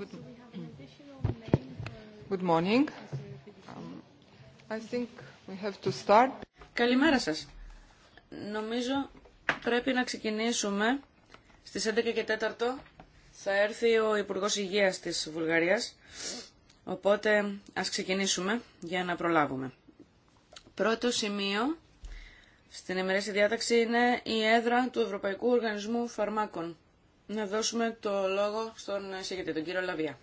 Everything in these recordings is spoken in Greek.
Mm. Good morning. Um, we have to start. Καλημέρα σας. Νομίζω πρέπει να ξεκινήσουμε. Στις 11 και 4 θα έρθει ο Υπουργός Υγείας της Βουλγαρίας. Οπότε ας ξεκινήσουμε για να προλάβουμε. Πρώτο σημείο στην ημερήσια διάταξη είναι η έδρα του Ευρωπαϊκού Οργανισμού Φαρμάκων να δώσουμε το λόγο στον συγκεκριμένο τον κύριο Λαβία.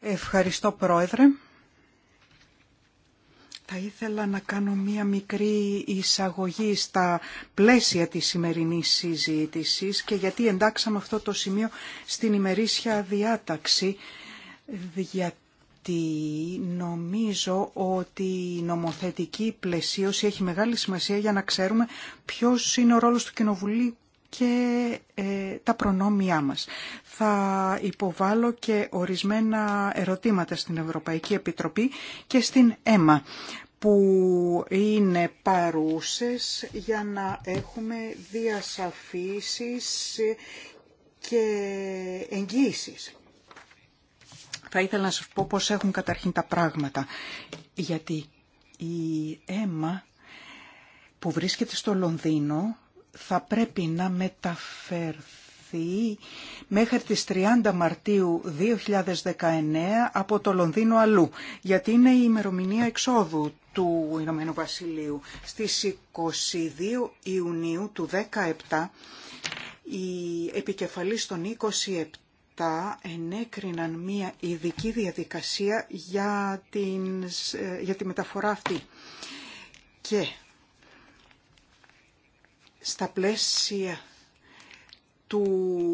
Ευχαριστώ πρόεδρε. Θα ήθελα να κάνω μία μικρή εισαγωγή στα πλαίσια της σημερινής συζήτησης και γιατί εντάξαμε αυτό το σημείο στην ημερήσια διάταξη, γιατί νομίζω ότι η νομοθετική πλαισίωση έχει μεγάλη σημασία για να ξέρουμε ποιος είναι ο ρόλος του Κοινοβουλίου και ε, τα προνόμια μας. Θα υποβάλω και ορισμένα ερωτήματα στην Ευρωπαϊκή Επιτροπή και στην ΕΜΑ που είναι παρούσες για να έχουμε διασαφήσεις και εγγύησεις. Θα ήθελα να σας πω πώς έχουν καταρχήν τα πράγματα, γιατί η ΕΜΑ που βρίσκεται στο Λονδίνο θα πρέπει να μεταφερθεί μέχρι τις 30 Μαρτίου 2019 από το Λονδίνο αλλού, γιατί είναι η ημερομηνία εξόδου του Ηνωμένου Βασιλείου. Στις 22 Ιουνίου του 2017 οι επικεφαλής των 27 ενέκριναν μία ειδική διαδικασία για, την, ε, για τη μεταφορά αυτή. Και στα πλαίσια του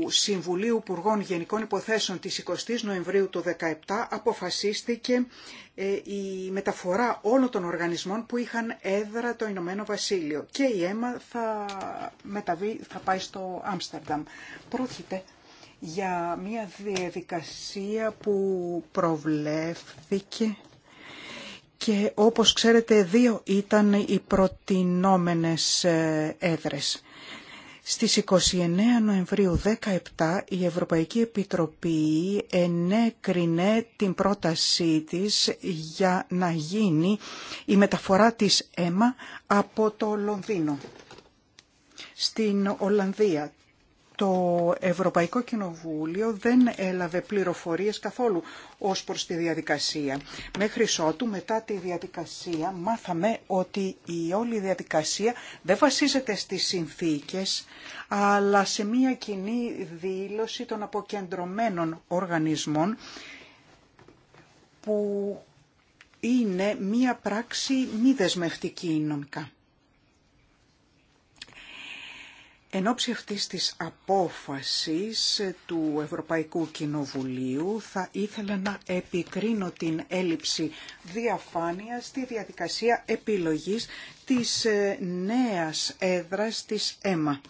Συμβουλίου Υπουργών Γενικών Υποθέσεων της 20ης Νοεμβρίου του 2017 αποφασίστηκε ε, η μεταφορά όλων των οργανισμών που είχαν έδρα το Ηνωμένο Βασίλειο και η αίμα θα, μεταβεί, θα πάει στο Άμστερνταμ. Πρόκειται για μια διαδικασία που προβλέφθηκε και όπως ξέρετε δύο ήταν οι προτινόμενες ε, έδρες. Στις 29 Νοεμβρίου 2017 η Ευρωπαϊκή Επιτροπή ενέκρινε την πρότασή της για να γίνει η μεταφορά της αίμα από το Λονδίνο στην Ολλανδία το Ευρωπαϊκό Κοινοβούλιο δεν έλαβε πληροφορίες καθόλου ως προς τη διαδικασία. Μέχρι ότου μετά τη διαδικασία μάθαμε ότι η όλη διαδικασία δεν βασίζεται στις συνθήκες αλλά σε μια κοινή δήλωση των αποκεντρωμένων οργανισμών που είναι μια πράξη μη δεσμευτική νομικά. Εν ώψη αυτής της απόφασης του Ευρωπαϊκού Κοινοβουλίου θα ήθελα να επικρίνω την έλλειψη διαφάνειας στη διαδικασία επιλογής της ε, νέας έδρας της ΕΜΑ.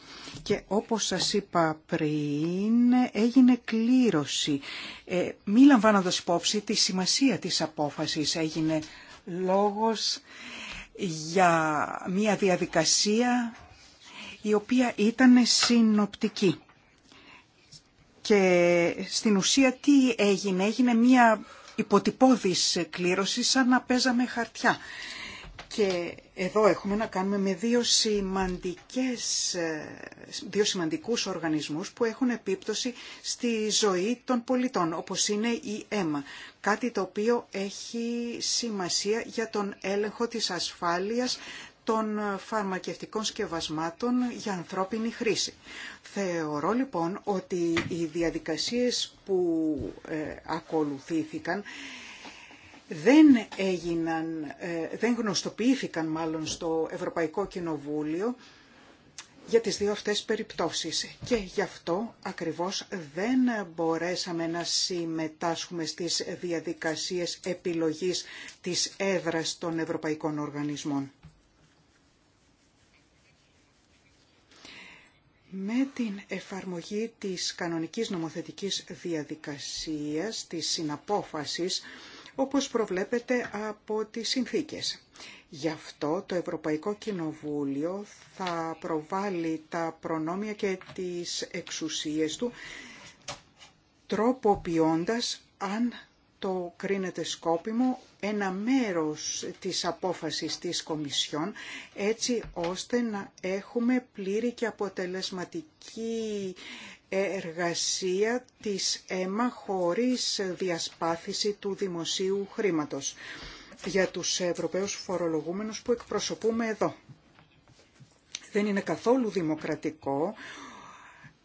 Και όπως σας είπα πριν έγινε κλήρωση. Ε, μη λαμβάνοντας υπόψη τη σημασία της απόφασης έγινε λόγος για μια διαδικασία η οποία ήταν συνοπτική. Και στην ουσία τι έγινε, έγινε μια υποτυπώδης κλήρωση σαν να παίζαμε χαρτιά. Και εδώ έχουμε να κάνουμε με δύο, σημαντικές, δύο σημαντικούς οργανισμούς που έχουν επίπτωση στη ζωή των πολιτών, όπως είναι η αίμα. Κάτι το οποίο έχει σημασία για τον έλεγχο της ασφάλειας των φαρμακευτικών σκευασμάτων για ανθρώπινη χρήση. Θεωρώ λοιπόν ότι οι διαδικασίες που ε, ακολουθήθηκαν δεν έγιναν, ε, δεν γνωστοποιήθηκαν μάλλον στο Ευρωπαϊκό Κοινοβούλιο για τις δύο αυτές περιπτώσεις. Και γι' αυτό ακριβώς δεν μπορέσαμε να συμμετάσχουμε στις διαδικασίες επιλογής της έδρας των ευρωπαϊκών οργανισμών. Με την εφαρμογή της κανονικής νομοθετικής διαδικασίας, της συναπόφασης, όπως προβλέπεται από τις συνθήκες. Γι' αυτό το Ευρωπαϊκό Κοινοβούλιο θα προβάλλει τα προνόμια και τις εξουσίες του, τροποποιώντας αν το κρίνεται σκόπιμο ένα μέρος της απόφασης της Κομισιόν έτσι ώστε να έχουμε πλήρη και αποτελεσματική εργασία της ΕΜΑ χωρίς διασπάθηση του δημοσίου χρήματος για τους Ευρωπαίους φορολογούμενους που εκπροσωπούμε εδώ. Δεν είναι καθόλου δημοκρατικό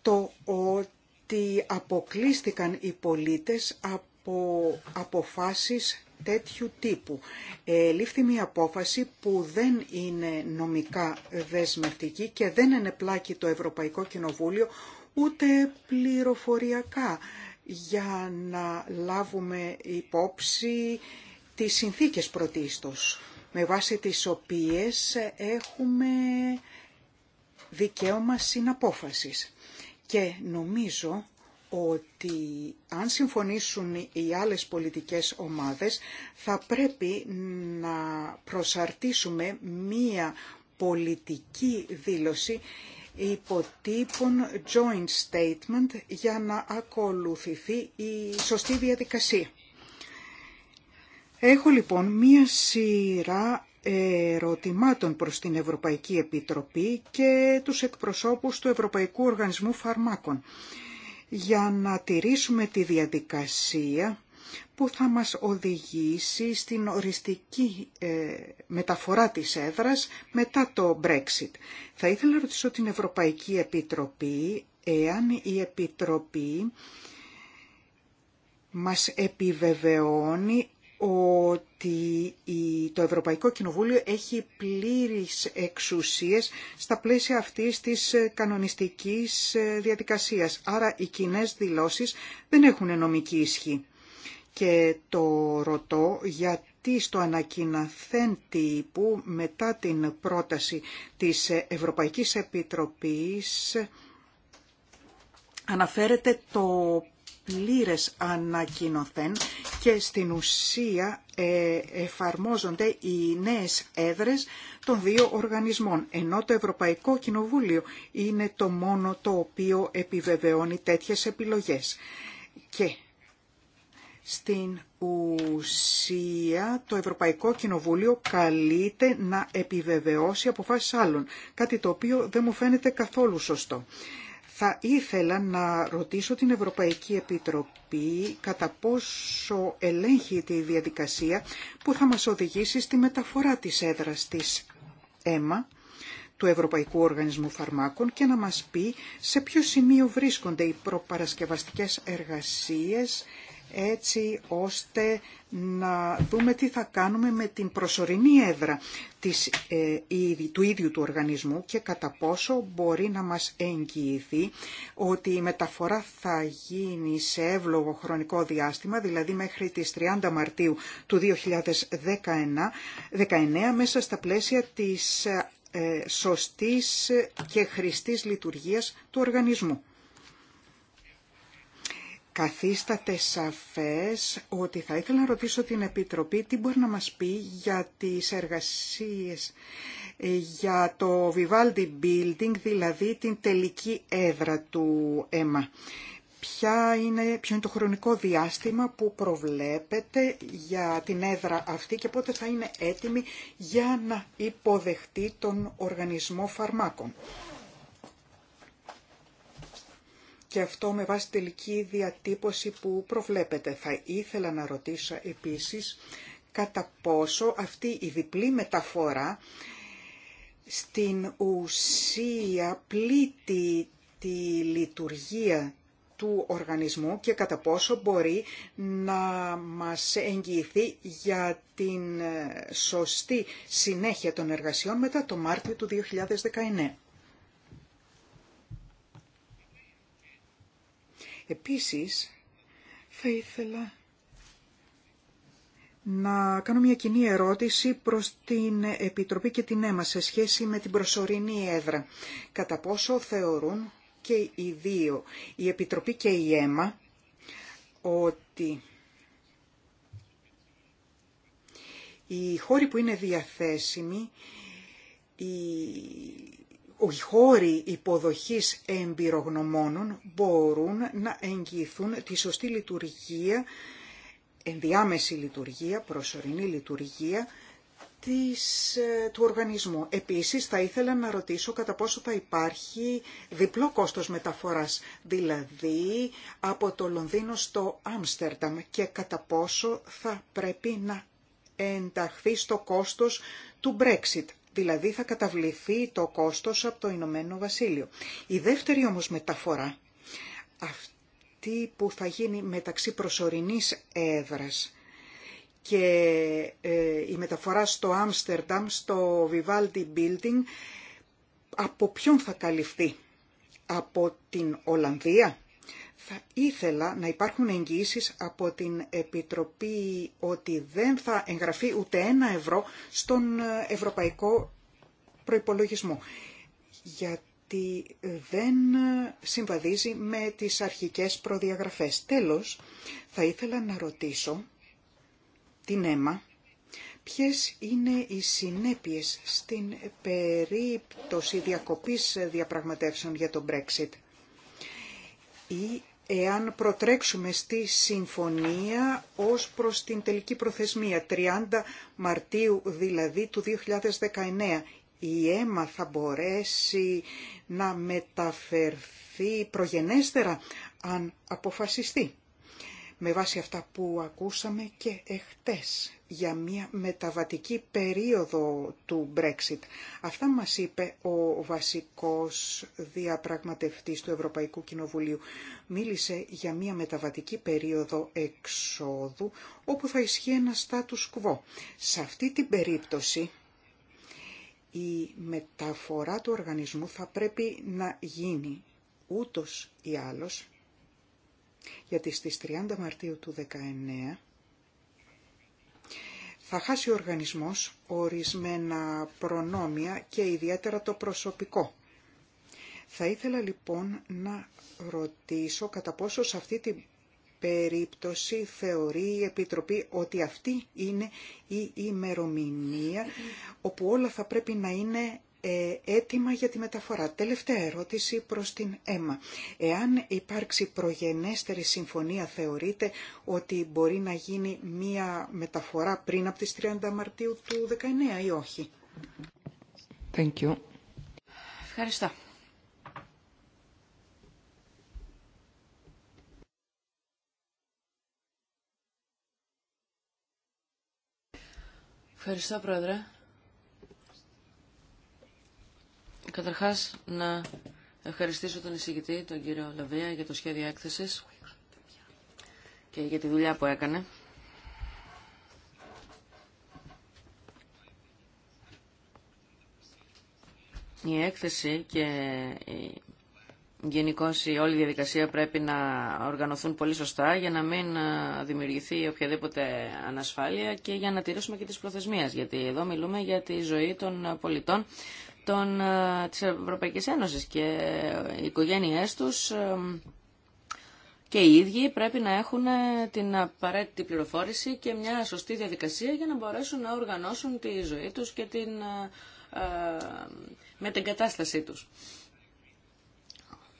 το ότι αποκλείστηκαν οι πολίτες από αποφάσεις τέτοιου τύπου. Ε, λήφθη μια απόφαση που δεν είναι νομικά δεσμευτική και δεν ενεπλάκει το Ευρωπαϊκό Κοινοβούλιο ούτε πληροφοριακά για να λάβουμε υπόψη τις συνθήκες πρωτίστως, με βάση τις οποίες έχουμε δικαίωμα συναπόφασης. Και νομίζω ότι αν συμφωνήσουν οι άλλες πολιτικές ομάδες θα πρέπει να προσαρτήσουμε μία πολιτική δήλωση υποτύπων joint statement για να ακολουθηθεί η σωστή διαδικασία. Έχω λοιπόν μία σειρά ερωτημάτων προς την Ευρωπαϊκή Επιτροπή και τους εκπροσώπους του Ευρωπαϊκού Οργανισμού Φαρμάκων για να τηρήσουμε τη διαδικασία που θα μας οδηγήσει στην οριστική ε, μεταφορά της έδρας μετά το Brexit. Θα ήθελα να ρωτήσω την Ευρωπαϊκή Επιτροπή εάν η Επιτροπή μας επιβεβαιώνει ότι το Ευρωπαϊκό Κοινοβούλιο έχει πλήρεις εξουσίες στα πλαίσια αυτής της ε, κανονιστικής ε, διαδικασίας. Άρα οι κοινέ δηλώσεις δεν έχουν νομική ισχύ. Και το ρωτώ γιατί στο ανακοιναθέν τύπου μετά την πρόταση της Ευρωπαϊκής Επιτροπής αναφέρεται το πλήρες ανακοινωθέν και στην ουσία ε, εφαρμόζονται οι νέες έδρες των δύο οργανισμών, ενώ το Ευρωπαϊκό Κοινοβούλιο είναι το μόνο το οποίο επιβεβαιώνει τέτοιες επιλογές. Και στην ουσία το Ευρωπαϊκό Κοινοβούλιο καλείται να επιβεβαιώσει αποφάσεις άλλων, κάτι το οποίο δεν μου φαίνεται καθόλου σωστό. Θα ήθελα να ρωτήσω την Ευρωπαϊκή Επιτροπή κατά πόσο ελέγχει τη διαδικασία που θα μας οδηγήσει στη μεταφορά της έδρας της ΕΜΑ του Ευρωπαϊκού Οργανισμού Φαρμάκων και να μας πει σε ποιο σημείο βρίσκονται οι προπαρασκευαστικές εργασίες έτσι ώστε να δούμε τι θα κάνουμε με την προσωρινή έδρα της, ε, του ίδιου του οργανισμού και κατά πόσο μπορεί να μας εγγυηθεί ότι η μεταφορά θα γίνει σε εύλογο χρονικό διάστημα, δηλαδή μέχρι τις 30 Μαρτίου του 2019, μέσα στα πλαίσια της ε, σωστής και χρηστής λειτουργίας του οργανισμού καθίσταται σαφές ότι θα ήθελα να ρωτήσω την Επιτροπή τι μπορεί να μας πει για τις εργασίες ε, για το Vivaldi Building, δηλαδή την τελική έδρα του ΕΜΑ. Ποια είναι, ποιο είναι το χρονικό διάστημα που προβλέπετε για την έδρα αυτή και πότε θα είναι έτοιμη για να υποδεχτεί τον οργανισμό φαρμάκων και αυτό με βάση τελική διατύπωση που προβλέπετε. Θα ήθελα να ρωτήσω επίσης κατά πόσο αυτή η διπλή μεταφορά στην ουσία πλήττει τη λειτουργία του οργανισμού και κατά πόσο μπορεί να μας εγγυηθεί για την σωστή συνέχεια των εργασιών μετά το Μάρτιο του 2019. Επίσης, θα ήθελα να κάνω μια κοινή ερώτηση προς την Επιτροπή και την ΕΜΑ σε σχέση με την προσωρινή έδρα. Κατά πόσο θεωρούν και οι δύο, η Επιτροπή και η ΕΜΑ, ότι οι χώροι που είναι διαθέσιμοι, οι χώροι υποδοχής εμπειρογνωμόνων μπορούν να εγγυηθούν τη σωστή λειτουργία, ενδιάμεση λειτουργία, προσωρινή λειτουργία της, ε, του οργανισμού. Επίσης θα ήθελα να ρωτήσω κατά πόσο θα υπάρχει διπλό κόστος μεταφοράς, δηλαδή από το Λονδίνο στο Άμστερνταμ και κατά πόσο θα πρέπει να ενταχθεί στο κόστος του Brexit δηλαδή θα καταβληθεί το κόστος από το Ηνωμένο Βασίλειο. Η δεύτερη όμως μεταφορά, αυτή που θα γίνει μεταξύ προσωρινής έδρας και ε, η μεταφορά στο Άμστερνταμ, στο Vivaldi Building, από ποιον θα καλυφθεί, από την Ολλανδία θα ήθελα να υπάρχουν εγγυήσεις από την Επιτροπή ότι δεν θα εγγραφεί ούτε ένα ευρώ στον ε, ευρωπαϊκό προϋπολογισμό. Γιατί δεν ε, συμβαδίζει με τις αρχικές προδιαγραφές. Τέλος, θα ήθελα να ρωτήσω την ΕΜΑ ποιες είναι οι συνέπειες στην περίπτωση διακοπής διαπραγματεύσεων για το Brexit ή εάν προτρέξουμε στη συμφωνία ως προς την τελική προθεσμία, 30 Μαρτίου δηλαδή του 2019. Η αίμα θα μπορέσει να μεταφερθεί προγενέστερα αν αποφασιστεί με βάση αυτά που ακούσαμε και εχτές για μια μεταβατική περίοδο του Brexit. Αυτά μας είπε ο βασικός διαπραγματευτής του Ευρωπαϊκού Κοινοβουλίου. Μίλησε για μια μεταβατική περίοδο εξόδου όπου θα ισχύει ένα status quo. Σε αυτή την περίπτωση η μεταφορά του οργανισμού θα πρέπει να γίνει ούτως ή άλλως γιατί στις 30 Μαρτίου του 19 θα χάσει ο οργανισμός ορισμένα προνόμια και ιδιαίτερα το προσωπικό. Θα ήθελα λοιπόν να ρωτήσω κατά πόσο σε αυτή την περίπτωση θεωρεί η Επιτροπή ότι αυτή είναι η ημερομηνία όπου όλα θα πρέπει να είναι ε, έτοιμα για τη μεταφορά. Τελευταία ερώτηση προς την ΕΜΑ. Εάν υπάρξει προγενέστερη συμφωνία, θεωρείτε ότι μπορεί να γίνει μία μεταφορά πριν από τις 30 Μαρτίου του 19 ή όχι. Ευχαριστώ. Ευχαριστώ, Πρόεδρε. Καταρχάς, να ευχαριστήσω τον εισηγητή, τον κύριο Λαβία, για το σχέδιο έκθεσης και για τη δουλειά που έκανε. Η έκθεση και γενικώ η όλη διαδικασία πρέπει να οργανωθούν πολύ σωστά για να μην δημιουργηθεί οποιαδήποτε ανασφάλεια και για να τηρήσουμε και τις προθεσμίες. Γιατί εδώ μιλούμε για τη ζωή των πολιτών των, ε, της Ευρωπαϊκής Ένωσης και οι οικογένειές τους ε, και οι ίδιοι πρέπει να έχουν ε, την απαραίτητη πληροφόρηση και μια σωστή διαδικασία για να μπορέσουν να οργανώσουν τη ζωή τους και την, με την κατάστασή τους.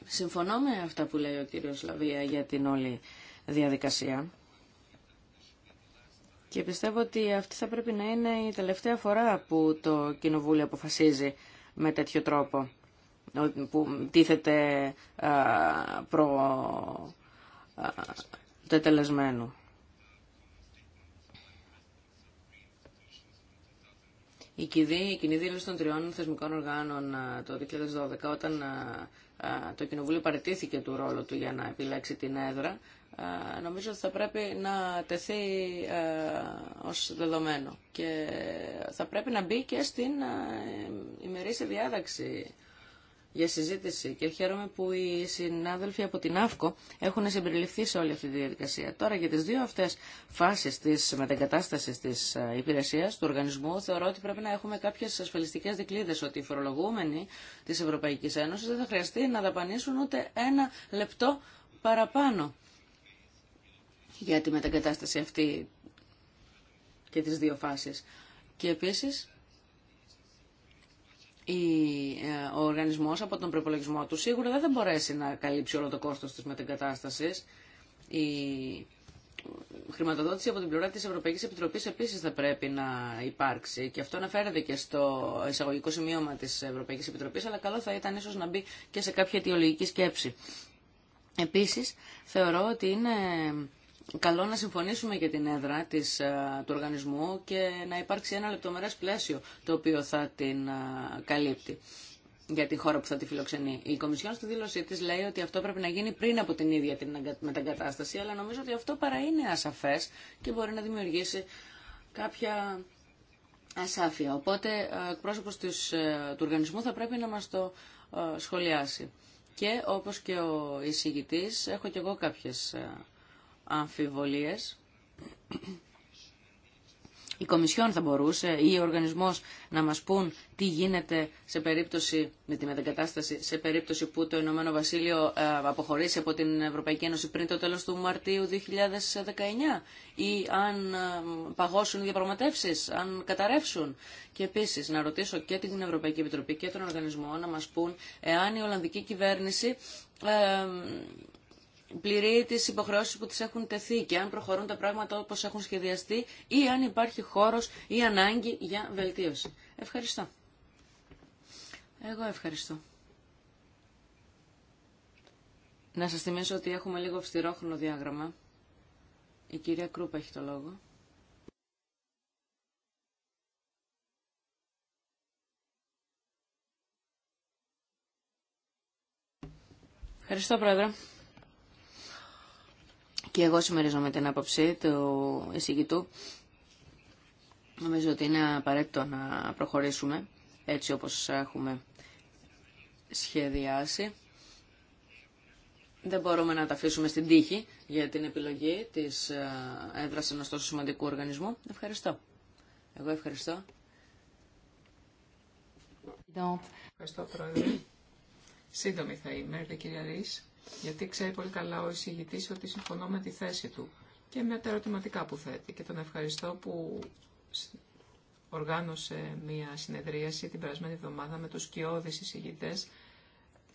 Συμφωνώ με αυτά που λέει ο κύριος Λαβία για την όλη διαδικασία. Και πιστεύω ότι αυτή θα πρέπει να είναι η τελευταία φορά που το Κοινοβούλιο αποφασίζει με τέτοιο τρόπο, που τίθεται προ Η κοινή, η κοινή δήλωση των τριών θεσμικών οργάνων το 2012, όταν το Κοινοβούλιο παραιτήθηκε του ρόλου του για να επιλέξει την έδρα, ε, νομίζω ότι θα πρέπει να τεθεί ε, ως δεδομένο και θα πρέπει να μπει και στην ε, ημερήσια διάταξη για συζήτηση και χαίρομαι που οι συνάδελφοι από την ΑΦΚΟ έχουν συμπεριληφθεί σε όλη αυτή τη διαδικασία. Τώρα για τις δύο αυτές φάσεις της μετεγκατάστασης της υπηρεσίας του οργανισμού θεωρώ ότι πρέπει να έχουμε κάποιες ασφαλιστικές δικλείδες ότι οι φορολογούμενοι της Ευρωπαϊκής Ένωσης δεν θα χρειαστεί να δαπανίσουν ούτε ένα λεπτό παραπάνω για τη μετακατάσταση αυτή και τις δύο φάσεις. Και επίσης, ε, ο οργανισμός από τον προπολογισμό του σίγουρα δεν θα μπορέσει να καλύψει όλο το κόστος της μετακατάστασης Η χρηματοδότηση από την πλευρά της Ευρωπαϊκής Επιτροπής επίσης θα πρέπει να υπάρξει και αυτό αναφέρεται και στο εισαγωγικό σημείωμα της Ευρωπαϊκής Επιτροπής αλλά καλό θα ήταν ίσως να μπει και σε κάποια αιτιολογική σκέψη. Επίσης θεωρώ ότι είναι καλό να συμφωνήσουμε για την έδρα της, ε, του οργανισμού και να υπάρξει ένα λεπτομερές πλαίσιο το οποίο θα την ε, καλύπτει για τη χώρα που θα τη φιλοξενεί. Η Κομισιόν στη δήλωσή τη λέει ότι αυτό πρέπει να γίνει πριν από την ίδια την μεταγκατάσταση, αλλά νομίζω ότι αυτό παρά είναι ασαφέ και μπορεί να δημιουργήσει κάποια ασάφεια. Οπότε ε, ο εκπρόσωπο του οργανισμού θα πρέπει να μα το σχολιάσει. Και όπως και ο εισηγητής, έχω και εγώ κάποιες αμφιβολίες. Η Κομισιόν θα μπορούσε ή ο οργανισμός να μας πούν τι γίνεται σε περίπτωση, με τη μετακατάσταση σε περίπτωση που το Ηνωμένο Βασίλειο ε, αποχωρήσει από την Ευρωπαϊκή Ένωση πριν το τέλος του Μαρτίου 2019 ή αν ε, παγώσουν οι διαπραγματεύσεις, αν καταρρεύσουν. Και επίσης να ρωτήσω και την Ευρωπαϊκή Επιτροπή και τον οργανισμό να μας πούν εάν η Ολλανδική κυβέρνηση ε, πληρεί τις υποχρεώσεις που τις έχουν τεθεί και αν προχωρούν τα πράγματα όπως έχουν σχεδιαστεί ή αν υπάρχει χώρος ή ανάγκη για βελτίωση. Ευχαριστώ. Εγώ ευχαριστώ. Να σας θυμίσω ότι έχουμε λίγο αυστηρόχρονο διάγραμμα. Η κυρία Κρούπα έχει το λόγο. Ευχαριστώ, Πρόεδρε. Και εγώ συμμερίζομαι την άποψη του εισηγητού. Νομίζω ότι είναι απαραίτητο να προχωρήσουμε έτσι όπως έχουμε σχεδιάσει. Δεν μπορούμε να τα αφήσουμε στην τύχη για την επιλογή της ε, έδρας ενός τόσο σημαντικού οργανισμού. Ευχαριστώ. Εγώ ευχαριστώ. Ευχαριστώ, Πρόεδρε. Σύντομη θα είμαι, κυρία γιατί ξέρει πολύ καλά ο εισηγητή ότι συμφωνώ με τη θέση του και με τα ερωτηματικά που θέτει και τον ευχαριστώ που οργάνωσε μια συνεδρίαση την περασμένη εβδομάδα με τους σκιώδεις εισηγητέ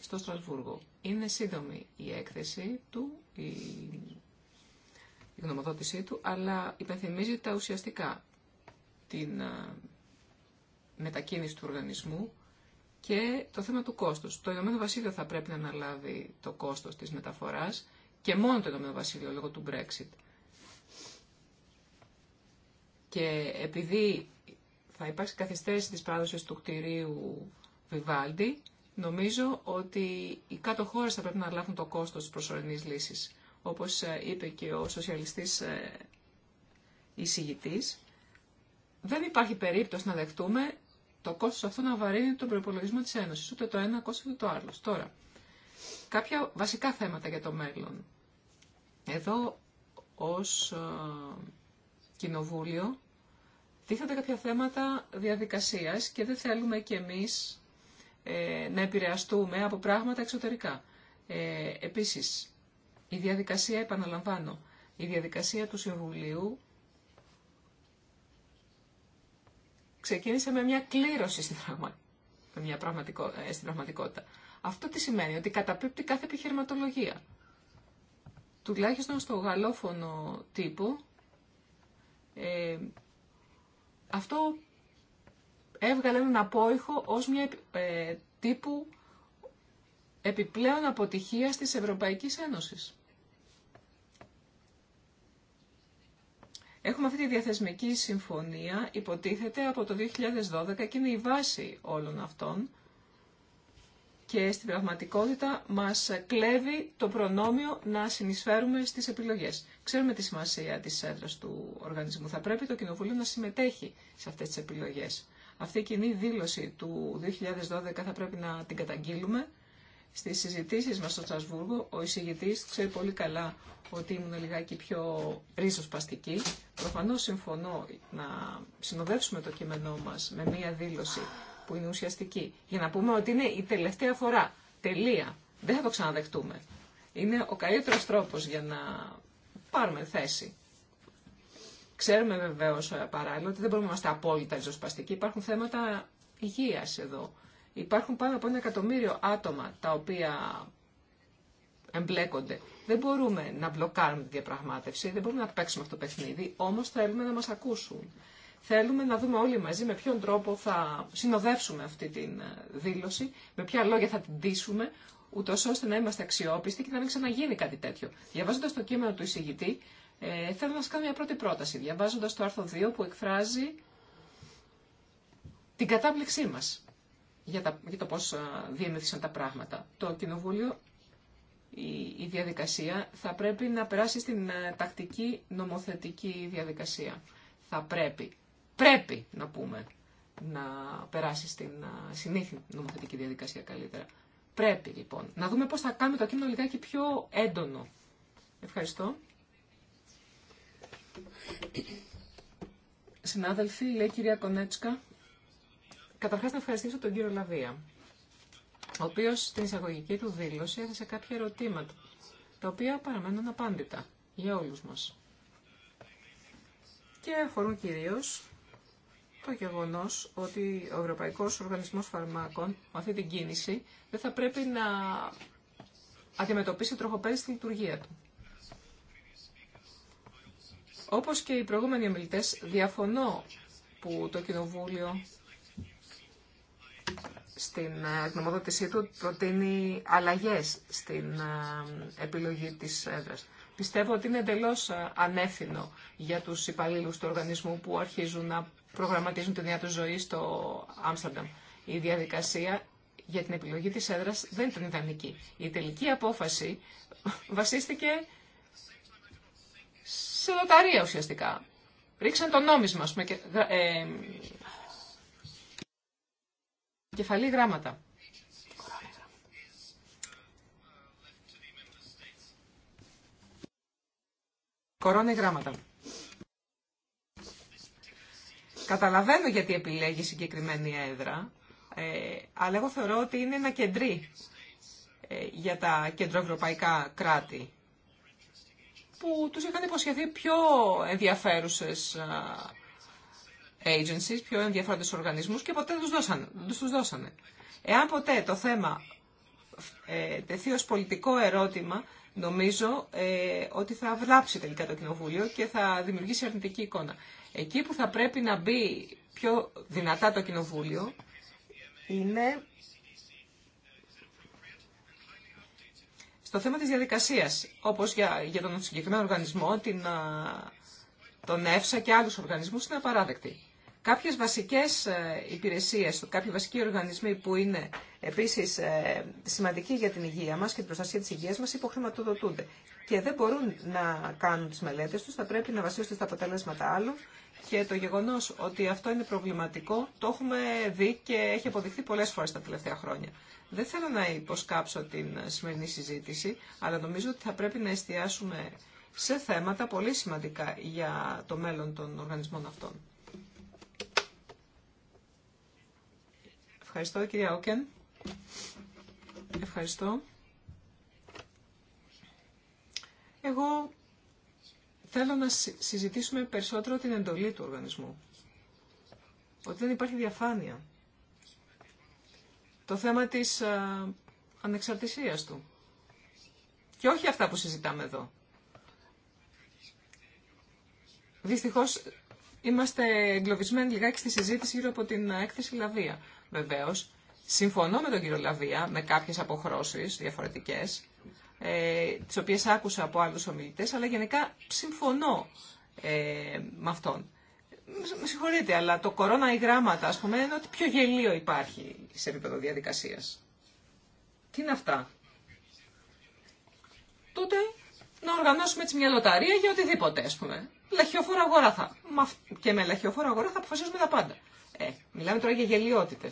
στο Στρασβούργο. Είναι σύντομη η έκθεση του, η, γνωμοδότησή του, αλλά υπενθυμίζει τα ουσιαστικά την ε, μετακίνηση του οργανισμού και το θέμα του κόστους. Το Ηνωμένο Βασίλειο θα πρέπει να αναλάβει το κόστος τη μεταφορά και μόνο το Ηνωμένο Βασίλειο λόγω του Brexit. Και επειδή θα υπάρξει καθυστέρηση της πράδοσης του κτηρίου Βιβάλντι, νομίζω ότι οι κάτω χώρε θα πρέπει να αναλάβουν το κόστος της προσωρινής λύσης. Όπως ε, είπε και ο σοσιαλιστής ε, εισηγητής, δεν υπάρχει περίπτωση να δεχτούμε το κόστος αυτό να βαρύνει τον προπολογισμό της Ένωση. ούτε το ένα κόστο ούτε το άλλο. Τώρα, κάποια βασικά θέματα για το μέλλον. Εδώ ως ε, κοινοβούλιο τίθενται κάποια θέματα διαδικασίας και δεν θέλουμε κι εμεί ε, να επηρεαστούμε από πράγματα εξωτερικά. Ε, επίσης, η διαδικασία, επαναλαμβάνω, η διαδικασία του Συμβουλίου ξεκίνησε με μια κλήρωση στην, με μια ε, πραγματικότητα. Αυτό τι σημαίνει, ότι καταπίπτει κάθε επιχειρηματολογία. Τουλάχιστον στο γαλλόφωνο τύπο, ε, αυτό έβγαλε έναν απόϊχο ως μια ε, τύπου επιπλέον αποτυχία της Ευρωπαϊκής Ένωσης. Έχουμε αυτή τη διαθεσμική συμφωνία, υποτίθεται από το 2012 και είναι η βάση όλων αυτών και στην πραγματικότητα μας κλέβει το προνόμιο να συνεισφέρουμε στις επιλογές. Ξέρουμε τη σημασία της έδρας του οργανισμού. Θα πρέπει το Κοινοβούλιο να συμμετέχει σε αυτές τις επιλογές. Αυτή η κοινή δήλωση του 2012 θα πρέπει να την καταγγείλουμε Στι συζητήσεις μας στο Στρασβούργο, ο εισηγητή ξέρει πολύ καλά ότι ήμουν λιγάκι πιο ρίζοσπαστική. Προφανώς συμφωνώ να συνοδεύσουμε το κείμενό μας με μία δήλωση που είναι ουσιαστική. Για να πούμε ότι είναι η τελευταία φορά. Τελεία. Δεν θα το ξαναδεχτούμε. Είναι ο καλύτερος τρόπος για να πάρουμε θέση. Ξέρουμε βεβαίω ε, παράλληλα ότι δεν μπορούμε να είμαστε απόλυτα ριζοσπαστικοί. Υπάρχουν θέματα υγεία εδώ. Υπάρχουν πάνω από ένα εκατομμύριο άτομα τα οποία εμπλέκονται. Δεν μπορούμε να μπλοκάρουμε τη διαπραγμάτευση, δεν μπορούμε να παίξουμε αυτό το παιχνίδι, όμως θέλουμε να μας ακούσουν. Θέλουμε να δούμε όλοι μαζί με ποιον τρόπο θα συνοδεύσουμε αυτή τη ε, δήλωση, με ποια λόγια θα την τύσουμε, ούτω ώστε να είμαστε αξιόπιστοι και να μην ξαναγίνει κάτι τέτοιο. Διαβάζοντα το κείμενο του εισηγητή, ε, θέλω να σα κάνω μια πρώτη πρόταση. Διαβάζοντα το άρθρο 2 που εκφράζει την κατάπληξή μα για, τα, το πώς διενέθησαν τα πράγματα. Το Κοινοβούλιο, η, διαδικασία θα πρέπει να περάσει στην ε, τακτική νομοθετική διαδικασία. Θα πρέπει, πρέπει να πούμε, να περάσει στην συνήθινη νομοθετική διαδικασία καλύτερα. Πρέπει λοιπόν να δούμε πώς θα κάνουμε το κείμενο λιγάκι πιο έντονο. Ευχαριστώ. Συνάδελφοι, λέει η κυρία Κονέτσκα, Καταρχάς να ευχαριστήσω τον κύριο Λαβία, ο οποίος στην εισαγωγική του δήλωση έθεσε κάποια ερωτήματα, τα οποία παραμένουν απάντητα για όλους μας. Και αφορούν κυρίως το γεγονός ότι ο Ευρωπαϊκός Οργανισμός Φαρμάκων με αυτή την κίνηση δεν θα πρέπει να αντιμετωπίσει τροχοπέδι στη λειτουργία του. Όπως και οι προηγούμενοι ομιλητές, διαφωνώ που το Κοινοβούλιο στην γνωμοδότησή ε, του προτείνει αλλαγές στην ε, επιλογή της έδρας. Πιστεύω ότι είναι εντελώ ε, ανεύθυνο για τους υπαλλήλους του οργανισμού που αρχίζουν να προγραμματίζουν τη νέα του ζωή στο Άμστερνταμ. Η διαδικασία για την επιλογή της έδρας δεν ήταν ιδανική. Η τελική απόφαση βασίστηκε σε λοταρία ουσιαστικά. Ρίξαν το νόμισμα, πούμε, και, κεφαλή γράμματα. Κορώνει γράμματα. Καταλαβαίνω γιατί επιλέγει συγκεκριμένη έδρα, ε, αλλά εγώ θεωρώ ότι είναι ένα κεντρί ε, για τα κεντροευρωπαϊκά κράτη που τους είχαν υποσχεθεί πιο ενδιαφέρουσες agencies, πιο ενδιαφέροντες οργανισμούς και ποτέ τους, τους δώσανε. Εάν ποτέ το θέμα ε, τεθεί ως πολιτικό ερώτημα, νομίζω ε, ότι θα βλάψει τελικά το Κοινοβούλιο και θα δημιουργήσει αρνητική εικόνα. Εκεί που θα πρέπει να μπει πιο δυνατά το Κοινοβούλιο είναι στο θέμα της διαδικασίας, όπως για, για τον συγκεκριμένο οργανισμό, την, τον ΕΦΣΑ και άλλους οργανισμούς, είναι απαράδεκτη. Κάποιες βασικές ε, υπηρεσίες, κάποιοι βασικοί οργανισμοί που είναι επίσης ε, σημαντικοί για την υγεία μας και την προστασία της υγείας μας υποχρηματοδοτούνται και δεν μπορούν να κάνουν τις μελέτες τους, θα πρέπει να βασίζονται στα αποτελέσματα άλλων και το γεγονός ότι αυτό είναι προβληματικό το έχουμε δει και έχει αποδειχθεί πολλές φορές τα τελευταία χρόνια. Δεν θέλω να υποσκάψω την σημερινή συζήτηση, αλλά νομίζω ότι θα πρέπει να εστιάσουμε σε θέματα πολύ σημαντικά για το μέλλον των οργανισμών αυτών. Ευχαριστώ, κυρία Όκεν. Ευχαριστώ. Εγώ θέλω να συζητήσουμε περισσότερο την εντολή του οργανισμού. Ότι δεν υπάρχει διαφάνεια. Το θέμα της α, ανεξαρτησίας του. Και όχι αυτά που συζητάμε εδώ. Δυστυχώς είμαστε εγκλωβισμένοι λιγάκι στη συζήτηση γύρω από την έκθεση Λαβία. Βεβαίω, συμφωνώ με τον κύριο Λαβία με κάποιε αποχρώσει διαφορετικέ, ε, τι οποίε άκουσα από άλλου ομιλητέ, αλλά γενικά συμφωνώ ε, με αυτόν. Με συγχωρείτε, αλλά το κορώνα ή γράμματα, α πούμε, είναι ότι πιο γελίο υπάρχει σε επίπεδο διαδικασία. Τι είναι αυτά. Τότε να οργανώσουμε έτσι μια λοταρία για οτιδήποτε, α πούμε. Λαχιοφόρο αγορά θα. Και με λαχιοφόρο αγορά θα αποφασίζουμε τα πάντα. Ε, μιλάμε τώρα για γελιότητε,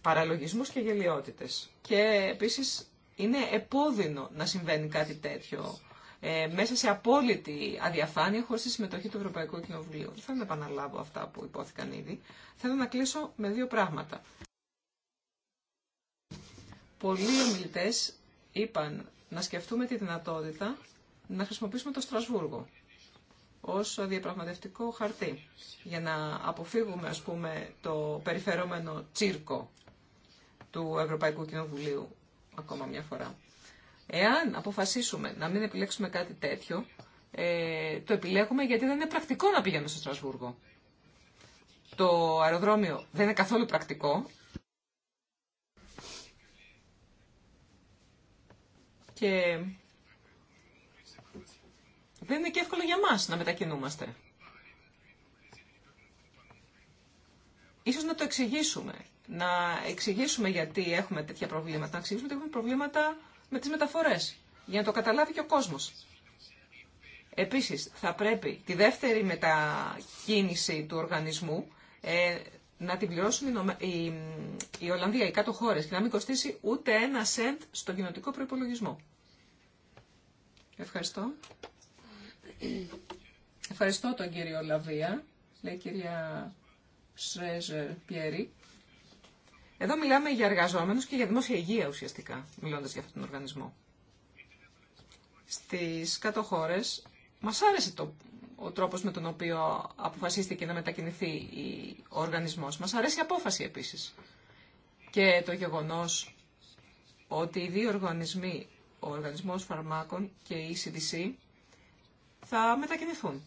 παραλογισμού και γελιότητες. Και επίσης είναι επώδυνο να συμβαίνει κάτι τέτοιο ε, μέσα σε απόλυτη αδιαφάνεια χωρίς τη συμμετοχή του Ευρωπαϊκού Κοινοβουλίου. Δεν θέλω να επαναλάβω αυτά που υπόθηκαν ήδη. Θέλω να κλείσω με δύο πράγματα. Πολλοί ομιλητέ είπαν να σκεφτούμε τη δυνατότητα να χρησιμοποιήσουμε το Στρασβούργο ως διαπραγματευτικό χαρτί για να αποφύγουμε ας πούμε το περιφερόμενο τσίρκο του Ευρωπαϊκού Κοινοβουλίου ακόμα μια φορά. Εάν αποφασίσουμε να μην επιλέξουμε κάτι τέτοιο, ε, το επιλέγουμε γιατί δεν είναι πρακτικό να πηγαίνουμε στο Στρασβούργο. Το αεροδρόμιο δεν είναι καθόλου πρακτικό. Και δεν είναι και εύκολο για μας να μετακινούμαστε. Ίσως να το εξηγήσουμε. Να εξηγήσουμε γιατί έχουμε τέτοια προβλήματα. Να εξηγήσουμε ότι έχουμε προβλήματα με τις μεταφορές. Για να το καταλάβει και ο κόσμος. Επίσης, θα πρέπει τη δεύτερη μετακίνηση του οργανισμού ε, να την πληρώσουν η, η, Ολλανδία, οι κάτω χώρες και να μην κοστίσει ούτε ένα σεντ στον κοινωτικό προϋπολογισμό. Ευχαριστώ. Ευχαριστώ τον κύριο Λαβία, λέει η κυρία Σρέζερ Πιέρη. Εδώ μιλάμε για εργαζόμενους και για δημόσια υγεία ουσιαστικά, μιλώντας για αυτόν τον οργανισμό. Στις κάτω χώρε, μας άρεσε το, ο τρόπος με τον οποίο αποφασίστηκε να μετακινηθεί ο οργανισμός. Μας αρέσει η απόφαση επίσης. Και το γεγονός ότι οι δύο οργανισμοί, ο Οργανισμός Φαρμάκων και η CDC, θα μετακινηθούν.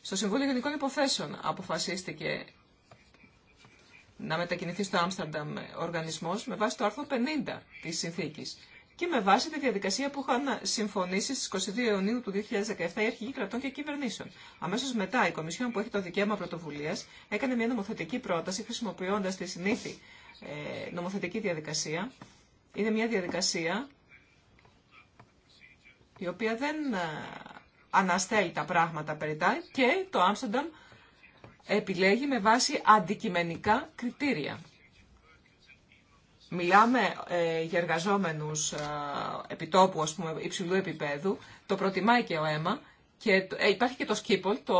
Στο Συμβούλιο Γενικών Υποθέσεων αποφασίστηκε να μετακινηθεί στο Άμστερνταμ οργανισμός με βάση το άρθρο 50 της συνθήκης και με βάση τη διαδικασία που είχαν συμφωνήσει στις 22 Ιουνίου του 2017 οι αρχηγοί κρατών και κυβερνήσεων. Αμέσως μετά η Κομισιόν που έχει το δικαίωμα πρωτοβουλίας έκανε μια νομοθετική πρόταση χρησιμοποιώντας τη συνήθη ε, νομοθετική διαδικασία είναι μια διαδικασία η οποία δεν ε, αναστέλει τα πράγματα περιτά και το Άμστερνταμ επιλέγει με βάση αντικειμενικά κριτήρια. Μιλάμε ε, για εργαζόμενους ε, επιτόπου, ας πούμε, υψηλού επίπεδου. Το προτιμάει και ο αίμα. Και ε, υπάρχει και το σκύπολ, το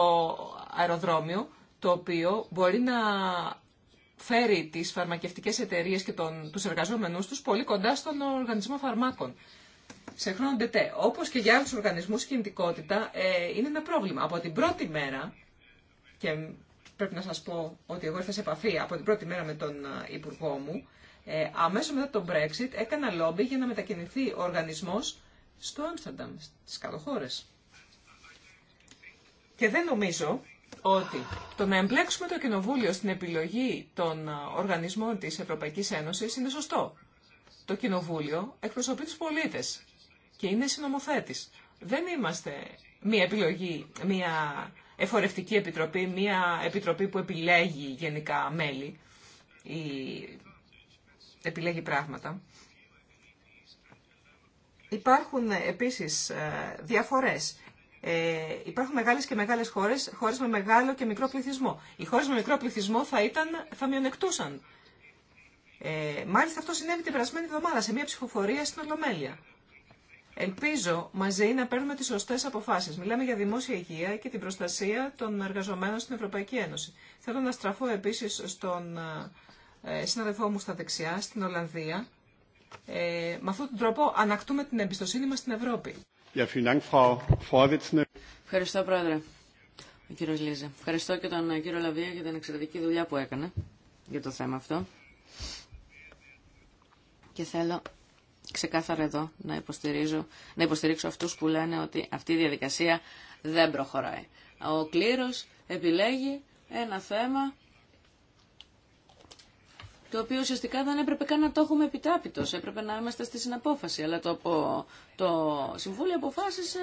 αεροδρόμιο, το οποίο μπορεί να φέρει τις φαρμακευτικές εταιρείε και του τους εργαζόμενους τους πολύ κοντά στον οργανισμό φαρμάκων. Σε χρόνο τετέ. Όπως και για οργανισμού, οργανισμούς κινητικότητα ε, είναι ένα πρόβλημα. Από την πρώτη μέρα, και πρέπει να σας πω ότι εγώ ήρθα σε επαφή από την πρώτη μέρα με τον ε, Υπουργό μου, ε, αμέσως μετά τον Brexit έκανα λόμπι για να μετακινηθεί ο οργανισμό στο Άμστερνταμ, στις Καλοχώρε. Και δεν νομίζω ότι το να εμπλέξουμε το Κοινοβούλιο στην επιλογή των ε, οργανισμών της Ευρωπαϊκής Ένωσης είναι σωστό. Το Κοινοβούλιο εκπροσωπεί τους πολίτες και είναι συνομοθέτης. Δεν είμαστε μία επιλογή, μία εφορευτική επιτροπή, μία επιτροπή που επιλέγει γενικά μέλη ή επιλέγει πράγματα. Υπάρχουν επίσης ε, διαφορές. Ε, υπάρχουν μεγάλες και μεγάλες χώρες, χώρες με μεγάλο και μικρό πληθυσμό. Οι χώρες με μικρό πληθυσμό θα, ήταν, θα μειονεκτούσαν. Ε, μάλιστα αυτό συνέβη την περασμένη εβδομάδα σε μια ψηφοφορία στην Ολομέλεια. Ελπίζω μαζί να παίρνουμε τι σωστέ αποφάσει. Μιλάμε για δημόσια υγεία και την προστασία των εργαζομένων στην Ευρωπαϊκή Ένωση. Θέλω να στραφώ επίση στον ε, συναδελφό μου στα δεξιά, στην Ολλανδία. Ε, με αυτόν τον τρόπο ανακτούμε την εμπιστοσύνη μα στην Ευρώπη. Ευχαριστώ, Πρόεδρε. Ο κύριος Λίζα. Ευχαριστώ και τον ε, κύριο Λαβία για την εξαιρετική δουλειά που έκανε για το θέμα αυτό. Και θέλω ξεκάθαρα εδώ να, να υποστηρίξω αυτούς που λένε ότι αυτή η διαδικασία δεν προχωράει. Ο κλήρος επιλέγει ένα θέμα το οποίο ουσιαστικά δεν έπρεπε καν να το έχουμε επιτάπητος, έπρεπε να είμαστε στη συναπόφαση, αλλά το, το Συμβούλιο αποφάσισε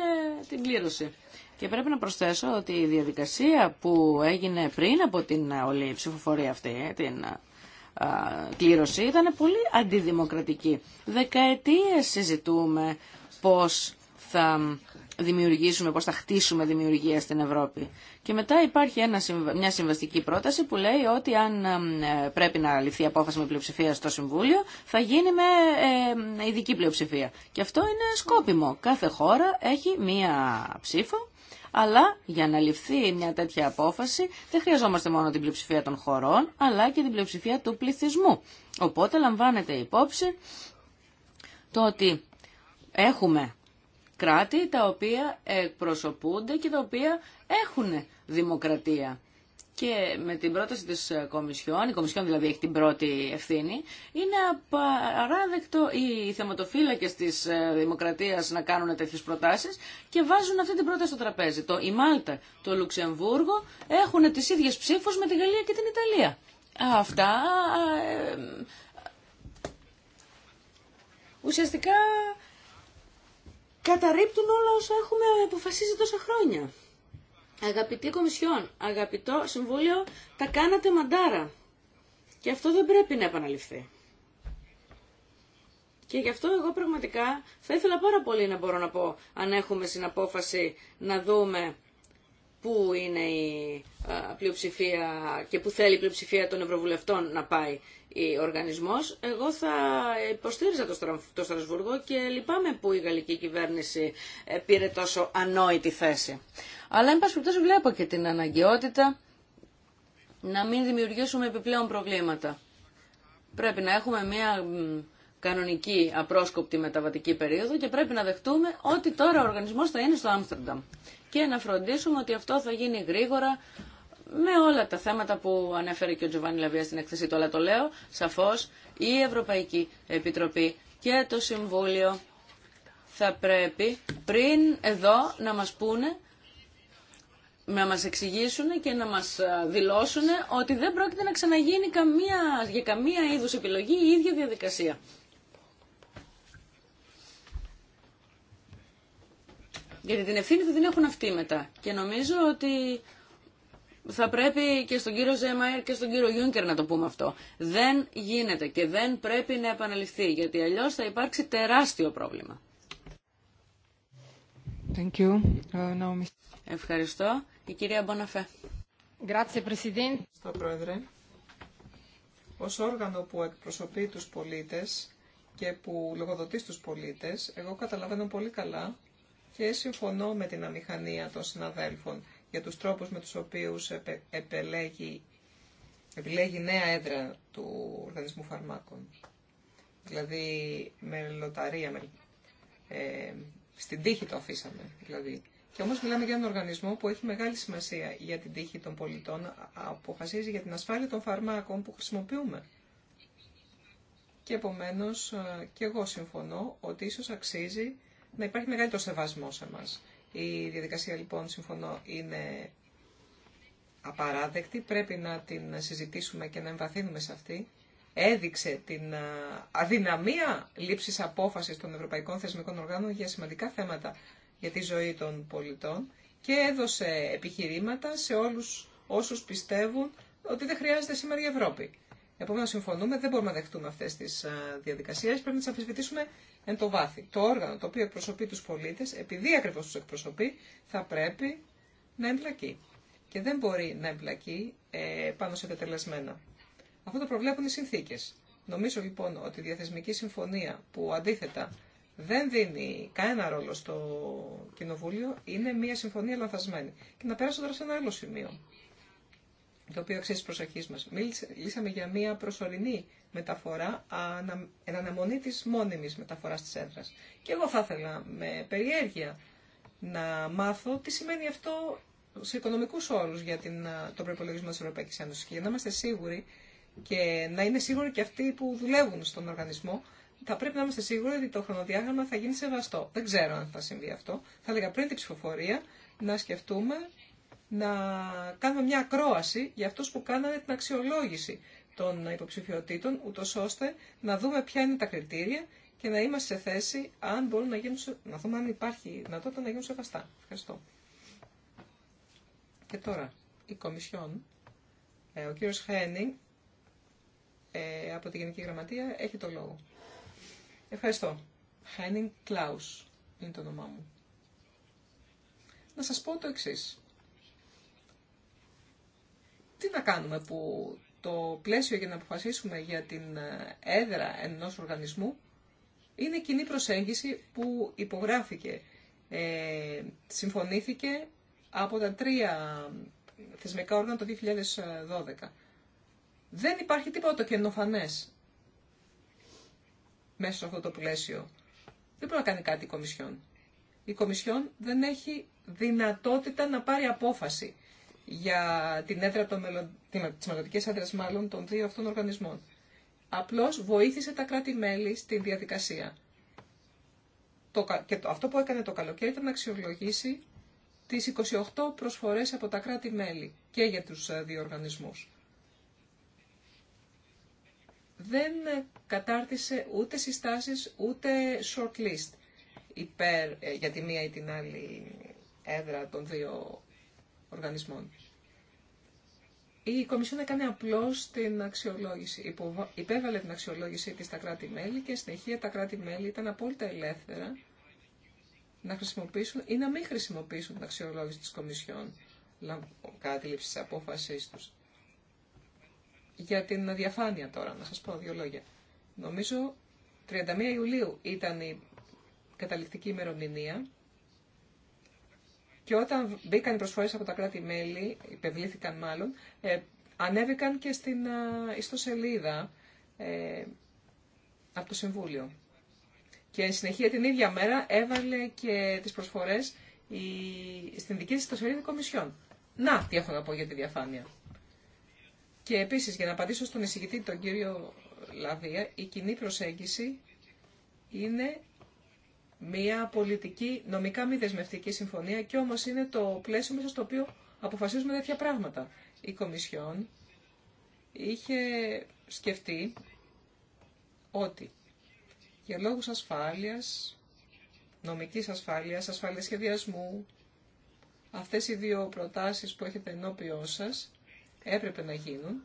την κλήρωση. Και πρέπει να προσθέσω ότι η διαδικασία που έγινε πριν από την ε, όλη ψηφοφορία αυτή, ε, την ε, κλήρωση, ήταν πολύ αντιδημοκρατική. Δεκαετίες συζητούμε πώς θα δημιουργήσουμε, πώς θα χτίσουμε δημιουργία στην Ευρώπη. Και μετά υπάρχει ένα, μια συμβαστική πρόταση που λέει ότι αν ε, πρέπει να ληφθεί απόφαση με πλειοψηφία στο Συμβούλιο, θα γίνει με ειδική πλειοψηφία. Και αυτό είναι σκόπιμο. Κάθε χώρα έχει μία ψήφο, αλλά για να ληφθεί μια τέτοια απόφαση δεν χρειαζόμαστε μόνο την πλειοψηφία των χωρών, αλλά και την πλειοψηφία του πληθυσμού. Οπότε λαμβάνεται υπόψη το ότι έχουμε κράτη τα οποία εκπροσωπούνται και τα οποία έχουν δημοκρατία. Και με την πρόταση της Κομισιόν, η Κομισιόν δηλαδή έχει την πρώτη ευθύνη, είναι απαράδεκτο οι θεματοφύλακες της ε, δημοκρατίας να κάνουν τέτοιες προτάσεις και βάζουν αυτή την πρόταση στο τραπέζι. Το, η Μάλτα, το Λουξεμβούργο έχουν τις ίδιες ψήφους με τη Γαλλία και την Ιταλία. Αυτά ε, ουσιαστικά καταρρύπτουν όλα όσα έχουμε αποφασίσει τόσα χρόνια. Αγαπητή Κομισιόν, αγαπητό Συμβούλιο, τα κάνατε μαντάρα. Και αυτό δεν πρέπει να επαναληφθεί. Και γι' αυτό εγώ πραγματικά θα ήθελα πάρα πολύ να μπορώ να πω αν έχουμε συναπόφαση να δούμε πού είναι η πλειοψηφία και πού θέλει η πλειοψηφία των Ευρωβουλευτών να πάει ο οργανισμός. Εγώ θα υποστήριζα το, Στρασβούργο και λυπάμαι που η γαλλική κυβέρνηση ε, πήρε τόσο ανόητη θέση. Αλλά, εν πάση περιπτώσει, βλέπω και την αναγκαιότητα να μην δημιουργήσουμε επιπλέον προβλήματα. Πρέπει να έχουμε μια κανονική απρόσκοπτη μεταβατική περίοδο και πρέπει να δεχτούμε ότι τώρα ο οργανισμός θα είναι στο Άμστερνταμ και να φροντίσουμε ότι αυτό θα γίνει γρήγορα με όλα τα θέματα που ανέφερε και ο Τζοβάνι Λαβία στην εκθεσή του. Αλλά το λέω σαφώς η Ευρωπαϊκή Επιτροπή και το Συμβούλιο θα πρέπει πριν εδώ να μας πούνε να μας εξηγήσουν και να μας δηλώσουν ότι δεν πρόκειται να ξαναγίνει καμία, για καμία είδους επιλογή η ίδια διαδικασία. Γιατί την ευθύνη θα την έχουν αυτοί μετά. Και νομίζω ότι θα πρέπει και στον κύριο Ζέμαερ και στον κύριο Γιούνκερ να το πούμε αυτό. Δεν γίνεται και δεν πρέπει να επαναληφθεί, γιατί αλλιώς θα υπάρξει τεράστιο πρόβλημα. Thank you. Uh, Ευχαριστώ. Η κυρία Μποναφέ. Grazie, Presidente. Πρόεδρε, ως όργανο που εκπροσωπεί τους πολίτες και που λογοδοτεί στους πολίτες, εγώ καταλαβαίνω πολύ καλά και συμφωνώ με την αμηχανία των συναδέλφων για τους τρόπους με τους οποίους επελέγει, επιλέγει νέα έδρα του οργανισμού φαρμάκων. Δηλαδή με λοταρία, με, ε, στην τύχη το αφήσαμε. Δηλαδή. Και όμως μιλάμε για έναν οργανισμό που έχει μεγάλη σημασία για την τύχη των πολιτών, αποφασίζει για την ασφάλεια των φαρμάκων που χρησιμοποιούμε. Και επομένως ε, και εγώ συμφωνώ ότι ίσως αξίζει να υπάρχει μεγαλύτερο σεβασμό σε εμά. Η διαδικασία λοιπόν, συμφωνώ, είναι απαράδεκτη. Πρέπει να την συζητήσουμε και να εμβαθύνουμε σε αυτή. Έδειξε την αδυναμία λήψης απόφασης των Ευρωπαϊκών Θεσμικών Οργάνων για σημαντικά θέματα για τη ζωή των πολιτών και έδωσε επιχειρήματα σε όλους όσους πιστεύουν ότι δεν χρειάζεται σήμερα η Ευρώπη. Επομένω, συμφωνούμε, δεν μπορούμε να δεχτούμε αυτέ τι ε, διαδικασίε, πρέπει να τι αμφισβητήσουμε εν το βάθη. Το όργανο το οποίο εκπροσωπεί του πολίτε, επειδή ακριβώ του εκπροσωπεί, θα πρέπει να εμπλακεί. Και δεν μπορεί να εμπλακεί ε, πάνω σε τετελεσμένα. Αυτό το προβλέπουν οι συνθήκε. Νομίζω λοιπόν ότι η διαθεσμική συμφωνία που αντίθετα δεν δίνει κανένα ρόλο στο κοινοβούλιο είναι μια συμφωνία λανθασμένη. Και να περάσω τώρα σε ένα άλλο σημείο το οποίο αξίζει προσοχή μα, Μιλήσαμε για μια προσωρινή μεταφορά, εν αναμονή τη μόνιμη μεταφορά τη Έδρα. Και εγώ θα ήθελα με περιέργεια να μάθω τι σημαίνει αυτό σε οικονομικού όρου για την, τον προπολογισμό της Ευρωπαϊκής και για να είμαστε σίγουροι και να είναι σίγουροι και αυτοί που δουλεύουν στον οργανισμό θα πρέπει να είμαστε σίγουροι ότι το χρονοδιάγραμμα θα γίνει σεβαστό. Δεν ξέρω αν θα συμβεί αυτό. Θα έλεγα πριν την ψηφοφορία να σκεφτούμε να κάνουμε μια ακρόαση για αυτούς που κάνανε την αξιολόγηση των υποψηφιωτήτων, ούτω ώστε να δούμε ποια είναι τα κριτήρια και να είμαστε σε θέση αν μπορούν να, γίνουν, να δούμε αν υπάρχει δυνατότητα να γίνουν σεβαστά. Ευχαριστώ. Και τώρα, η Κομισιόν, ε, ο κύριος Χένινγκ ε, από τη Γενική Γραμματεία έχει το λόγο. Ευχαριστώ. Χένινγκ Κλάους είναι το όνομά μου. Να σας πω το εξής τι να κάνουμε που το πλαίσιο για να αποφασίσουμε για την ε, έδρα ενός οργανισμού είναι κοινή προσέγγιση που υπογράφηκε, ε, συμφωνήθηκε από τα τρία θεσμικά όργανα το 2012. Δεν υπάρχει τίποτα το κενοφανές μέσα σε αυτό το πλαίσιο. Δεν μπορεί να κάνει κάτι η Κομισιόν. Η Κομισιόν δεν έχει δυνατότητα να πάρει απόφαση για την έδρα των μελλον... τις μάλλον των δύο αυτών οργανισμών. Απλώς βοήθησε τα κράτη-μέλη στην διαδικασία. Το, και αυτό που έκανε το καλοκαίρι ήταν να αξιολογήσει τις 28 προσφορές από τα κράτη-μέλη και για τους ε, δύο οργανισμούς. Δεν ε, κατάρτισε ούτε συστάσεις ούτε shortlist υπέρ, ε, για τη μία ή την άλλη έδρα των δύο οργανισμών. Η Κομισιόν έκανε απλώ την αξιολόγηση. Υπέβαλε την αξιολόγησή τη στα κράτη-μέλη και συνεχεία τα κράτη-μέλη ήταν απόλυτα ελεύθερα να χρησιμοποιήσουν ή να μην χρησιμοποιήσουν την αξιολόγηση τη Κομισιόν κατά τη λήψη τη απόφασή του. Για την διαφάνεια τώρα, να σα πω δύο λόγια. Νομίζω 31 Ιουλίου ήταν η καταληκτική ημερομηνία και όταν μπήκαν οι προσφορές από τα κράτη-μέλη, υπευλήθηκαν μάλλον, ε, ανέβηκαν και στην ε, ιστοσελίδα ε, από το Συμβούλιο. Και συνεχεία την ίδια μέρα έβαλε και τις προσφορές στην δική της ιστοσελίδα Κομισιόν. Να, τι έχω να πω για τη διαφάνεια. Και επίσης, για να απαντήσω στον εισηγητή, τον κύριο Λαβία, η κοινή προσέγγιση είναι μια πολιτική, νομικά μη δεσμευτική συμφωνία και όμως είναι το πλαίσιο μέσα στο οποίο αποφασίζουμε τέτοια πράγματα. Η Κομισιόν είχε σκεφτεί ότι για λόγους ασφάλειας, νομικής ασφάλειας, ασφάλειας σχεδιασμού, αυτές οι δύο προτάσεις που έχετε ενώπιό σας έπρεπε να γίνουν.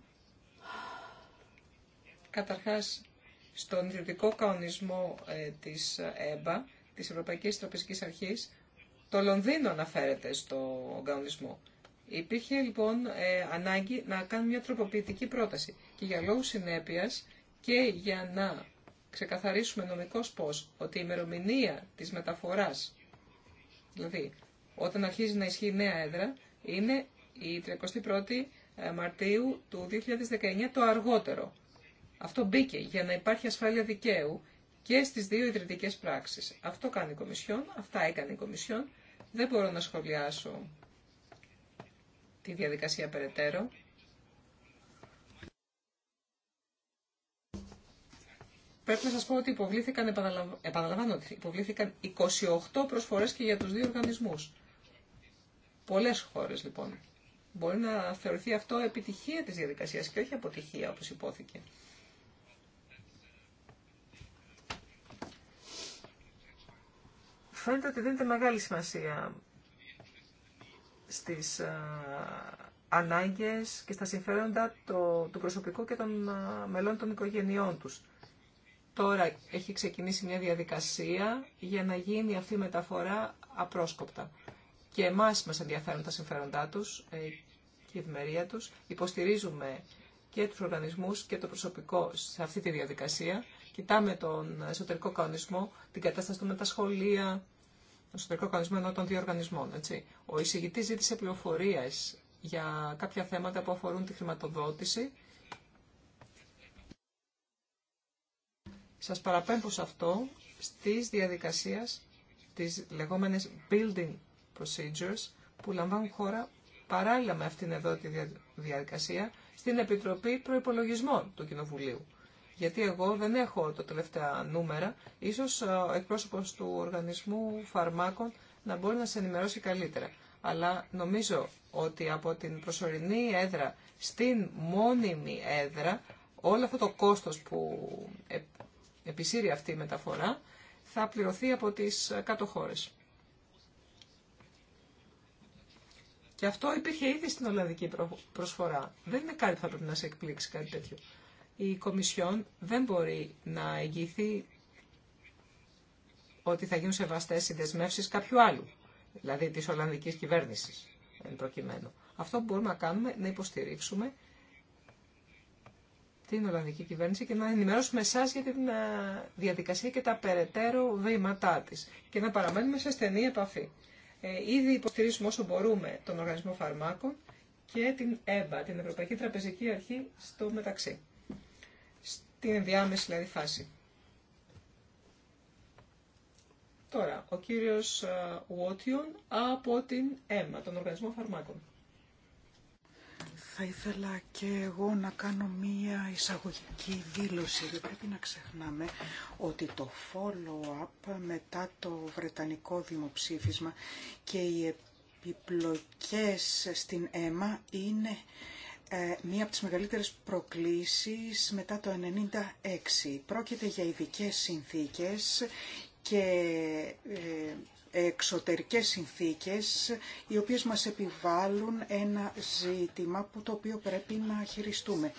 Καταρχάς, στον ιδιωτικό καονισμό ε, της ε, ΕΜΠΑ της Ευρωπαϊκής Τραπεζικής Αρχής, το Λονδίνο αναφέρεται στο κανονισμό. Υπήρχε λοιπόν ε, ανάγκη να κάνουμε μια τροποποιητική πρόταση και για λόγους συνέπειας και για να ξεκαθαρίσουμε νομικώς πώς ότι η ημερομηνία της μεταφοράς, δηλαδή όταν αρχίζει να ισχύει η νέα έδρα, είναι η 31η ε, Μαρτίου του 2019 το αργότερο. Αυτό μπήκε για να υπάρχει ασφάλεια δικαίου και στις δύο ιδρυτικές πράξεις. Αυτό κάνει η Κομισιόν, αυτά έκανε η Κομισιόν. Δεν μπορώ να σχολιάσω τη διαδικασία περαιτέρω. Πρέπει να σας πω ότι υποβλήθηκαν, επαναλαμβάνω, ότι υποβλήθηκαν 28 προσφορές και για τους δύο οργανισμούς. Πολλές χώρες λοιπόν. Μπορεί να θεωρηθεί αυτό επιτυχία της διαδικασίας και όχι αποτυχία όπως υπόθηκε. φαίνεται ότι δίνεται μεγάλη σημασία στις ε, ανάγκες και στα συμφέροντα το, του προσωπικού και των ε, μελών των οικογενειών τους. Τώρα έχει ξεκινήσει μια διαδικασία για να γίνει αυτή η μεταφορά απρόσκοπτα. Και εμάς μας ενδιαφέρουν τα συμφέροντά τους ε, και η ευημερία τους. Υποστηρίζουμε και τους οργανισμούς και το προσωπικό σε αυτή τη διαδικασία. Κοιτάμε τον εσωτερικό κανονισμό, την κατάσταση του με τα σχολεία, εσωτερικό οργανισμό ενώ των δύο οργανισμών. Έτσι. Ο εισηγητή ζήτησε πληροφορίε για κάποια θέματα που αφορούν τη χρηματοδότηση. Σας παραπέμπω σε αυτό στις διαδικασίες, τις λεγόμενες building procedures που λαμβάνουν χώρα παράλληλα με αυτήν εδώ τη διαδικασία στην Επιτροπή Προϋπολογισμών του Κοινοβουλίου γιατί εγώ δεν έχω τα τελευταία νούμερα. Ίσως ε, ο εκπρόσωπος του οργανισμού φαρμάκων να μπορεί να σε ενημερώσει καλύτερα. Αλλά νομίζω ότι από την προσωρινή έδρα στην μόνιμη έδρα, όλο αυτό το κόστος που ε, επισύρει αυτή η μεταφορά, θα πληρωθεί από τις ε, κάτω χώρες. Και αυτό υπήρχε ήδη στην Ολλανδική προσφορά. Δεν είναι κάτι που θα πρέπει να σε εκπλήξει κάτι τέτοιο η Κομισιόν δεν μπορεί να εγγυηθεί ότι θα γίνουν σεβαστές οι δεσμεύσει κάποιου άλλου, δηλαδή της Ολλανδικής κυβέρνησης, εν προκειμένου. Αυτό που μπορούμε να κάνουμε να υποστηρίξουμε την Ολλανδική κυβέρνηση και να ενημερώσουμε εσά για την ε, διαδικασία και τα περαιτέρω βήματά της και να παραμένουμε σε στενή επαφή. Ε, ήδη υποστηρίζουμε όσο μπορούμε τον Οργανισμό Φαρμάκων και την ΕΜΠΑ, την Ευρωπαϊκή Τραπεζική Αρχή, στο μεταξύ την ενδιάμεση δηλαδή φάση. Τώρα, ο κύριος Βότιον ε, από την ΕΜΑ, τον Οργανισμό Φαρμάκων. Θα ήθελα και εγώ να κάνω μία εισαγωγική δήλωση. Δεν πρέπει να ξεχνάμε ότι το follow-up μετά το Βρετανικό δημοψήφισμα και οι επιπλοκές στην έμα είναι ε, μία από τις μεγαλύτερες προκλήσεις μετά το 1996. Πρόκειται για ειδικέ συνθήκες και ε, εξωτερικές συνθήκες οι οποίες μας επιβάλλουν ένα ζήτημα που το οποίο πρέπει να χειριστούμε.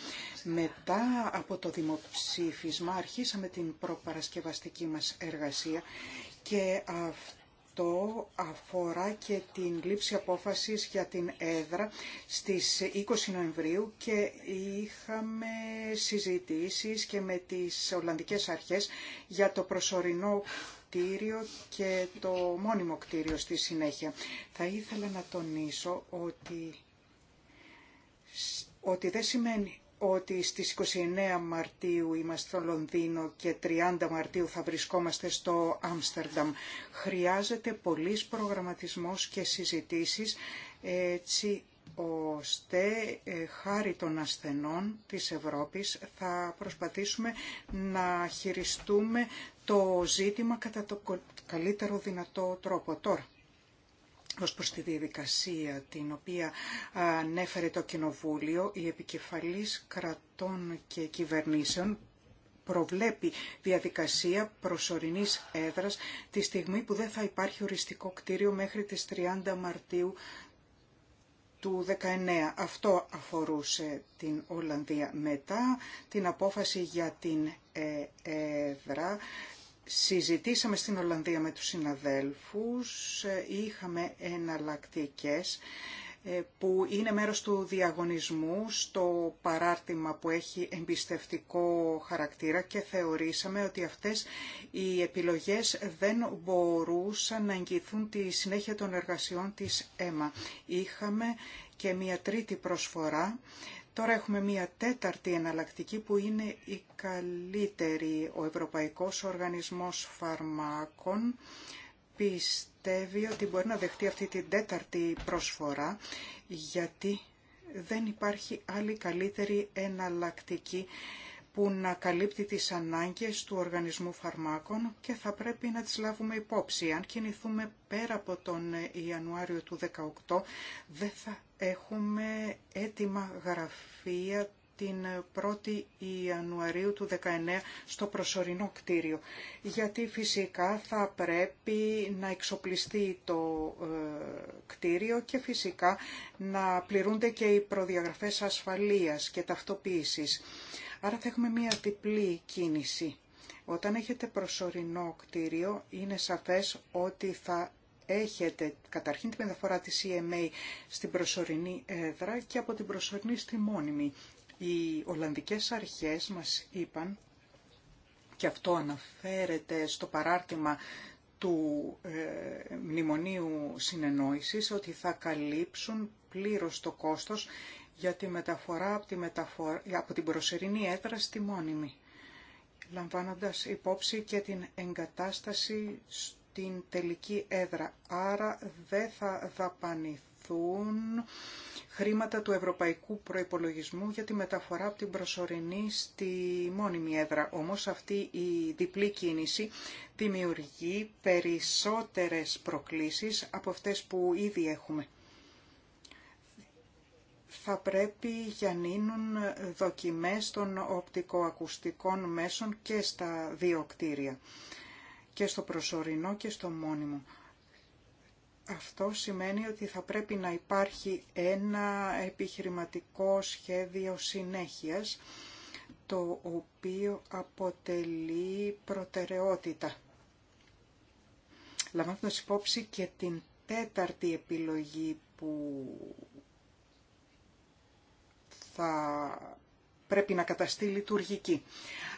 Μετά από το δημοψήφισμα αρχίσαμε την προπαρασκευαστική μας εργασία και αυτό αυτό αφορά και την λήψη απόφασης για την έδρα στις 20 Νοεμβρίου και είχαμε συζητήσεις και με τις Ολλανδικές Αρχές για το προσωρινό κτίριο και το μόνιμο κτίριο στη συνέχεια. Θα ήθελα να τονίσω ότι ότι δεν σημαίνει ότι στις 29 Μαρτίου είμαστε στο Λονδίνο και 30 Μαρτίου θα βρισκόμαστε στο Άμστερνταμ. Χρειάζεται πολλής προγραμματισμός και συζητήσεις έτσι ώστε ε, χάρη των ασθενών της Ευρώπης θα προσπαθήσουμε να χειριστούμε το ζήτημα κατά το καλύτερο δυνατό τρόπο τώρα ως προς τη διαδικασία την οποία ανέφερε το Κοινοβούλιο, η επικεφαλής κρατών και κυβερνήσεων προβλέπει διαδικασία προσωρινής έδρας τη στιγμή που δεν θα υπάρχει οριστικό κτίριο μέχρι τις 30 Μαρτίου του 19. Αυτό αφορούσε την Ολλανδία. Μετά την απόφαση για την ε, έδρα συζητήσαμε στην Ολλανδία με τους συναδέλφους, ε, είχαμε εναλλακτικέ ε, που είναι μέρος του διαγωνισμού στο παράρτημα που έχει εμπιστευτικό χαρακτήρα και θεωρήσαμε ότι αυτές οι επιλογές δεν μπορούσαν να εγγυηθούν τη συνέχεια των εργασιών της ΕΜΑ. Είχαμε και μια τρίτη προσφορά Τώρα έχουμε μία τέταρτη εναλλακτική που είναι η καλύτερη. Ο Ευρωπαϊκός Οργανισμός Φαρμάκων πιστεύει ότι μπορεί να δεχτεί αυτή την τέταρτη προσφορά γιατί δεν υπάρχει άλλη καλύτερη εναλλακτική που να καλύπτει τις ανάγκες του οργανισμού φαρμάκων και θα πρέπει να τις λάβουμε υπόψη. Αν κινηθούμε πέρα από τον Ιανουάριο του 2018, δεν θα Έχουμε έτοιμα γραφεία την 1η Ιανουαρίου του 19 στο προσωρινό κτίριο. Γιατί φυσικά θα πρέπει να εξοπλιστεί το ε, κτίριο και φυσικά να πληρούνται και οι προδιαγραφές ασφαλείας και ταυτοποίησης. Άρα θα έχουμε μία διπλή κίνηση. Όταν έχετε προσωρινό κτίριο είναι σαφές ότι θα έχετε καταρχήν τη μεταφορά της EMA στην προσωρινή έδρα και από την προσωρινή στη μόνιμη. Οι Ολλανδικές αρχές μας είπαν, και αυτό αναφέρεται στο παράρτημα του ε, Μνημονίου ότι θα καλύψουν πλήρως το κόστος για τη μεταφορά από, τη μεταφορά, από την προσωρινή έδρα στη μόνιμη λαμβάνοντας υπόψη και την εγκατάσταση την τελική έδρα. Άρα δεν θα δαπανηθούν χρήματα του ευρωπαϊκού προϋπολογισμού για τη μεταφορά από την προσωρινή στη μόνιμη έδρα. Όμως αυτή η διπλή κίνηση δημιουργεί περισσότερες προκλήσεις από αυτές που ήδη έχουμε. Θα πρέπει για είναι δοκιμές των οπτικοακουστικών μέσων και στα δύο κτίρια και στο προσωρινό και στο μόνιμο. Αυτό σημαίνει ότι θα πρέπει να υπάρχει ένα επιχειρηματικό σχέδιο συνέχειας, το οποίο αποτελεί προτεραιότητα. Λαμβάνοντας υπόψη και την τέταρτη επιλογή που θα πρέπει να καταστεί λειτουργική.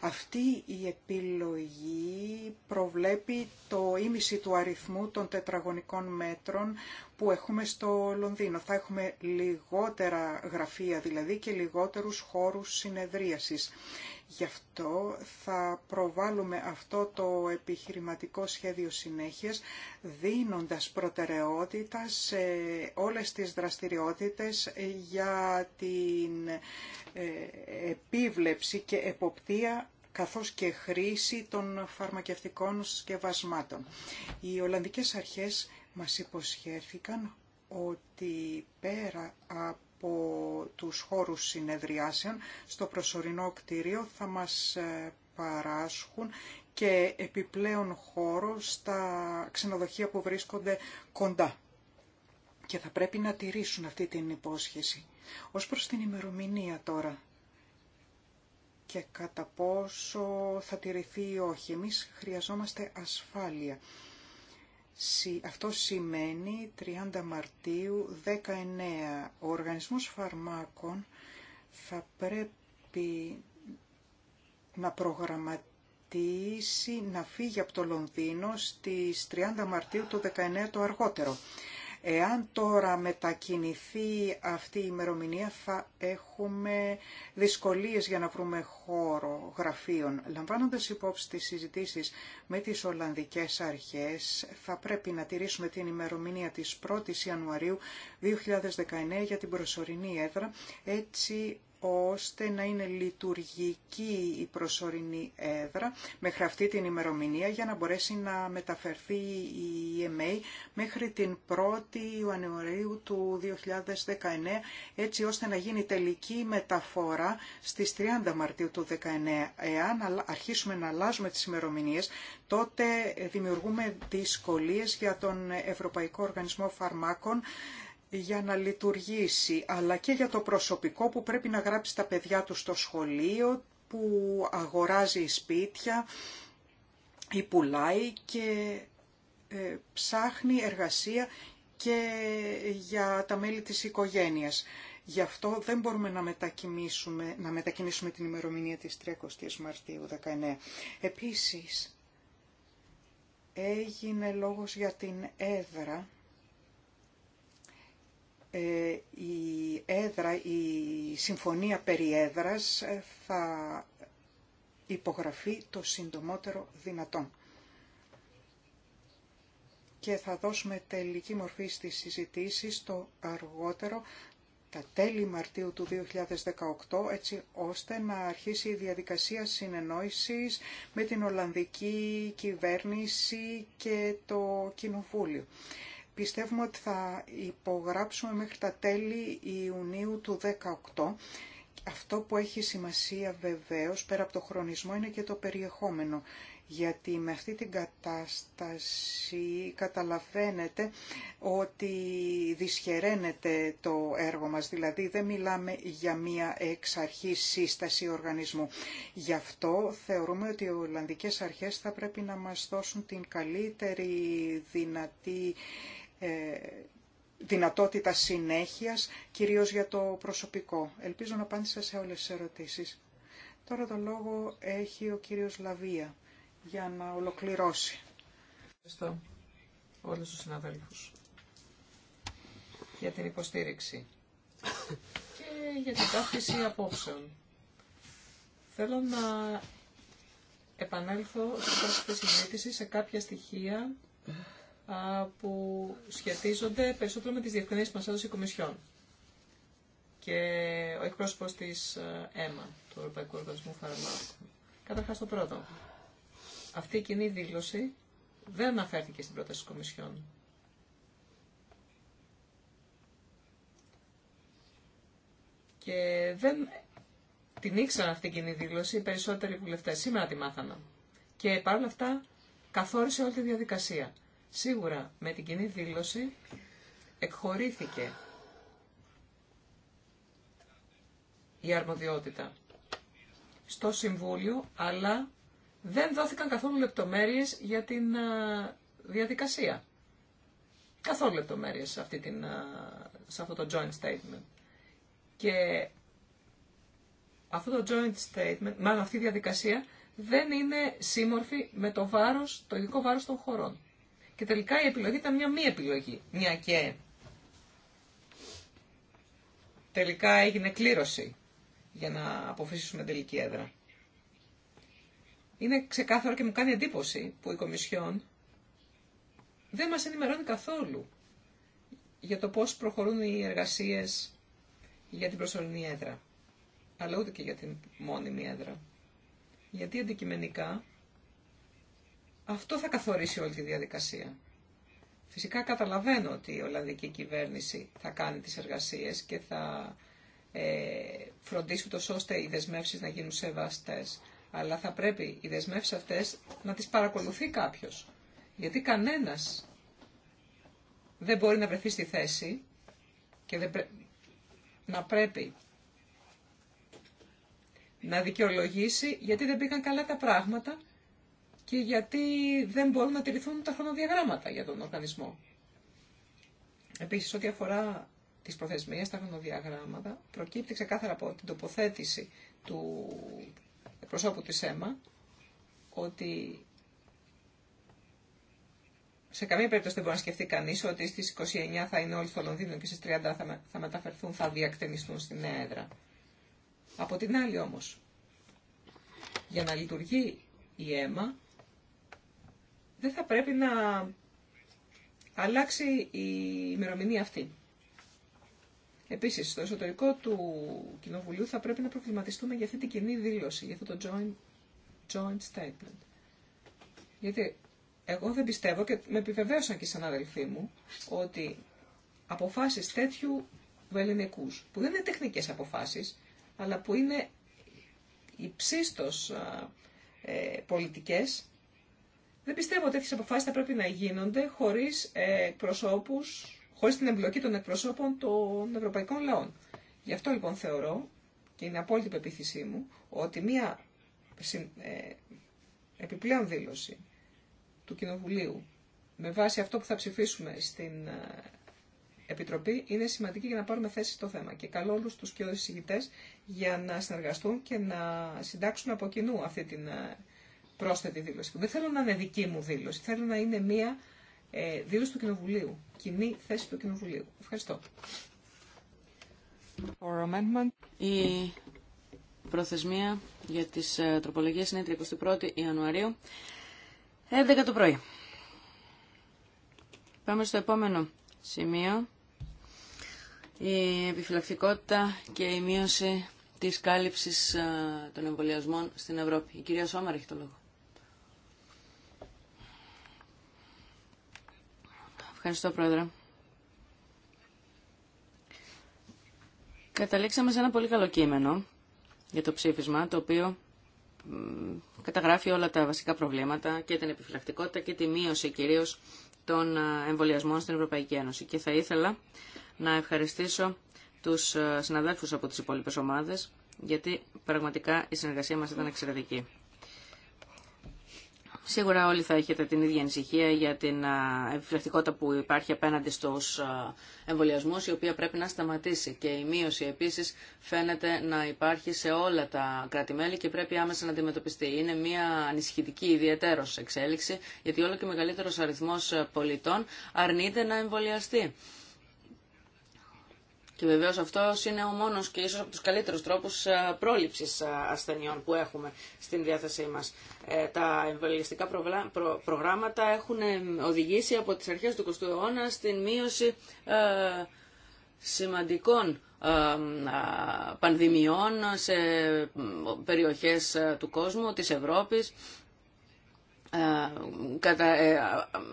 Αυτή η επιλογή προβλέπει το ίμιση του αριθμού των τετραγωνικών μέτρων που έχουμε στο Λονδίνο. Θα έχουμε λιγότερα γραφεία δηλαδή και λιγότερους χώρους συνεδρίασης. Γι' αυτό θα προβάλλουμε αυτό το επιχειρηματικό σχέδιο συνέχειας, δίνοντας προτεραιότητα σε όλες τις δραστηριότητες για την ε, επίβλεψη και εποπτεία καθώς και χρήση των φαρμακευτικών σκευασμάτων. Οι Ολλανδικές αρχές μας υποσχέθηκαν ότι πέρα από από τους χώρους συνεδριάσεων στο προσωρινό κτίριο θα μας ε, παράσχουν και επιπλέον χώρο στα ξενοδοχεία που βρίσκονται κοντά. Και θα πρέπει να τηρήσουν αυτή την υπόσχεση. Ως προς την ημερομηνία τώρα και κατά πόσο θα τηρηθεί ή όχι. Εμείς χρειαζόμαστε ασφάλεια αυτό σημαίνει 30 Μαρτίου 19. Ο οργανισμός φαρμάκων θα πρέπει να προγραμματίσει να φύγει από το Λονδίνο στις 30 Μαρτίου το 19 το αργότερο. Εάν τώρα μετακινηθεί αυτή η ημερομηνία θα έχουμε δυσκολίες για να βρούμε χώρο γραφείων. Λαμβάνοντας υπόψη τις συζητήσεις με τις Ολλανδικές Αρχές θα πρέπει να τηρήσουμε την ημερομηνία της 1ης Ιανουαρίου 2019 για την προσωρινή έδρα έτσι ώστε να είναι λειτουργική η προσωρινή έδρα μέχρι αυτή την ημερομηνία για να μπορέσει να μεταφερθεί η EMA μέχρι την 1η Ιανουαρίου του 2019 έτσι ώστε να γίνει τελική μεταφορά στις 30 Μαρτίου του 2019. Εάν αρχίσουμε να αλλάζουμε τις ημερομηνίες τότε δημιουργούμε δυσκολίες για τον Ευρωπαϊκό Οργανισμό Φαρμάκων για να λειτουργήσει, αλλά και για το προσωπικό που πρέπει να γράψει τα παιδιά του στο σχολείο, που αγοράζει σπίτια ή πουλάει και ε, ψάχνει εργασία και για τα μέλη της οικογένειας. Γι' αυτό δεν μπορούμε να μετακινήσουμε, να μετακινήσουμε την ημερομηνία της 30ης Μαρτίου 19. Επίσης, έγινε λόγος για την έδρα ε, η έδρα, η συμφωνία περί έδρας ε, θα υπογραφεί το συντομότερο δυνατόν. Και θα δώσουμε τελική μορφή στις συζητήσεις το αργότερο τα τέλη Μαρτίου του 2018, έτσι ώστε να αρχίσει η διαδικασία συνεννόησης με την Ολλανδική κυβέρνηση και το Κοινοβούλιο. Πιστεύουμε ότι θα υπογράψουμε μέχρι τα τέλη Ιουνίου του 2018. Αυτό που έχει σημασία βεβαίως πέρα από το χρονισμό είναι και το περιεχόμενο. Γιατί με αυτή την κατάσταση καταλαβαίνετε ότι δυσχεραίνεται το έργο μας. Δηλαδή δεν μιλάμε για μία εξ αρχή σύσταση οργανισμού. Γι' αυτό θεωρούμε ότι οι Ολλανδικές Αρχές θα πρέπει να μας δώσουν την καλύτερη δυνατή ε, δυνατότητα συνέχειας, κυρίως για το προσωπικό. Ελπίζω να απάντησα σε όλες τις ερωτήσεις. Τώρα το λόγο έχει ο κύριος Λαβία για να ολοκληρώσει. Ευχαριστώ όλους τους συναδέλφους για την υποστήριξη και για την ταύτιση απόψεων. Θέλω να επανέλθω στην τη συζήτηση σε κάποια στοιχεία που σχετίζονται περισσότερο με τις διευκρινήσεις που μας έδωσε η και ο εκπρόσωπος της ΕΜΑ, του Ευρωπαϊκού Οργανισμού Φαρμάκων. Καταρχάς το πρώτο. Αυτή η κοινή δήλωση δεν αναφέρθηκε στην πρόταση της Κομισιόν. Και δεν την ήξεραν αυτή η κοινή δήλωση οι περισσότεροι βουλευτέ. Σήμερα τη μάθανα. Και παρόλα αυτά καθόρισε όλη τη διαδικασία. Σίγουρα με την κοινή δήλωση εκχωρήθηκε η αρμοδιότητα στο Συμβούλιο, αλλά δεν δόθηκαν καθόλου λεπτομέρειες για την διαδικασία. Καθόλου λεπτομέρειες σε, αυτή την, σε αυτό το joint statement. Και αυτό το joint statement, μάλλον αυτή η διαδικασία, δεν είναι σύμμορφη με το βάρος, το ειδικό βάρος των χωρών. Και τελικά η επιλογή ήταν μια μη επιλογή, μια και τελικά έγινε κλήρωση για να αποφασίσουμε τελική έδρα. Είναι ξεκάθαρο και μου κάνει εντύπωση που η Κομισιόν δεν μας ενημερώνει καθόλου για το πώς προχωρούν οι εργασίες για την προσωρινή έδρα, αλλά ούτε και για την μόνιμη έδρα. Γιατί αντικειμενικά αυτό θα καθορίσει όλη τη διαδικασία. Φυσικά καταλαβαίνω ότι η Ολλανδική κυβέρνηση θα κάνει τις εργασίες και θα ε, φροντίσει τόσο ώστε οι δεσμεύσεις να γίνουν σεβαστές. Αλλά θα πρέπει οι δεσμεύσεις αυτές να τις παρακολουθεί κάποιος. Γιατί κανένας δεν μπορεί να βρεθεί στη θέση και δεν να πρέπει να δικαιολογήσει γιατί δεν πήγαν καλά τα πράγματα και γιατί δεν μπορούν να τηρηθούν τα χρονοδιαγράμματα για τον οργανισμό. Επίσης, ό,τι αφορά τις προθεσμίες, τα χρονοδιαγράμματα, προκύπτει ξεκάθαρα από την τοποθέτηση του προσώπου της ΕΜΑ ότι σε καμία περίπτωση δεν μπορεί να σκεφτεί κανεί ότι στι 29 θα είναι όλοι στο Λονδίνο και στι 30 θα, μεταφερθούν, θα διακτενιστούν στην νέα έδρα. Από την άλλη όμω, για να λειτουργεί η αίμα, δεν θα πρέπει να αλλάξει η ημερομηνία αυτή. Επίσης, στο εσωτερικό του Κοινοβουλίου θα πρέπει να προβληματιστούμε για αυτή την κοινή δήλωση, για αυτό το joint, joint statement. Γιατί εγώ δεν πιστεύω και με επιβεβαίωσαν και οι συναδελφοί μου ότι αποφάσεις τέτοιου βελληνικού. που δεν είναι τεχνικές αποφάσεις, αλλά που είναι υψίστως ε, πολιτικές, δεν πιστεύω ότι τέτοιε αποφάσει θα πρέπει να γίνονται χωρί ε, χωρίς την εμπλοκή των εκπροσώπων των ευρωπαϊκών λαών. Γι' αυτό λοιπόν θεωρώ, και είναι απόλυτη πεποίθησή μου, ότι μία ε, επιπλέον δήλωση του Κοινοβουλίου με βάση αυτό που θα ψηφίσουμε στην ε, Επιτροπή είναι σημαντική για να πάρουμε θέση στο θέμα. Και καλό όλου του και όλου για να συνεργαστούν και να συντάξουν από κοινού αυτή την πρόσθετη δήλωση. Δεν θέλω να είναι δική μου δήλωση, θέλω να είναι μία ε, δήλωση του Κοινοβουλίου, κοινή θέση του Κοινοβουλίου. Ευχαριστώ. Η προθεσμία για τις ε, τροπολογίες είναι 31 Ιανουαρίου, 11 το πρωί. Πάμε στο επόμενο σημείο. Η επιφυλακτικότητα και η μείωση της κάλυψης ε, των εμβολιασμών στην Ευρώπη. Η κυρία Σόμαρ έχει το λόγο. Ευχαριστώ, Πρόεδρε. Καταλήξαμε σε ένα πολύ καλό κείμενο για το ψήφισμα, το οποίο καταγράφει όλα τα βασικά προβλήματα και την επιφυλακτικότητα και τη μείωση κυρίως των ε, εμβολιασμών στην Ευρωπαϊκή Ένωση. Και θα ήθελα να ευχαριστήσω τους ε, συναδέλφους από τις υπόλοιπες ομάδες, γιατί πραγματικά η συνεργασία μας ήταν εξαιρετική. Σίγουρα όλοι θα έχετε την ίδια ανησυχία για την επιφυλακτικότητα που υπάρχει απέναντι στους εμβολιασμούς, η οποία πρέπει να σταματήσει. Και η μείωση επίσης φαίνεται να υπάρχει σε όλα τα κράτη-μέλη και πρέπει άμεσα να αντιμετωπιστεί. Είναι μια ανησυχητική ιδιαίτερο εξέλιξη, γιατί όλο και μεγαλύτερο αριθμός ε, πολιτών αρνείται να εμβολιαστεί. Και βεβαίω αυτό είναι ο μόνο και ίσω από του καλύτερου τρόπου ε, πρόληψη ε, ασθενειών που έχουμε στην διάθεσή μα. Ε, τα εμβολιαστικά προγράμματα έχουν οδηγήσει από τι αρχέ του 20ου αιώνα στην μείωση σημαντικών πανδημιών σε περιοχές του κόσμου, της Ευρώπης ε, κατα, ε,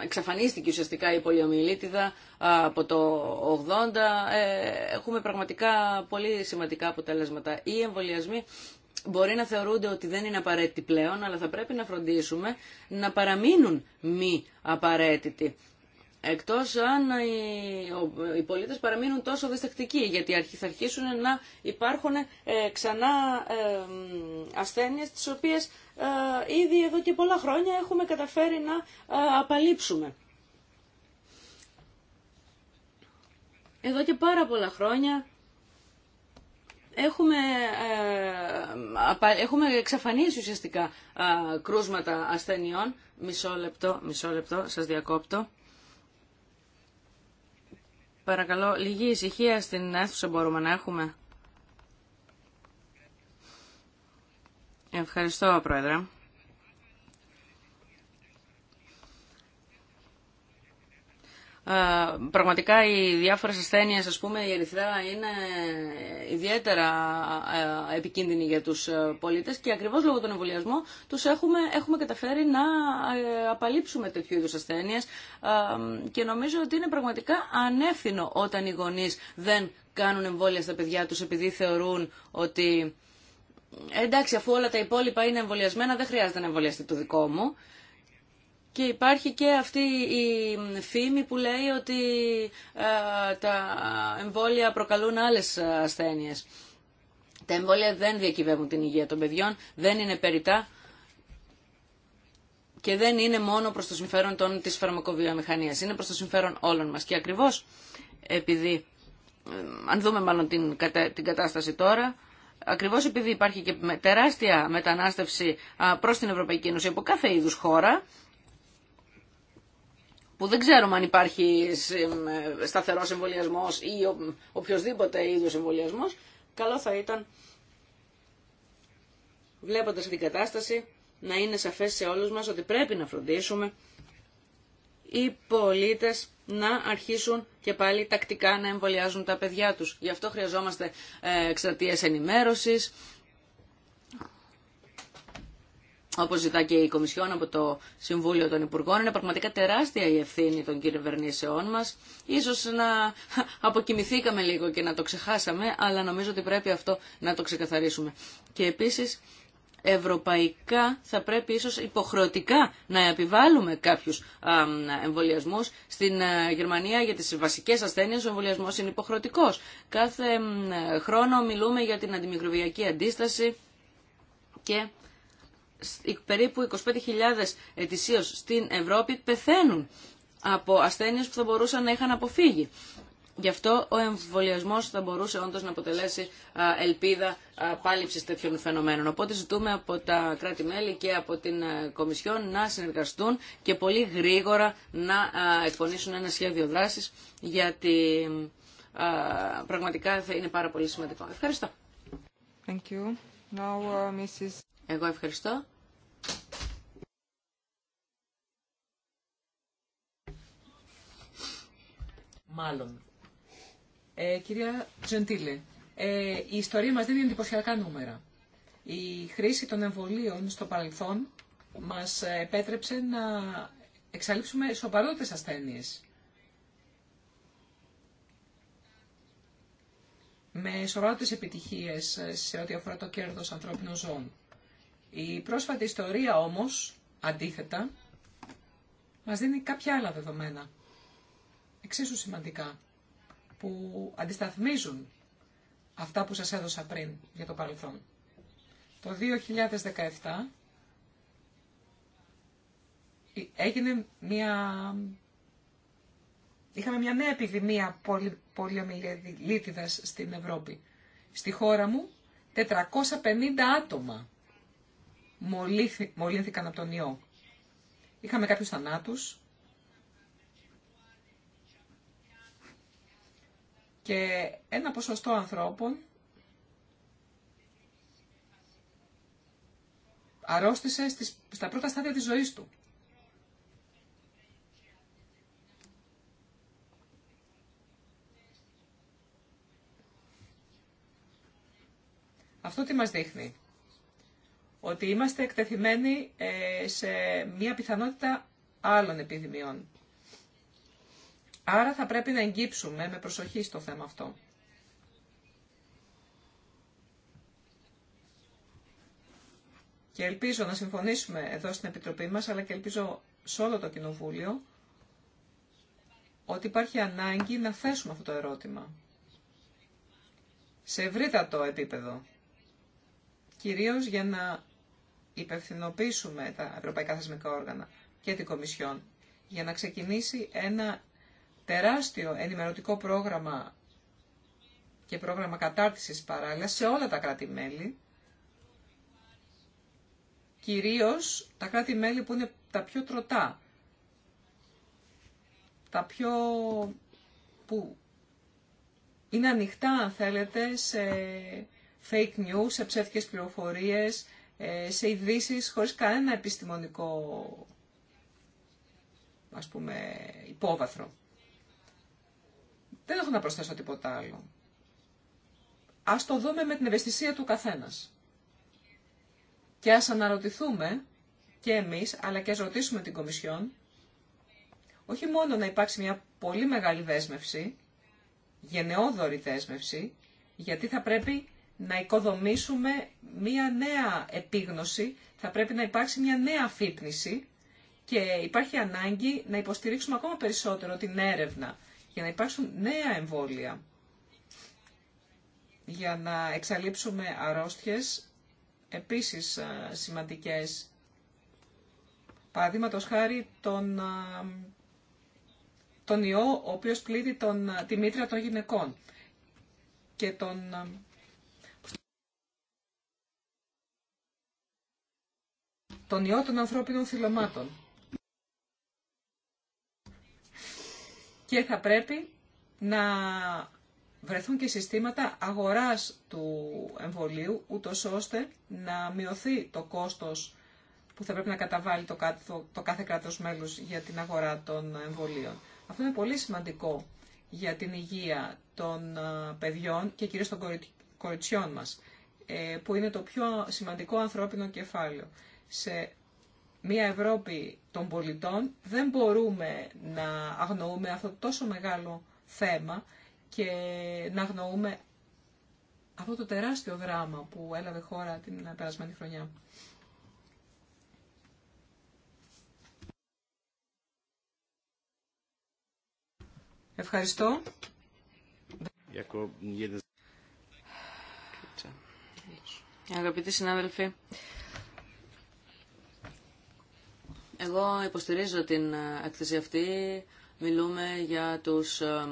εξαφανίστηκε ουσιαστικά η πολιομιλίτιδα ε, από το 80 έχουμε πραγματικά πολύ σημαντικά αποτελέσματα. Οι εμβολιασμοί μπορεί να θεωρούνται ότι δεν είναι απαραίτητοι πλέον, αλλά θα πρέπει να φροντίσουμε να παραμείνουν μη απαραίτητοι. Εκτός αν οι πολίτες παραμείνουν τόσο δυστακτικοί, γιατί θα αρχίσουν να υπάρχουν ε, ξανά ε, ασθένειες τις οποίες ε, ήδη εδώ και πολλά χρόνια έχουμε καταφέρει να απαλείψουμε. Εδώ και πάρα πολλά χρόνια έχουμε, έχουμε εξαφανίσει ουσιαστικά κρούσματα ασθενειών. Μισό λεπτό, μισό λεπτό, σας διακόπτω. Παρακαλώ, λίγη ησυχία στην αίθουσα μπορούμε να έχουμε. Ευχαριστώ, Πρόεδρε. πραγματικά οι διάφορες ασθένειες, ας πούμε, η ερυθρά είναι ιδιαίτερα επικίνδυνη για τους ε, πολίτες και ακριβώς λόγω των εμβολιασμών τους έχουμε, έχουμε καταφέρει να ε, απαλείψουμε τέτοιου είδους ασθένειες και νομίζω ότι είναι πραγματικά ανεύθυνο όταν οι γονείς δεν κάνουν εμβόλια στα παιδιά τους επειδή θεωρούν ότι ε, εντάξει αφού όλα τα υπόλοιπα είναι εμβολιασμένα δεν χρειάζεται να εμβολιαστεί το δικό μου και υπάρχει και αυτή η φήμη που λέει ότι ε, τα εμβόλια προκαλούν άλλες ασθένειες. Τα εμβόλια δεν διακυβεύουν την υγεία των παιδιών, δεν είναι περιτά και δεν είναι μόνο προς το συμφέρον των, της φαρμακοβιομηχανίας, είναι προς το συμφέρον όλων μας. Και ακριβώς επειδή, ε, αν δούμε μάλλον την, κατάσταση τώρα, ακριβώς επειδή υπάρχει και τεράστια μετανάστευση προς την Ευρωπαϊκή Ένωση από κάθε είδους χώρα, που δεν ξέρουμε αν υπάρχει σταθερός εμβολιασμό ή οποιοδήποτε είδου εμβολιασμό, καλό θα ήταν βλέποντας την κατάσταση να είναι σαφέ σε όλου μα ότι πρέπει να φροντίσουμε οι πολίτες να αρχίσουν και πάλι τακτικά να εμβολιάζουν τα παιδιά τους. Γι' αυτό χρειαζόμαστε ε, εξτρατείες ενημέρωσης, όπως ζητά και η Κομισιόν από το Συμβούλιο των Υπουργών, είναι πραγματικά τεράστια η ευθύνη των κυβερνήσεών μας. Ίσως να αποκοιμηθήκαμε λίγο και να το ξεχάσαμε, αλλά νομίζω ότι πρέπει αυτό να το ξεκαθαρίσουμε. Και επίσης, ευρωπαϊκά θα πρέπει ίσως υποχρεωτικά να επιβάλλουμε κάποιους εμβολιασμού. Στην ε, Γερμανία για τις βασικές ασθένειες ο εμβολιασμό είναι υποχρεωτικός. Κάθε χρόνο μιλούμε για την αντιμικροβιακή αντίσταση και περίπου 25.000 ετησίω στην Ευρώπη πεθαίνουν από ασθένειες που θα μπορούσαν να είχαν αποφύγει. Γι' αυτό ο εμβολιασμό θα μπορούσε όντω να αποτελέσει ελπίδα πάληψη τέτοιων φαινομένων. Οπότε ζητούμε από τα κράτη-μέλη και από την ε, Κομισιόν να συνεργαστούν και πολύ γρήγορα να εκπονήσουν ένα σχέδιο δράση, γιατί πραγματικά θα είναι πάρα πολύ σημαντικό. Ευχαριστώ. Thank you. Now, uh, Mrs. Εγώ ευχαριστώ. μάλλον. Ε, κυρία Τζεντήλε, ε, η ιστορία μας δίνει εντυπωσιακά νούμερα. Η χρήση των εμβολίων στο παρελθόν μας επέτρεψε να εξαλείψουμε σοβαρότερες ασθένειες. με σοβαρότες επιτυχίες σε ό,τι αφορά το κέρδος ανθρώπινων ζώων. Η πρόσφατη ιστορία όμως, αντίθετα, μας δίνει κάποια άλλα δεδομένα εξίσου σημαντικά που αντισταθμίζουν αυτά που σας έδωσα πριν για το παρελθόν. Το 2017 ε, έγινε μια... Είχαμε μια νέα επιδημία πολυ... πολυομιλίτιδας στην Ευρώπη. Στη χώρα μου 450 άτομα μολύνθηκαν από τον ιό. Είχαμε κάποιους θανάτους, και ένα ποσοστό ανθρώπων αρρώστησε στις, στα πρώτα στάδια της ζωής του. Αυτό τι μας δείχνει. Ότι είμαστε εκτεθειμένοι ε, σε μία πιθανότητα άλλων επιδημιών. Άρα θα πρέπει να εγγύψουμε με προσοχή στο θέμα αυτό. Και ελπίζω να συμφωνήσουμε εδώ στην Επιτροπή μας, αλλά και ελπίζω σε όλο το Κοινοβούλιο, ότι υπάρχει ανάγκη να θέσουμε αυτό το ερώτημα. Σε ευρύτατο επίπεδο. Κυρίως για να υπευθυνοποιήσουμε τα ευρωπαϊκά θεσμικά όργανα και την Κομισιόν για να ξεκινήσει ένα τεράστιο ενημερωτικό πρόγραμμα και πρόγραμμα κατάρτισης παράλληλα σε όλα τα κράτη-μέλη, κυρίως τα κράτη-μέλη που είναι τα πιο τροτά, τα πιο που είναι ανοιχτά, αν θέλετε, σε fake news, σε ψεύτικες πληροφορίες, ε, σε ειδήσει χωρίς κανένα επιστημονικό, ας πούμε, υπόβαθρο. Δεν έχω να προσθέσω τίποτα άλλο. Ας το δούμε με την ευαισθησία του καθένας. Και ας αναρωτηθούμε και εμείς, αλλά και ας ρωτήσουμε την Κομισιόν, όχι μόνο να υπάρξει μια πολύ μεγάλη δέσμευση, γενναιόδορη δέσμευση, γιατί θα πρέπει να οικοδομήσουμε μια νέα επίγνωση, θα πρέπει να υπάρξει μια νέα αφύπνιση και υπάρχει ανάγκη να υποστηρίξουμε ακόμα περισσότερο την έρευνα, για να υπάρξουν νέα εμβόλια, για να εξαλείψουμε αρρώστιες επίσης ε, σημαντικές. Παραδείγματο χάρη τον, ε, τον ιό ο οποίος πλήττει τον, ε, τη μήτρα των γυναικών και τον, τον ιό των ανθρώπινων θυλωμάτων. και θα πρέπει να βρεθούν και συστήματα αγοράς του εμβολίου, ούτω ώστε να μειωθεί το κόστος που θα πρέπει να καταβάλει το, κάθε κράτος μέλος για την αγορά των εμβολίων. Αυτό είναι πολύ σημαντικό για την υγεία των παιδιών και κυρίως των κοριτσιών μας, ε, που είναι το πιο σημαντικό ανθρώπινο κεφάλαιο. Σε μια Ευρώπη των πολιτών, δεν μπορούμε να αγνοούμε αυτό το τόσο μεγάλο θέμα και να αγνοούμε αυτό το τεράστιο δράμα που έλαβε χώρα την περασμένη χρονιά. Ευχαριστώ. Αγαπητοί συνάδελφοι, εγώ υποστηρίζω την ε, έκθεση αυτή. Μιλούμε για τους ε,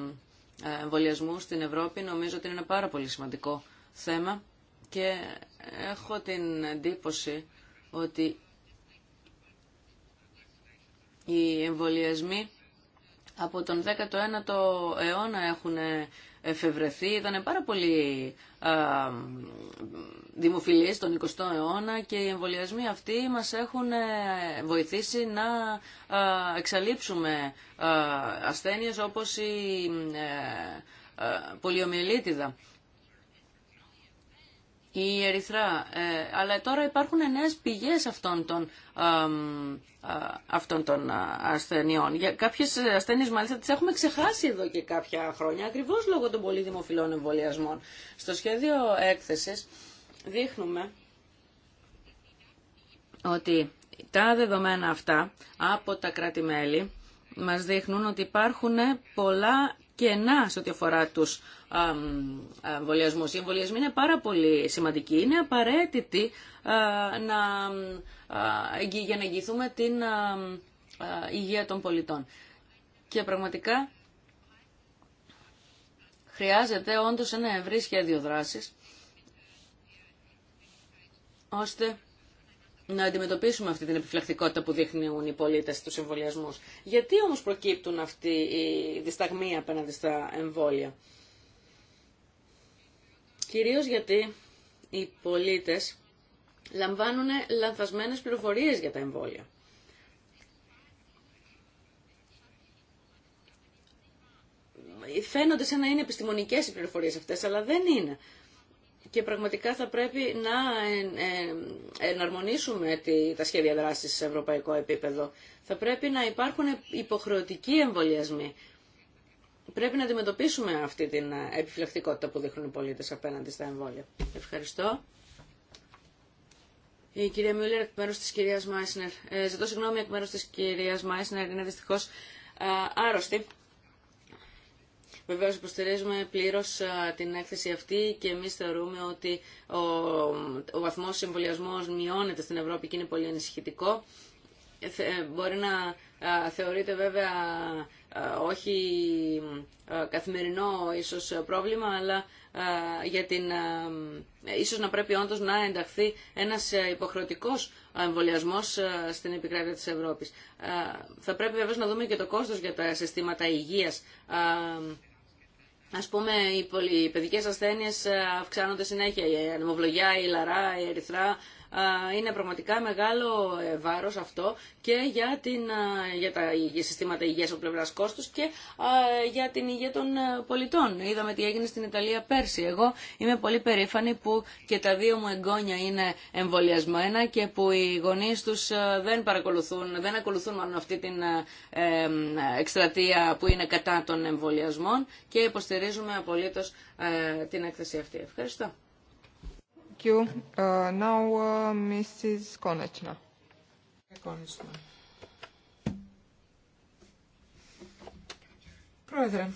ε, εμβολιασμού στην Ευρώπη. Νομίζω ότι είναι ένα πάρα πολύ σημαντικό θέμα και έχω την εντύπωση ότι οι εμβολιασμοί από τον 19ο αιώνα έχουν εφευρεθεί. Ήταν πάρα πολύ δημοφιλής τον 20ο αιώνα και οι εμβολιασμοί αυτοί μας έχουν ε, βοηθήσει να εξαλείψουμε ασθένειες όπως η ε, πολιομιελίτιδα η Ερυθρά. Ε, αλλά τώρα υπάρχουν νέε πηγές αυτών των, αυτών των ασθενειών. Για ασθένειε, μάλιστα τι έχουμε ξεχάσει εδώ και κάποια χρόνια, ακριβώ λόγω των πολύ δημοφιλών εμβολιασμών. Στο σχέδιο έκθεσης δείχνουμε ότι τα δεδομένα αυτά από τα κράτη-μέλη μας δείχνουν ότι υπάρχουν πολλά κενά σε ό,τι αφορά τους εμβολιασμού. Οι εμβολιασμοί είναι πάρα πολύ σημαντικοί. Είναι απαραίτητοι να, για να εγγυηθούμε την υγεία των πολιτών. Και πραγματικά χρειάζεται όντως ένα ευρύ σχέδιο δράσης ώστε να αντιμετωπίσουμε αυτή την επιφυλακτικότητα που δείχνουν οι πολίτες στους εμβολιασμούς. Γιατί όμως προκύπτουν αυτή η δισταγμή απέναντι στα εμβόλια. Κυρίως γιατί οι πολίτες λαμβάνουν λανθασμένες πληροφορίες για τα εμβόλια. Φαίνονται σαν να είναι επιστημονικές οι πληροφορίες αυτές, αλλά δεν είναι και πραγματικά θα πρέπει να εναρμονίσουμε τα σχέδια δράσης σε ευρωπαϊκό επίπεδο. Θα πρέπει να υπάρχουν υποχρεωτικοί εμβολιασμοί. Πρέπει να αντιμετωπίσουμε αυτή την επιφυλακτικότητα που δείχνουν οι πολίτες απέναντι στα εμβόλια. Ευχαριστώ. Η κυρία Μιούλερ εκ μέρους της κυρίας Μάισνερ. Ε, ζητώ συγγνώμη εκ μέρους τη κυρίας Μάισνερ, είναι δυστυχώς ε, άρρωστη. Βεβαίως υποστηρίζουμε πλήρως την έκθεση αυτή και εμείς θεωρούμε ότι ο, ο βαθμός μειώνεται στην Ευρώπη και είναι πολύ ανησυχητικό. Ε, ε, μπορεί να θεωρείται βέβαια όχι καθημερινό ίσως πρόβλημα, αλλά για την, ίσως να πρέπει όντως να ενταχθεί ένας ε, υποχρεωτικός εμβολιασμό στην επικράτεια της Ευρώπης. Θα πρέπει βέβαια να δούμε και το κόστος για τα συστήματα υγείας Ας πούμε, οι παιδικές ασθένειες ε, αυξάνονται συνέχεια, η ανεμοβλογιά, η λαρά, η ερυθρά, είναι πραγματικά μεγάλο ε, βάρος αυτό και για, την, για τα συστήματα υγείας από πλευράς κόστους και για την υγεία των ε, πολιτών. Είδαμε τι έγινε στην Ιταλία πέρσι. Εγώ είμαι πολύ περήφανη που και τα δύο μου εγγόνια είναι εμβολιασμένα και που οι γονείς τους ε, δεν παρακολουθούν, δεν ακολουθούν μάλλον αυτή την εκστρατεία που είναι κατά των εμβολιασμών και υποστηρίζουμε απολύτως την έκθεση αυτή. Ευχαριστώ. Uh, uh, Πρόεδρε,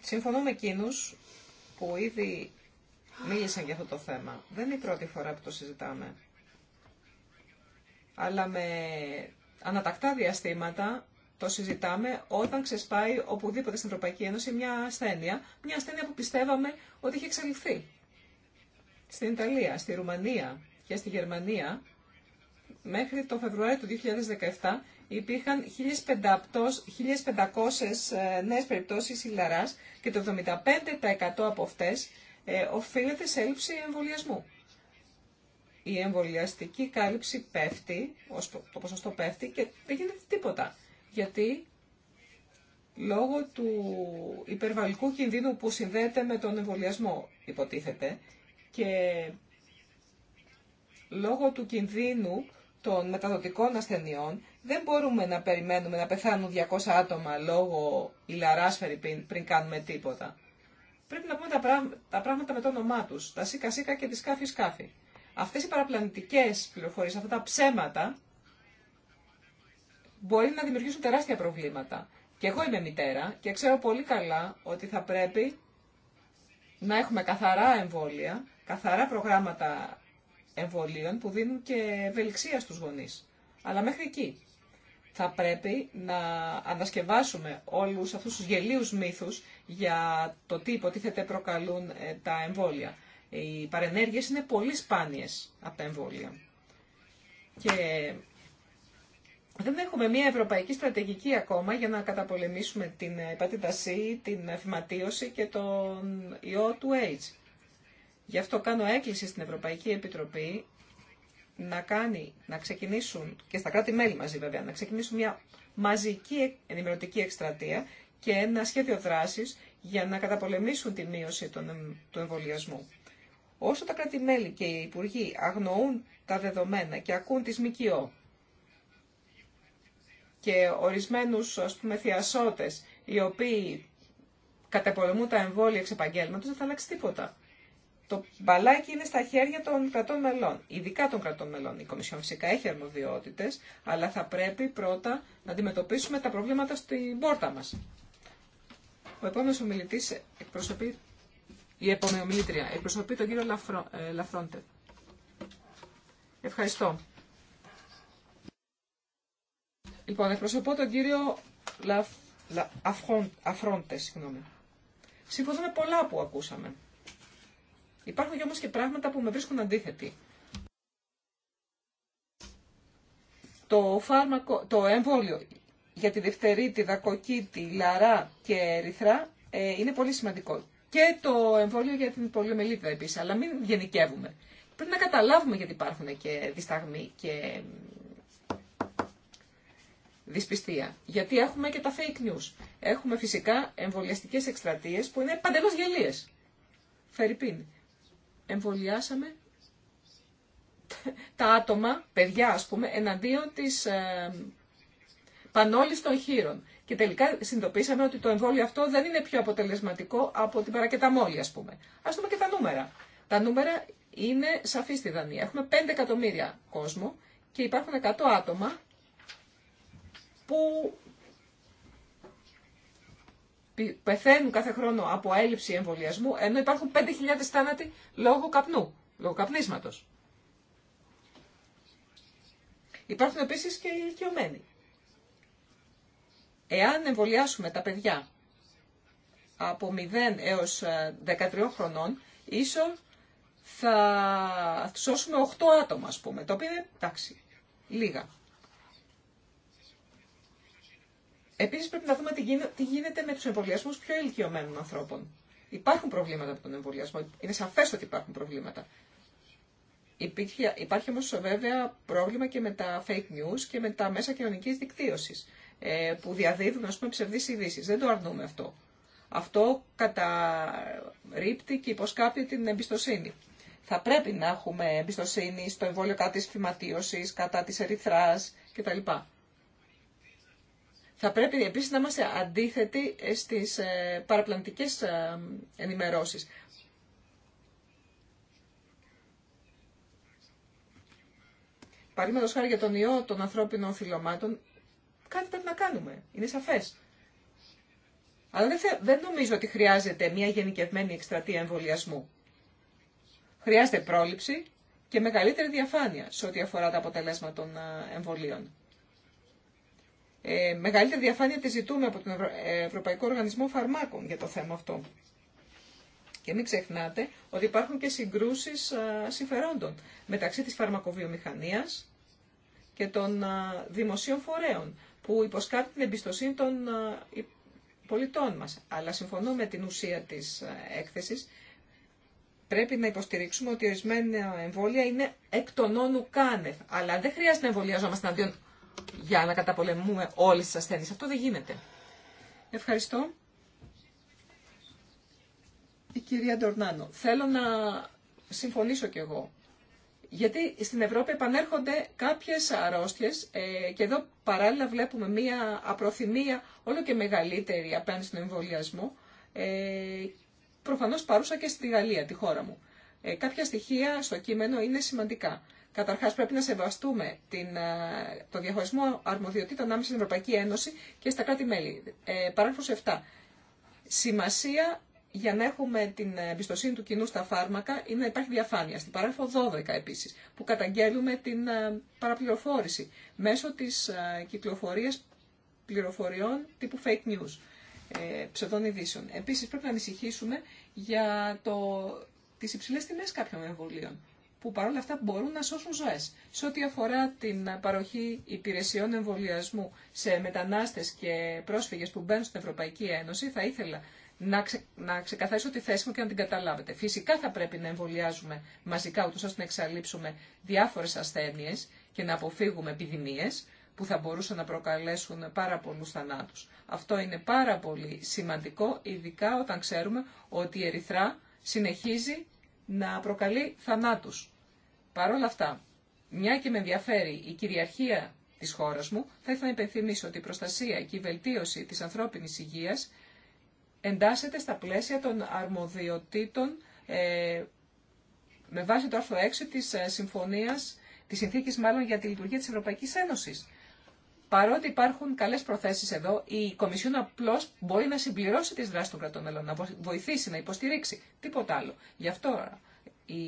συμφωνώ με εκείνους που ήδη μίλησαν για αυτό το θέμα. Δεν είναι η πρώτη φορά που το συζητάμε. Αλλά με ανατακτά διαστήματα το συζητάμε όταν ξεσπάει οπουδήποτε στην Ευρωπαϊκή Ένωση μια ασθένεια, μια ασθένεια που πιστεύαμε ότι είχε εξαλειφθεί στην Ιταλία, στη Ρουμανία και στη Γερμανία, μέχρι το Φεβρουάριο του 2017 υπήρχαν 1.500 ε, νέες περιπτώσεις ηλαράς και το 75% από αυτές ε, οφείλεται σε έλλειψη εμβολιασμού. Η εμβολιαστική κάλυψη πέφτει, το ποσοστό πέφτει και δεν γίνεται τίποτα. Γιατί λόγω του υπερβαλλικού κινδύνου που συνδέεται με τον εμβολιασμό, υποτίθεται, και λόγω του κινδύνου των μεταδοτικών ασθενειών δεν μπορούμε να περιμένουμε να πεθάνουν 200 άτομα λόγω ηλαράς πριν κάνουμε τίποτα. Πρέπει να πούμε τα, πράγματα, τα πράγματα με το όνομά του, τα σίκα σίκα και τη σκάφη σκάφη. Αυτέ οι παραπλανητικέ πληροφορίε, αυτά τα ψέματα, μπορεί να δημιουργήσουν τεράστια προβλήματα. Και εγώ είμαι μητέρα και ξέρω πολύ καλά ότι θα πρέπει να έχουμε καθαρά εμβόλια καθαρά προγράμματα εμβολίων που δίνουν και ευελιξία στους γονείς. Αλλά μέχρι εκεί θα πρέπει να ανασκευάσουμε όλους αυτούς τους γελίους μύθους για το τι υποτίθεται προκαλούν ε, τα εμβόλια. Οι παρενέργειες είναι πολύ σπάνιες από τα εμβόλια. Και δεν έχουμε μια ευρωπαϊκή στρατηγική ακόμα για να καταπολεμήσουμε την υπατήτασή, ε, την φυματίωση ε, και τον ιό του AIDS. Γι' αυτό κάνω έκκληση στην Ευρωπαϊκή Επιτροπή να, κάνει, να ξεκινήσουν, και στα κράτη-μέλη μαζί βέβαια, να ξεκινήσουν μια μαζική ενημερωτική εκστρατεία και ένα σχέδιο δράση για να καταπολεμήσουν τη μείωση του εμβολιασμού. Όσο τα κράτη-μέλη και οι υπουργοί αγνοούν τα δεδομένα και ακούν τις ΜΚΟ και ορισμένους ας πούμε θειασότες οι οποίοι καταπολεμούν τα εμβόλια εξ επαγγέλματος δεν θα αλλάξει τίποτα το μπαλάκι είναι στα χέρια των κρατών μελών, ειδικά των κρατών μελών. Η Κομισιόν φυσικά έχει αρμοδιότητε, αλλά θα πρέπει πρώτα να αντιμετωπίσουμε τα προβλήματα στην πόρτα μα. Ο επόμενο ομιλητή εκπροσωπεί. Η επόμενη ομιλήτρια εκπροσωπεί τον κύριο Λαφρο, ε, Λαφρόντε. Ευχαριστώ. Λοιπόν, εκπροσωπώ τον κύριο Λα... Αφρόντε. Συμφωνώ με πολλά που ακούσαμε. Υπάρχουν και όμως και πράγματα που με βρίσκουν αντίθετη. Το, φάρμακο, το εμβόλιο για τη δευτερήτη, δακοκίτη, λαρά και ερυθρά ε, είναι πολύ σημαντικό. Και το εμβόλιο για την πολιομελίτιδα επίσης, αλλά μην γενικεύουμε. Πρέπει να καταλάβουμε γιατί υπάρχουν και δισταγμοί και δυσπιστία. Γιατί έχουμε και τα fake news. Έχουμε φυσικά εμβολιαστικέ εκστρατείε που είναι παντελώ γελίε. Φερρυπίν εμβολιάσαμε τα άτομα, παιδιά ας πούμε, εναντίον της ε, πανόλης των χείρων. Και τελικά συνειδητοποίησαμε ότι το εμβόλιο αυτό δεν είναι πιο αποτελεσματικό από την παρακεταμόλη ας πούμε. Ας δούμε και τα νούμερα. Τα νούμερα είναι σαφή στη Δανία. Έχουμε 5 εκατομμύρια κόσμο και υπάρχουν 100 άτομα που πεθαίνουν κάθε χρόνο από έλλειψη εμβολιασμού, ενώ υπάρχουν 5.000 θάνατοι λόγω καπνού, λόγω καπνίσματος. Υπάρχουν επίσης και οι ηλικιωμένοι. Εάν εμβολιάσουμε τα παιδιά από 0 έως 13 ε, χρονών, ίσως θα σώσουμε 8 άτομα, ας πούμε, το οποίο είναι, τάξη. λίγα. Επίση πρέπει να δούμε τι γίνεται με του εμβολιασμού πιο ηλικιωμένων ανθρώπων. Υπάρχουν προβλήματα από τον εμβολιασμό. Είναι σαφέ ότι υπάρχουν προβλήματα. υπάρχει όμω βέβαια πρόβλημα και με τα fake news και με τα μέσα κοινωνική δικτύωση, ε, που διαδίδουν ας ψευδείς ειδήσει. Δεν το αρνούμε αυτό. Αυτό καταρρύπτει και υποσκάπτει την εμπιστοσύνη. Θα πρέπει να έχουμε εμπιστοσύνη στο εμβόλιο κατά τη φυματίωση, κατά τη ερυθρά κτλ. Θα πρέπει επίσης να είμαστε αντίθετοι στις ε, παραπλαντικές ε, ενημερώσεις. Παραδείγματο χάρη για τον ιό των ανθρώπινων θυλωμάτων, κάτι πρέπει να κάνουμε. Είναι σαφέ. Αλλά δεν, δεν νομίζω ότι χρειάζεται μια γενικευμένη εκστρατεία εμβολιασμού. Χρειάζεται πρόληψη και μεγαλύτερη διαφάνεια σε ό,τι αφορά τα αποτελέσματα των ε, εμβολίων. Ε, μεγαλύτερη διαφάνεια τη ζητούμε από τον Ευρωπαϊκό Οργανισμό Φαρμάκων για το θέμα αυτό. Και μην ξεχνάτε ότι υπάρχουν και συγκρούσεις συμφερόντων μεταξύ της φαρμακοβιομηχανίας και των δημοσίων φορέων που υποσκάπτει την εμπιστοσύνη των πολιτών μας. Αλλά συμφωνώ με την ουσία της έκθεσης. Πρέπει να υποστηρίξουμε ότι ορισμένα εμβόλια είναι εκ των όνου Αλλά δεν χρειάζεται να εμβολιαζόμαστε αντίον για να καταπολεμούμε όλες τις ασθένειες. Αυτό δεν γίνεται. Ευχαριστώ. Η κυρία Ντορνάνο. Θέλω να συμφωνήσω κι εγώ. Γιατί στην Ευρώπη επανέρχονται κάποιες αρρώστιες ε, και εδώ παράλληλα βλέπουμε μία απροθυμία όλο και μεγαλύτερη απέναντι στον εμβολιασμό. Ε, προφανώς παρούσα και στη Γαλλία, τη χώρα μου. Ε, κάποια στοιχεία στο κείμενο είναι σημαντικά. Καταρχά, πρέπει να σεβαστούμε την, ε, το διαχωρισμό αρμοδιοτήτων ανάμεσα στην Ευρωπαϊκή Ένωση και στα κράτη-μέλη. Ε, Παράγραφο 7. Σημασία για να έχουμε την εμπιστοσύνη του κοινού στα φάρμακα είναι να υπάρχει διαφάνεια. Στην παράγραφο 12 επίση, που καταγγέλουμε την ε, παραπληροφόρηση μέσω τη ε, κυκλοφορία πληροφοριών τύπου fake news, ε, ψευδών ειδήσεων. Επίση, πρέπει να ανησυχήσουμε για τι υψηλέ τιμέ κάποιων εμβολίων που παρόλα αυτά μπορούν να σώσουν ζωέ. Σε ό,τι αφορά την παροχή υπηρεσιών εμβολιασμού σε μετανάστε και πρόσφυγε που μπαίνουν στην Ευρωπαϊκή Ένωση, θα ήθελα να, ξε, να ξεκαθαρίσω τη θέση μου και να την καταλάβετε. Φυσικά θα πρέπει να εμβολιάζουμε μαζικά, ούτως ώστε να εξαλείψουμε διάφορε ασθένειε και να αποφύγουμε επιδημίε που θα μπορούσαν να προκαλέσουν πάρα πολλού θανάτου. Αυτό είναι πάρα πολύ σημαντικό, ειδικά όταν ξέρουμε ότι η Ερυθρά συνεχίζει να προκαλεί θανάτους. Παρ' όλα αυτά, μια και με ενδιαφέρει η κυριαρχία τη χώρα μου, θα ήθελα να υπενθυμίσω ότι η προστασία και η βελτίωση τη ανθρώπινη υγεία εντάσσεται στα πλαίσια των αρμοδιοτήτων ε, με βάση το άρθρο 6 της ε, Συμφωνία τη συνθήκη, μάλλον για τη λειτουργία τη Ευρωπαϊκή Ένωση. Παρότι υπάρχουν καλέ προθέσει εδώ, η Κομισιόν απλώ μπορεί να συμπληρώσει τι δράσει των κρατών μελών, να βοηθήσει, να υποστηρίξει. Τίποτα άλλο. Γι' αυτό η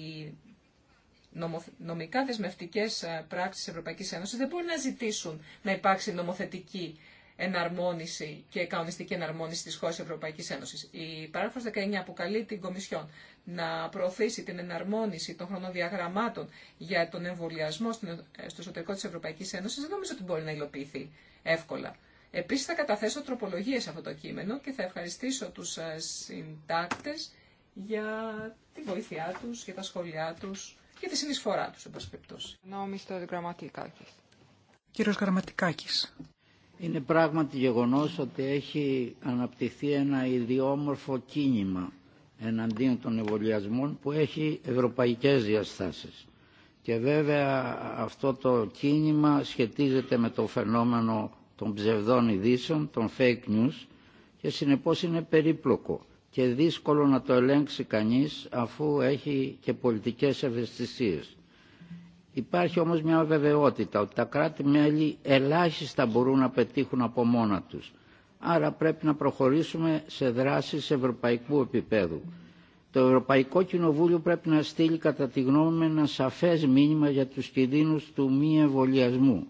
νομικά δεσμευτικές ε, πράξεις Ευρωπαϊκής Ένωσης δεν μπορεί να ζητήσουν να υπάρξει νομοθετική εναρμόνιση και κανονιστική εναρμόνιση τη χώρα Ευρωπαϊκή Ένωση. Η παράγραφο 19 αποκαλεί την Κομισιόν να προωθήσει την εναρμόνιση των χρονοδιαγραμμάτων για τον εμβολιασμό στο εσωτερικό τη Ευρωπαϊκή Ένωση δεν νομίζω ότι μπορεί να υλοποιηθεί εύκολα. Επίση, θα καταθέσω τροπολογίε σε αυτό το κείμενο και θα ευχαριστήσω του ε, συντάκτε για τη βοήθειά του, και τα σχόλιά τους και τη συνεισφορά του εν πάση περιπτώσει. Κύριος Γραμματικάκης. Είναι πράγματι γεγονός ότι έχει αναπτυχθεί ένα ιδιόμορφο κίνημα εναντίον των εμβολιασμών που έχει ευρωπαϊκές διαστάσει. Και βέβαια αυτό το κίνημα σχετίζεται με το φαινόμενο των ψευδών ειδήσεων, των fake news και συνεπώς είναι περίπλοκο και δύσκολο να το ελέγξει κανείς αφού έχει και πολιτικές ευαισθησίες. Υπάρχει όμως μια βεβαιότητα ότι τα κράτη-μέλη ελάχιστα μπορούν να πετύχουν από μόνα τους. Άρα πρέπει να προχωρήσουμε σε δράσεις ευρωπαϊκού επίπεδου. Το Ευρωπαϊκό Κοινοβούλιο πρέπει να στείλει κατά τη γνώμη μου ένα σαφές μήνυμα για τους κινδύνους του μη εμβολιασμού.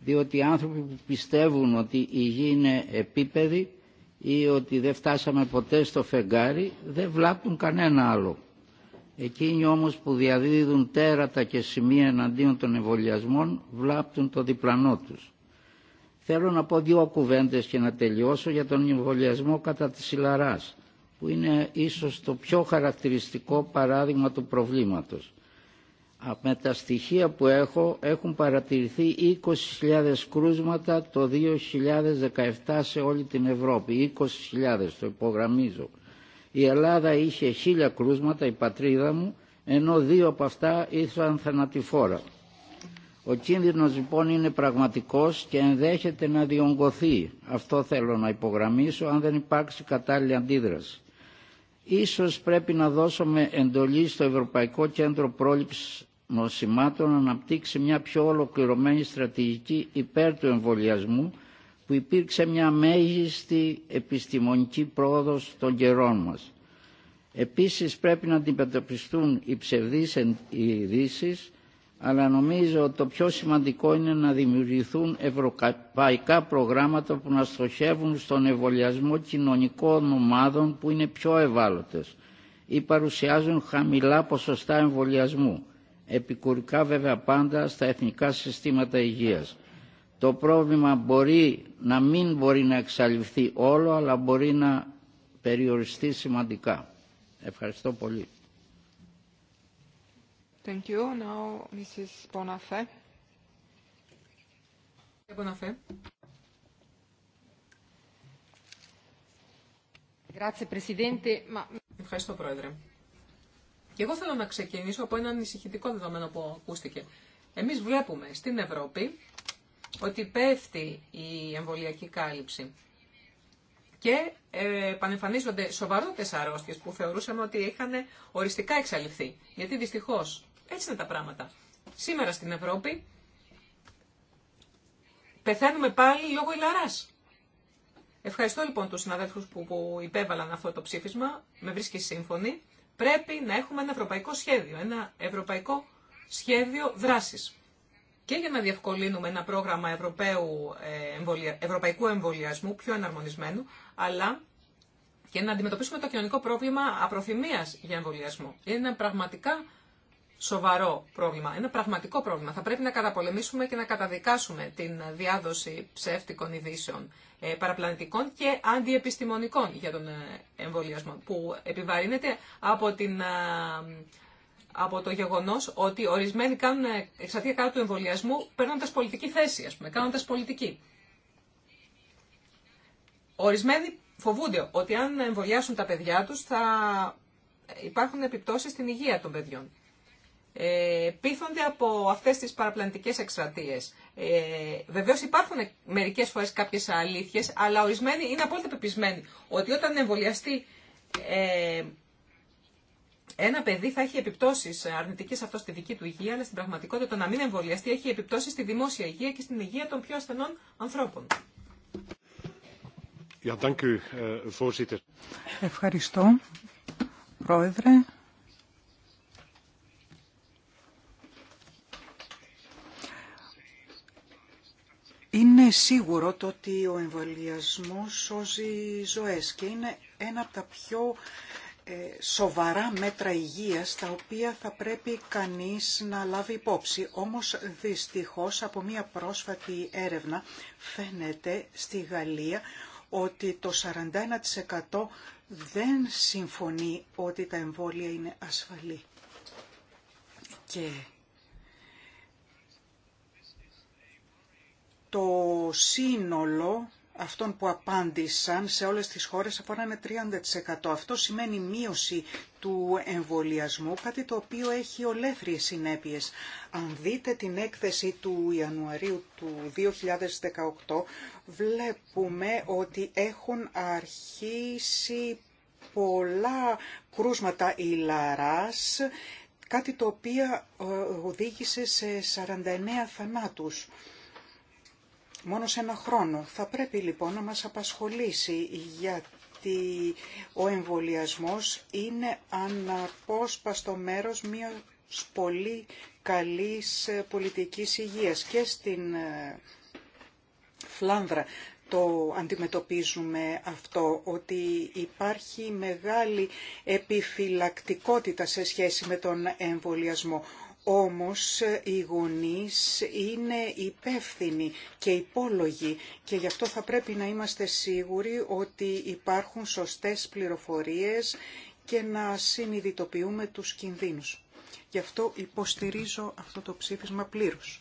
Διότι οι άνθρωποι που πιστεύουν ότι η γη είναι επίπεδη ή ότι δεν φτάσαμε ποτέ στο φεγγάρι δεν βλάπτουν κανένα άλλο. Εκείνοι όμως που διαδίδουν τέρατα και σημεία εναντίον των εμβολιασμών βλάπτουν το διπλανό τους. Θέλω να πω δύο κουβέντες και να τελειώσω για τον εμβολιασμό κατά της Ιλαράς, που είναι ίσως το πιο χαρακτηριστικό παράδειγμα του προβλήματος με τα στοιχεία που έχω έχουν παρατηρηθεί 20.000 κρούσματα το 2017 σε όλη την Ευρώπη. 20.000 το υπογραμμίζω. Η Ελλάδα είχε 1.000 κρούσματα, η πατρίδα μου, ενώ δύο από αυτά ήρθαν θανατηφόρα. Ο κίνδυνος λοιπόν είναι πραγματικός και ενδέχεται να διονγκωθεί. Αυτό θέλω να υπογραμμίσω αν δεν υπάρξει κατάλληλη αντίδραση. Ίσως πρέπει να δώσουμε εντολή στο Ευρωπαϊκό Κέντρο Πρόληψης νοσημάτων αναπτύξει μια πιο ολοκληρωμένη στρατηγική υπέρ του εμβολιασμού που υπήρξε μια μέγιστη επιστημονική πρόοδος των καιρών μας. Επίσης πρέπει να αντιμετωπιστούν οι ψευδείς ειδήσει, αλλά νομίζω ότι το πιο σημαντικό είναι να δημιουργηθούν ευρωπαϊκά προγράμματα που να στοχεύουν στον εμβολιασμό κοινωνικών ομάδων που είναι πιο ευάλωτες ή παρουσιάζουν χαμηλά ποσοστά εμβολιασμού επικουρικά βέβαια πάντα στα εθνικά συστήματα υγείας. Το πρόβλημα μπορεί να μην μπορεί να εξαλειφθεί όλο, αλλά μπορεί να περιοριστεί σημαντικά. Ευχαριστώ πολύ. Thank you. Ευχαριστώ, Πρόεδρε. Και εγώ θέλω να ξεκινήσω από ένα ανησυχητικό δεδομένο που ακούστηκε. Εμείς βλέπουμε στην Ευρώπη ότι πέφτει η εμβολιακή κάλυψη και ε, επανεμφανίζονται σοβαρότερες αρρώστιες που θεωρούσαμε ότι είχαν οριστικά εξαλειφθεί. Γιατί δυστυχώς έτσι είναι τα πράγματα. Σήμερα στην Ευρώπη πεθαίνουμε πάλι λόγω ηλαράς. Ευχαριστώ λοιπόν τους συναδέλφους που, που υπέβαλαν αυτό το ψήφισμα. Με βρίσκει σύμφωνη. Πρέπει να έχουμε ένα ευρωπαϊκό σχέδιο, ένα ευρωπαϊκό σχέδιο δράσης. Και για να διευκολύνουμε ένα πρόγραμμα ε, ευρωπαϊκού εμβολιασμού, πιο εναρμονισμένου, αλλά και να αντιμετωπίσουμε το κοινωνικό πρόβλημα απροθυμίας για εμβολιασμό. Είναι ένα πραγματικά σοβαρό πρόβλημα, ένα πραγματικό πρόβλημα. Θα πρέπει να καταπολεμήσουμε και να καταδικάσουμε την διάδοση ψεύτικων ειδήσεων, ε, παραπλανητικών και αντιεπιστημονικών για τον ε, εμβολιασμό, που επιβαρύνεται από, την, ε, από το γεγονός ότι ορισμένοι κάνουν εξαρτία κάτω του εμβολιασμού παίρνοντας πολιτική θέση, ας πούμε, πολιτική. Ορισμένοι φοβούνται ότι αν εμβολιάσουν τα παιδιά τους θα υπάρχουν επιπτώσεις στην υγεία των παιδιών. Ε, πείθονται από αυτές τις παραπλανητικές εκστρατείες. Ε, βεβαίως υπάρχουν μερικές φορές κάποιες αλήθειες, αλλά ορισμένοι είναι απόλυτα πεπισμένοι ότι όταν εμβολιαστεί ε, ένα παιδί θα έχει επιπτώσει αρνητικέ αυτό στη δική του υγεία, αλλά στην πραγματικότητα το να μην εμβολιαστεί έχει επιπτώσει στη δημόσια υγεία και στην υγεία των πιο ασθενών ανθρώπων. Eh, Ευχαριστώ, Πρόεδρε. Είναι σίγουρο το ότι ο εμβολιασμό σώζει ζωές και είναι ένα από τα πιο ε, σοβαρά μέτρα υγείας τα οποία θα πρέπει κανείς να λάβει υπόψη. Όμως δυστυχώς από μία πρόσφατη έρευνα φαίνεται στη Γαλλία ότι το 41% δεν συμφωνεί ότι τα εμβόλια είναι ασφαλή. το σύνολο αυτών που απάντησαν σε όλες τις χώρες αφορά 30%. Αυτό σημαίνει μείωση του εμβολιασμού, κάτι το οποίο έχει ολέθριες συνέπειες. Αν δείτε την έκθεση του Ιανουαρίου του 2018, βλέπουμε ότι έχουν αρχίσει πολλά κρούσματα ηλαράς, κάτι το οποίο ε, οδήγησε σε 49 θανάτους μόνο σε ένα χρόνο. Θα πρέπει λοιπόν να μας απασχολήσει γιατί ο εμβολιασμός είναι αναπόσπαστο μέρος μιας πολύ καλής ε, πολιτικής υγείας και στην ε, Φλάνδρα το αντιμετωπίζουμε αυτό, ότι υπάρχει μεγάλη επιφυλακτικότητα σε σχέση με τον εμβολιασμό. Όμως ε, οι γονείς είναι υπεύθυνοι και υπόλογοι και γι' αυτό θα πρέπει να είμαστε σίγουροι ότι υπάρχουν σωστές πληροφορίες και να συνειδητοποιούμε τους κινδύνους. Γι' αυτό υποστηρίζω αυτό το ψήφισμα πλήρως.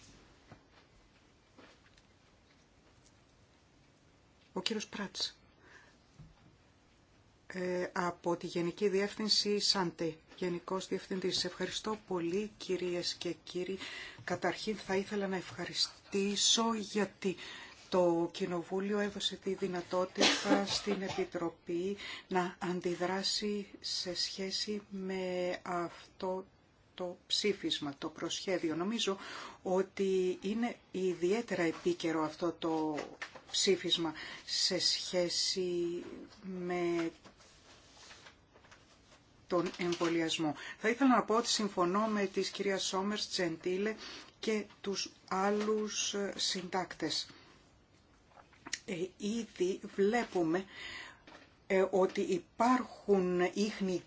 Ο κύριος Πράτς. Ε, από τη Γενική Διεύθυνση ΣΑΝΤΕ, Γενικός Διευθυντής. Ευχαριστώ πολύ κυρίες και κύριοι. Καταρχήν θα ήθελα να ευχαριστήσω γιατί το Κοινοβούλιο έδωσε τη δυνατότητα στην Επιτροπή να αντιδράσει σε σχέση με αυτό το ψήφισμα, το προσχέδιο. Νομίζω ότι είναι ιδιαίτερα επίκαιρο αυτό το ψήφισμα σε σχέση με τον εμβολιασμό. Θα ήθελα να πω ότι συμφωνώ με τις κυρία Σόμερς Τζεντήλε και τους άλλους ε, συντάκτες. Ε, ήδη βλέπουμε ε, ότι υπάρχουν ίχνη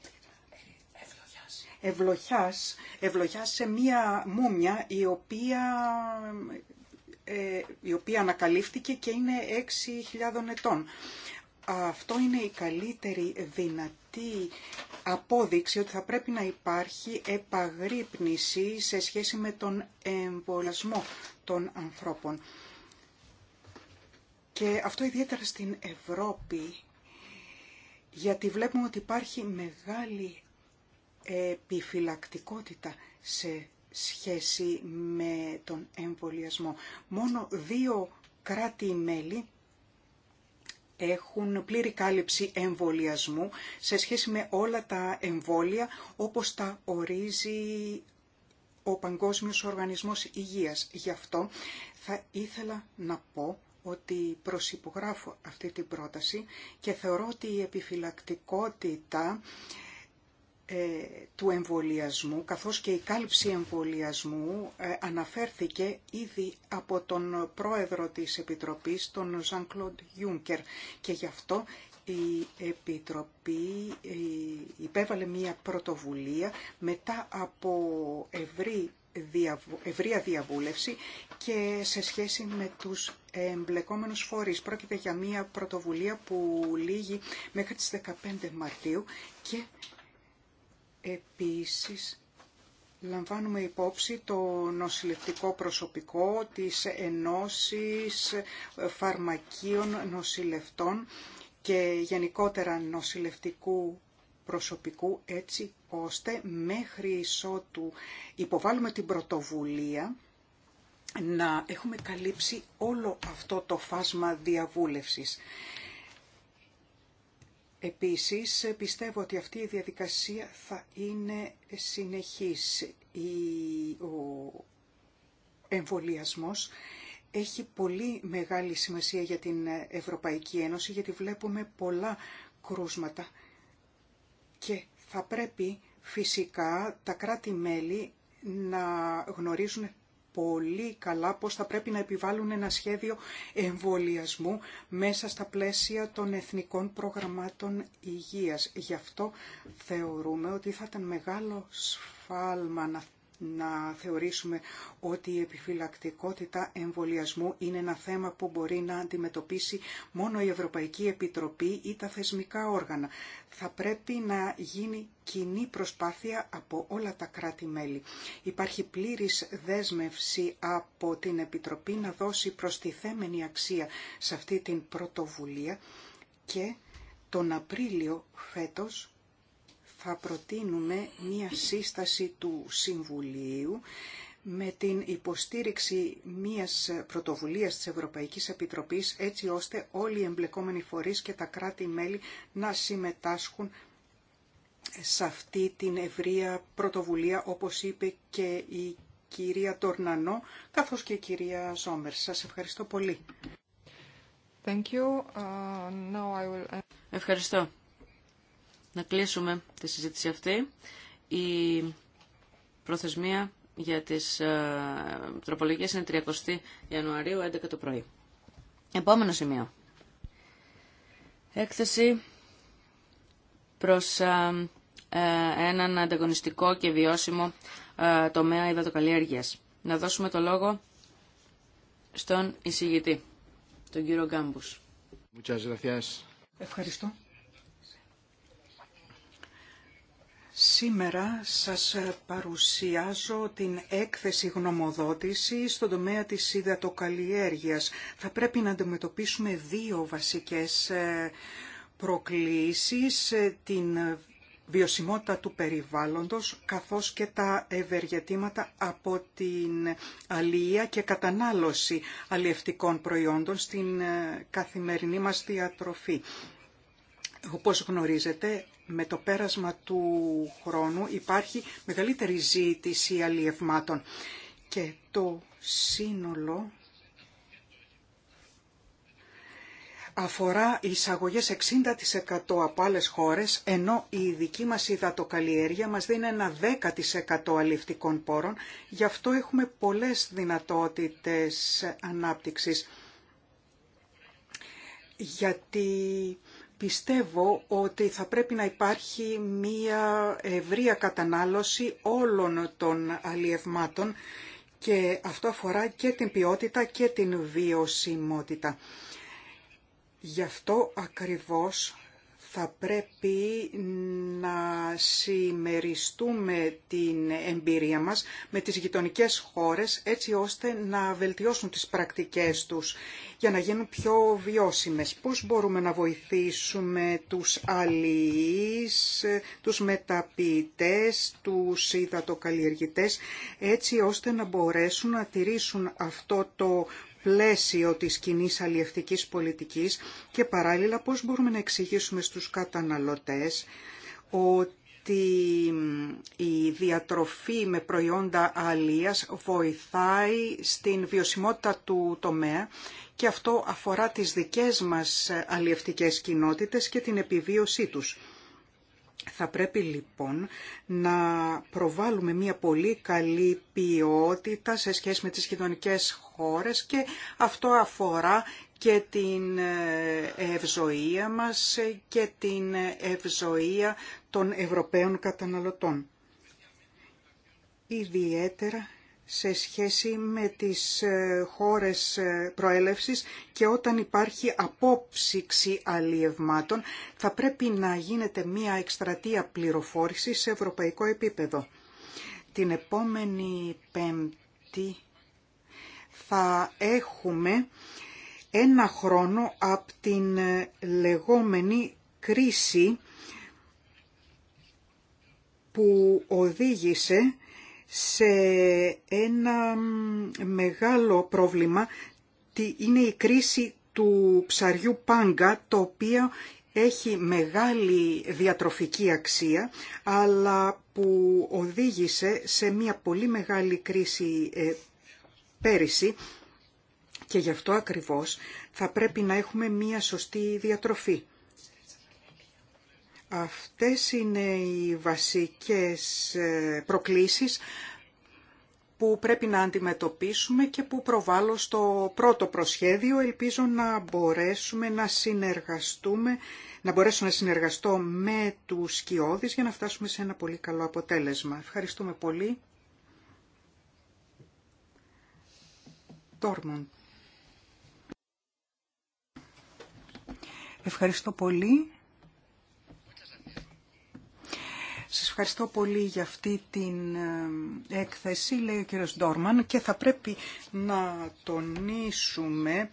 ευλογιάς, ευλογιάς σε μία μούμια η οποία, ε, η οποία ανακαλύφθηκε και είναι 6.000 ετών. Αυτό είναι η καλύτερη δυνατή απόδειξη ότι θα πρέπει να υπάρχει επαγρύπνηση σε σχέση με τον εμβολιασμό των ανθρώπων. Και αυτό ιδιαίτερα στην Ευρώπη, γιατί βλέπουμε ότι υπάρχει μεγάλη επιφυλακτικότητα σε σχέση με τον εμβολιασμό. Μόνο δύο κράτη-μέλη έχουν πλήρη κάλυψη εμβολιασμού σε σχέση με όλα τα εμβόλια όπως τα ορίζει ο Παγκόσμιος Οργανισμός Υγείας. Γι' αυτό θα ήθελα να πω ότι προσυπογράφω αυτή την πρόταση και θεωρώ ότι η επιφυλακτικότητα ε, του εμβολιασμού, καθώς και η κάλυψη εμβολιασμού ε, αναφέρθηκε ήδη από τον πρόεδρο της Επιτροπής, τον Ζαν Κλοντ Γιούνκερ. Και γι' αυτό η Επιτροπή ε, υπέβαλε μία πρωτοβουλία μετά από ευρύ διαβούλευση και σε σχέση με τους εμπλεκόμενους φορείς. Πρόκειται για μία πρωτοβουλία που λύγει μέχρι τις 15 Μαρτίου και Επίσης, λαμβάνουμε υπόψη το νοσηλευτικό προσωπικό της Ενώσης Φαρμακείων Νοσηλευτών και γενικότερα νοσηλευτικού προσωπικού έτσι ώστε μέχρι ισότου υποβάλουμε την πρωτοβουλία να έχουμε καλύψει όλο αυτό το φάσμα διαβούλευσης. Επίσης, πιστεύω ότι αυτή η διαδικασία θα είναι συνεχής. Ο εμβολιασμός έχει πολύ μεγάλη σημασία για την Ευρωπαϊκή Ένωση, γιατί βλέπουμε πολλά κρούσματα και θα πρέπει φυσικά τα κράτη-μέλη να γνωρίζουν πολύ καλά πώς θα πρέπει να επιβάλλουν ένα σχέδιο εμβολιασμού μέσα στα πλαίσια των εθνικών προγραμμάτων υγείας. Γι' αυτό θεωρούμε ότι θα ήταν μεγάλο σφάλμα να να θεωρήσουμε ότι η επιφυλακτικότητα εμβολιασμού είναι ένα θέμα που μπορεί να αντιμετωπίσει μόνο η Ευρωπαϊκή Επιτροπή ή τα θεσμικά όργανα. Θα πρέπει να γίνει κοινή προσπάθεια από όλα τα κράτη-μέλη. Υπάρχει πλήρης δέσμευση από την Επιτροπή να δώσει προστιθέμενη αξία σε αυτή την πρωτοβουλία και τον Απρίλιο φέτος θα προτείνουμε μία σύσταση του Συμβουλίου με την υποστήριξη μίας πρωτοβουλίας της Ευρωπαϊκής Επιτροπής έτσι ώστε όλοι οι εμπλεκόμενοι φορείς και τα κράτη-μέλη να συμμετάσχουν σε αυτή την ευρεία πρωτοβουλία όπως είπε και η κυρία Τορνανό καθώς και η κυρία Ζόμερ. Σας ευχαριστώ πολύ. Thank you. Uh, ευχαριστώ να κλείσουμε τη συζήτηση αυτή. Η προθεσμία για τις ε, τροπολογίες είναι 30 Ιανουαρίου, 11 το πρωί. Επόμενο σημείο. Έκθεση προς ε, ε, έναν ανταγωνιστικό και βιώσιμο τομέα υδατοκαλλιέργειας. Να δώσουμε το λόγο στον εισηγητή, τον κύριο Γκάμπους. Ευχαριστώ. Σήμερα σας παρουσιάζω την έκθεση γνωμοδότηση στον τομέα της υδατοκαλλιέργειας. Θα πρέπει να αντιμετωπίσουμε δύο βασικές ε, προκλήσεις, ε, την βιωσιμότητα του περιβάλλοντος καθώς και τα ευεργετήματα από την αλληλεία και κατανάλωση αλλιευτικών προϊόντων στην ε, καθημερινή μας διατροφή. Όπως γνωρίζετε, με το πέρασμα του χρόνου υπάρχει μεγαλύτερη ζήτηση αλλιευμάτων και το σύνολο αφορά εισαγωγές 60% από άλλες χώρες, ενώ η δική μας υδατοκαλλιέργεια μας δίνει ένα 10% αλλιευτικών πόρων, γι' αυτό έχουμε πολλές δυνατότητες ανάπτυξης. Γιατί Πιστεύω ότι θα πρέπει να υπάρχει μία ευρεία κατανάλωση όλων των αλλιευμάτων και αυτό αφορά και την ποιότητα και την βιωσιμότητα. Γι' αυτό ακριβώς θα πρέπει να συμμεριστούμε την εμπειρία μας με τις γειτονικές χώρες έτσι ώστε να βελτιώσουν τις πρακτικές τους για να γίνουν πιο βιώσιμες. Πώς μπορούμε να βοηθήσουμε τους αλληλείς, τους μεταποιητές, τους υδατοκαλλιεργητές έτσι ώστε να μπορέσουν να τηρήσουν αυτό το πλαίσιο της κοινή αλλιευτικής πολιτικής και παράλληλα πώς μπορούμε να εξηγήσουμε στους καταναλωτές ότι η διατροφή με προϊόντα αλίας βοηθάει στην βιωσιμότητα του τομέα και αυτό αφορά τις δικές μας αλλιευτικές κοινότητες και την επιβίωσή τους. Θα πρέπει λοιπόν να προβάλλουμε μια πολύ καλή ποιότητα σε σχέση με τις κοινωνικές χώρες και αυτό αφορά και την ε, ευζοία μας και την ευζοία των Ευρωπαίων καταναλωτών. Ιδιαίτερα σε σχέση με τις ε, χώρες ε, προέλευσης και όταν υπάρχει απόψυξη αλλιευμάτων θα πρέπει να γίνεται μία εκστρατεία πληροφόρηση σε ευρωπαϊκό επίπεδο. Την επόμενη πέμπτη θα έχουμε ένα χρόνο από την ε, λεγόμενη κρίση που οδήγησε σε ένα μεγάλο πρόβλημα, είναι η κρίση του ψαριού πάγκα, το οποίο έχει μεγάλη διατροφική αξία, αλλά που οδήγησε σε μια πολύ μεγάλη κρίση ε, πέρυσι και γι' αυτό ακριβώς θα πρέπει να έχουμε μια σωστή διατροφή. Αυτές είναι οι βασικές ε, προκλήσεις που πρέπει να αντιμετωπίσουμε και που προβάλλω στο πρώτο προσχέδιο. Ελπίζω να μπορέσουμε να συνεργαστούμε, να μπορέσω να συνεργαστώ με τους σκιώδεις για να φτάσουμε σε ένα πολύ καλό αποτέλεσμα. Ευχαριστούμε πολύ. Τόρμον. Ευχαριστώ πολύ. Σας ευχαριστώ πολύ για αυτή την ε, έκθεση, λέει ο κύριος Ντόρμαν, και θα πρέπει να τονίσουμε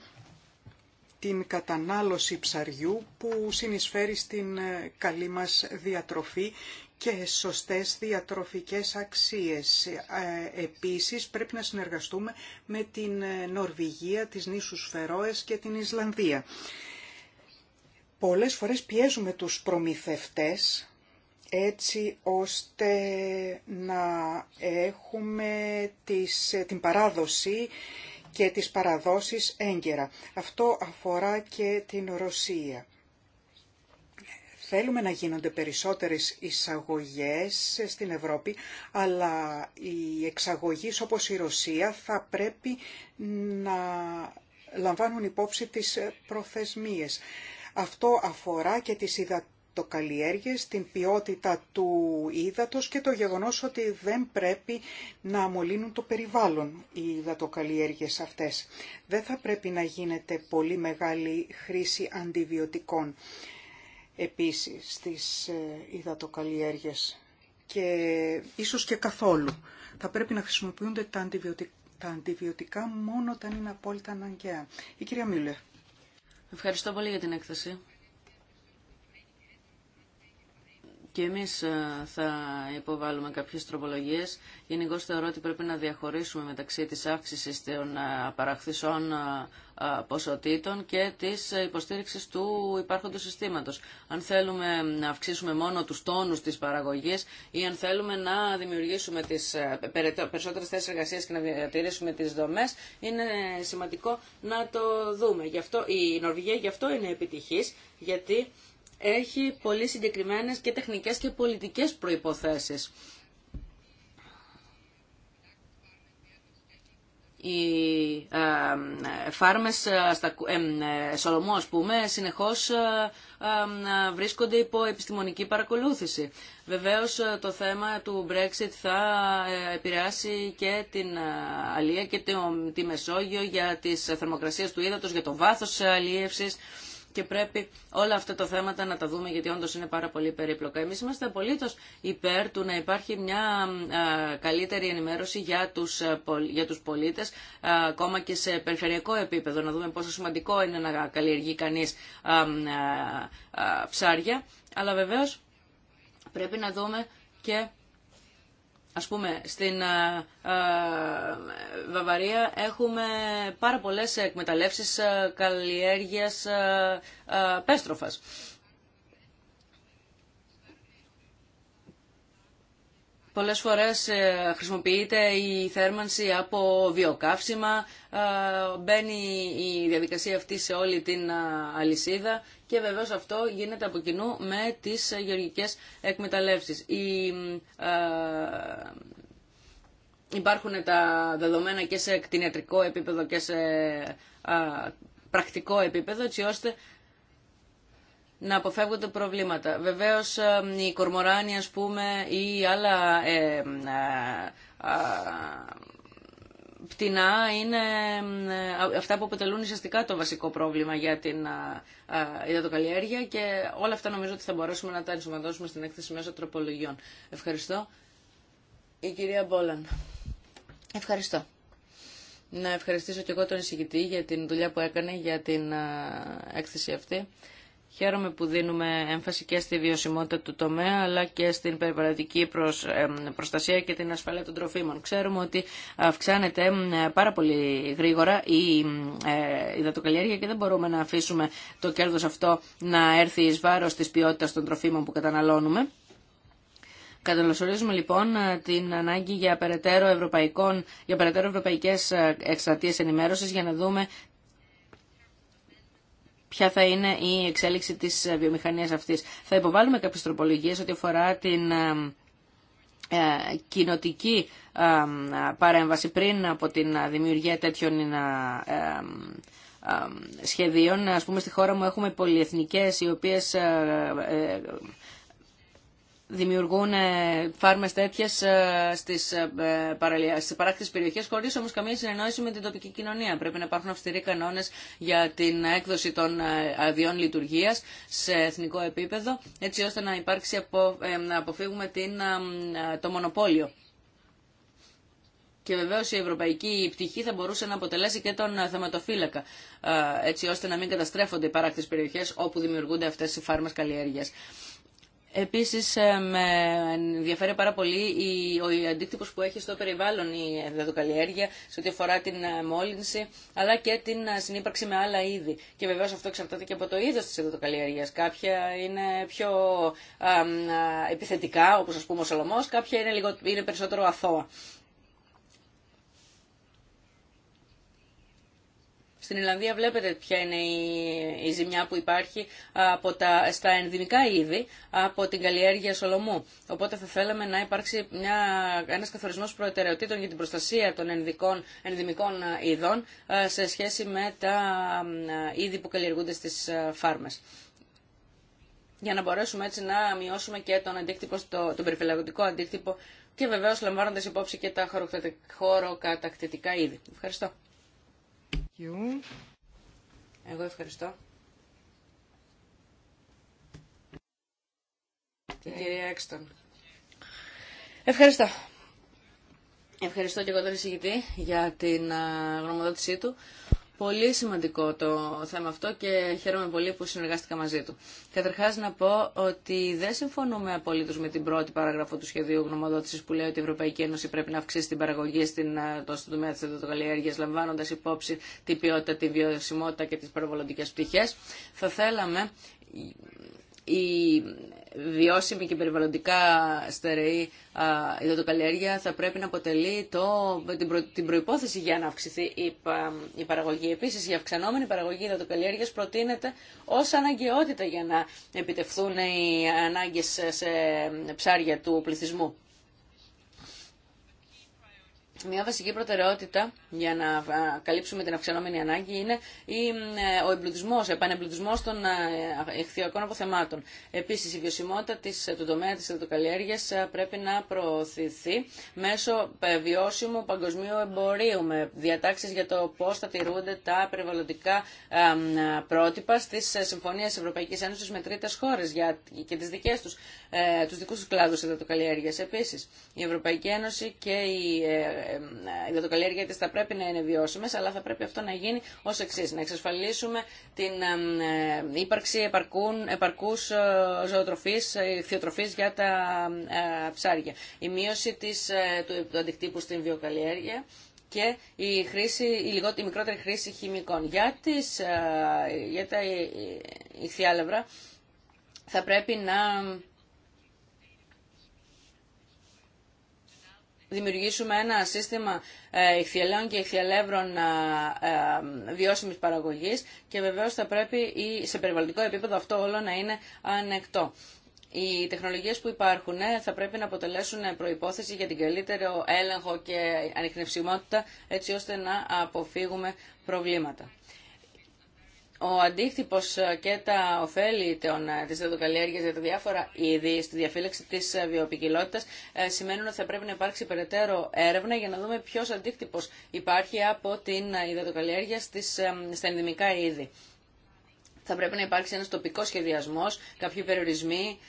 την κατανάλωση ψαριού που συνεισφέρει στην ε, καλή μας διατροφή και σωστές διατροφικές αξίες. Ε, επίσης πρέπει να συνεργαστούμε με την Νορβηγία, τις νήσους Φερόες και την Ισλανδία. Πολλές φορές πιέζουμε τους προμηθευτές έτσι ώστε να έχουμε τις, την παράδοση και τις παραδόσεις έγκαιρα. Αυτό αφορά και την Ρωσία. Θέλουμε να γίνονται περισσότερες εισαγωγές στην Ευρώπη, αλλά οι εξαγωγείς όπως η Ρωσία θα πρέπει να λαμβάνουν υπόψη τις προθεσμίες. Αυτό αφορά και τις καλλιέργειες, την ποιότητα του ύδατος και το γεγονός ότι δεν πρέπει να αμολύνουν το περιβάλλον οι υδατοκαλλιέργειες αυτές. Δεν θα πρέπει να γίνεται πολύ μεγάλη χρήση αντιβιωτικών επίσης στις ε, υδατοκαλλιέργειες και ίσως και καθόλου. Θα πρέπει να χρησιμοποιούνται τα αντιβιωτικά, μόνο όταν είναι απόλυτα αναγκαία. Η κυρία Μίλλε. Ευχαριστώ πολύ για την έκθεση. Και εμεί ε, θα υποβάλουμε κάποιε τροπολογίε. Γενικώ θεωρώ ότι πρέπει να διαχωρίσουμε μεταξύ τη αύξηση των ε, παραχθησών ε, ποσοτήτων και τη υποστήριξη του υπάρχοντος συστήματο. Αν θέλουμε να αυξήσουμε μόνο του τόνου τη παραγωγή ή αν θέλουμε να δημιουργήσουμε τις περισσότερες θέσεις εργασίας και να διατηρήσουμε τι δομές, είναι σημαντικό να το δούμε. Γι αυτό, η Νορβηγία γι' αυτό είναι επιτυχής, γιατί έχει πολύ συγκεκριμένες και τεχνικές και πολιτικές προϋποθέσεις. οι ε, ε, φάρμες ε, στα Σολομό, πούμε, συνεχώς βρίσκονται υπό επιστημονική παρακολούθηση. Βεβαίως το θέμα του Brexit θα επηρεάσει και την αλία και τη Μεσόγειο για τις θερμοκρασίες του ύδατος, για το βάθος αλίευσης και πρέπει όλα αυτά τα θέματα να τα δούμε γιατί όντως είναι πάρα πολύ περίπλοκα. Εμείς είμαστε απολύτως υπέρ του να υπάρχει μια καλύτερη ενημέρωση για τους, για πολίτες ακόμα και σε περιφερειακό επίπεδο να δούμε πόσο σημαντικό είναι να καλλιεργεί κανείς ψάρια αλλά βεβαίως πρέπει να δούμε και Ας πούμε, στην ε, ε, Βαβαρία έχουμε πάρα πολλές εκμεταλλεύσεις ε, καλλιέργειας πέστροφας. Πολλές φορές ε, χρησιμοποιείται η θέρμανση από βιοκαύσιμα, ε, μπαίνει η διαδικασία αυτή σε όλη την ε, αλυσίδα και βεβαίως αυτό γίνεται από κοινού με τις γεωργικές εκμεταλλεύσεις. Η, υπάρχουν τα δεδομένα και σε κτηνιατρικό επίπεδο και σε πρακτικό επίπεδο, έτσι ώστε να αποφεύγονται προβλήματα. Βεβαίως ε, οι κορμοράνοι ας πούμε ή άλλα ε, ε, πτηνά είναι αυτά που αποτελούν ουσιαστικά το βασικό πρόβλημα για την υδατοκαλλιέργεια και όλα αυτά νομίζω ότι θα μπορέσουμε να τα ενσωματώσουμε στην έκθεση μέσω τροπολογιών. Ευχαριστώ. Η κυρία Μπόλαν. Ευχαριστώ. Να ευχαριστήσω και εγώ τον εισηγητή για την δουλειά που έκανε για την έκθεση αυτή. Χαίρομαι που δίνουμε έμφαση και στη βιωσιμότητα του τομέα αλλά και στην περιβαλλοντική προστασία και την ασφαλεία των τροφίμων. Ξέρουμε ότι αυξάνεται πάρα πολύ γρήγορα η υδατοκαλλιέργεια ε, και δεν μπορούμε να αφήσουμε το κέρδος αυτό να έρθει εις βάρος της ποιότητας των τροφίμων που καταναλώνουμε. Καταλωσορίζουμε λοιπόν την ανάγκη για περαιτέρω, ευρωπαϊκών, για περαιτέρω ευρωπαϊκές ε, ενημέρωσης για να δούμε ποια θα είναι η εξέλιξη της ε, βιομηχανίας αυτής. Θα υποβάλουμε κάποιες τροπολογίες ό,τι αφορά την ε, ε, κοινοτική παρέμβαση πριν από την δημιουργία τέτοιων σχεδίων. Ας πούμε στη χώρα μου έχουμε πολυεθνικές οι οποίες δημιουργούν ε, φάρμες τέτοιες ε, ε, στις παράκτητες περιοχές χωρίς όμως καμία συνεννόηση με την τοπική κοινωνία. Πρέπει να υπάρχουν αυστηροί κανόνες για την έκδοση των αδειών λειτουργίας σε εθνικό επίπεδο έτσι ώστε να, υπάρξει, να αποφύγουμε την, το μονοπόλιο. Και βεβαίω η ευρωπαϊκή πτυχή θα μπορούσε να αποτελέσει και τον θεματοφύλακα, έτσι ώστε να μην καταστρέφονται οι παράκτης περιοχέ όπου δημιουργούνται αυτές οι φάρμες καλλιέργεια. Επίσης, ε, με ενδιαφέρει πάρα πολύ ο αντίκτυπος που έχει στο περιβάλλον η δεδοκαλλιέργεια σε ό,τι αφορά την ε, μόλυνση, αλλά και την ε, συνύπαρξη με άλλα είδη. Και βεβαίως αυτό εξαρτάται και από το είδος της δεδοκαλλιέργειας. Κάποια είναι πιο επιθετικά, όπως ας πούμε ο Σολομός, κάποια είναι, λίγο, είναι περισσότερο αθώα. Στην Ιλλανδία βλέπετε ποια είναι η, ζημιά που υπάρχει από τα, στα ενδυμικά είδη από την καλλιέργεια σολομού. Οπότε θα θέλαμε να υπάρξει μια, ένας καθορισμός προτεραιοτήτων για την προστασία των ενδικών, ενδυμικών ε, ειδών ε, σε σχέση με τα ε, είδη που καλλιεργούνται στις φάρμες για να μπορέσουμε έτσι να μειώσουμε και τον, αντίκτυπο στο, τον περιφυλακτικό αντίκτυπο και βεβαίως λαμβάνοντας υπόψη και τα χωροκατακτητικά είδη. Ευχαριστώ you. Εγώ ευχαριστώ. Η κυρία Έξτον. Ευχαριστώ. Ευχαριστώ και εγώ τον εισηγητή για την γνωμοδότησή του. Πολύ σημαντικό το θέμα αυτό και χαίρομαι πολύ που συνεργάστηκα μαζί του. Καταρχά να πω ότι δεν συμφωνούμε απολύτω με την πρώτη παράγραφο του σχεδίου γνωμοδότηση που λέει ότι η Ευρωπαϊκή Ένωση πρέπει να αυξήσει την παραγωγή στην, ε, το, στον τομέα τη εντατοκαλλιέργεια, λαμβάνοντα υπόψη την ποιότητα, τη βιωσιμότητα και τι περιβαλλοντικέ πτυχέ. Θα θέλαμε η βιώσιμη και περιβαλλοντικά στερεή υδατοκαλλιέργεια θα πρέπει να αποτελεί το, την, προ, προϋπόθεση για να αυξηθεί η, η παραγωγή. Επίσης, η αυξανόμενη παραγωγή υδατοκαλλιέργειας προτείνεται ως αναγκαιότητα για να επιτευχθούν οι ανάγκες σε ψάρια του πληθυσμού μια βασική προτεραιότητα για να καλύψουμε την αυξανόμενη ανάγκη είναι ε, ο εμπλουτισμό, ο επανεμπλουτισμό των ε, εχθιακών αποθεμάτων. Επίση, η βιωσιμότητα της, ε, του τομέα τη ειδοκαλλιέργεια πρέπει να προωθηθεί μέσω βιώσιμου παγκοσμίου εμπορίου, με διατάξει για το πώ θα τηρούνται τα περιβαλλοντικά πρότυπα στι συμφωνίε Ευρωπαϊκή Ένωση με τρίτε χώρε και τι δικές τους, τους δικού του κλάδου ειδοκαλλιέργεια. Επίση, η Ευρωπαϊκή Ένωση και η υδατοκαλλιέργεια της θα πρέπει να είναι βιώσιμες, αλλά θα πρέπει αυτό να γίνει ως εξή. Να εξασφαλίσουμε την ύπαρξη επαρκούν, επαρκούς ζωοτροφής, θεοτροφής για τα ψάρια. Η μείωση της, του αντικτύπου στην βιοκαλλιέργεια και η, χρήση, η, λιγότερη, η μικρότερη χρήση χημικών. Για, τις, για τα ηχθιάλευρα θα πρέπει να δημιουργήσουμε ένα σύστημα ε, ηχθιαλέων και ηχθιαλεύρων ε, ε, βιώσιμης παραγωγής και βεβαίως θα πρέπει σε περιβαλλοντικό επίπεδο αυτό όλο να είναι ανεκτό. Οι τεχνολογίες που υπάρχουν θα πρέπει να αποτελέσουν προϋπόθεση για την καλύτερο έλεγχο και ανιχνευσιμότητα έτσι ώστε να αποφύγουμε προβλήματα ο αντίκτυπο ε, και τα ωφέλη τη ε, της για τα διάφορα είδη στη διαφύλαξη τη ε, βιοπικιλότητα σημαίνουν ότι θα πρέπει να υπάρξει περαιτέρω έρευνα για να δούμε ποιο αντίκτυπο υπάρχει από την δεδοκαλλιέργεια στα ενδημικά είδη. Θα πρέπει να υπάρξει ένα τοπικό σχεδιασμό, κάποιοι περιορισμοί,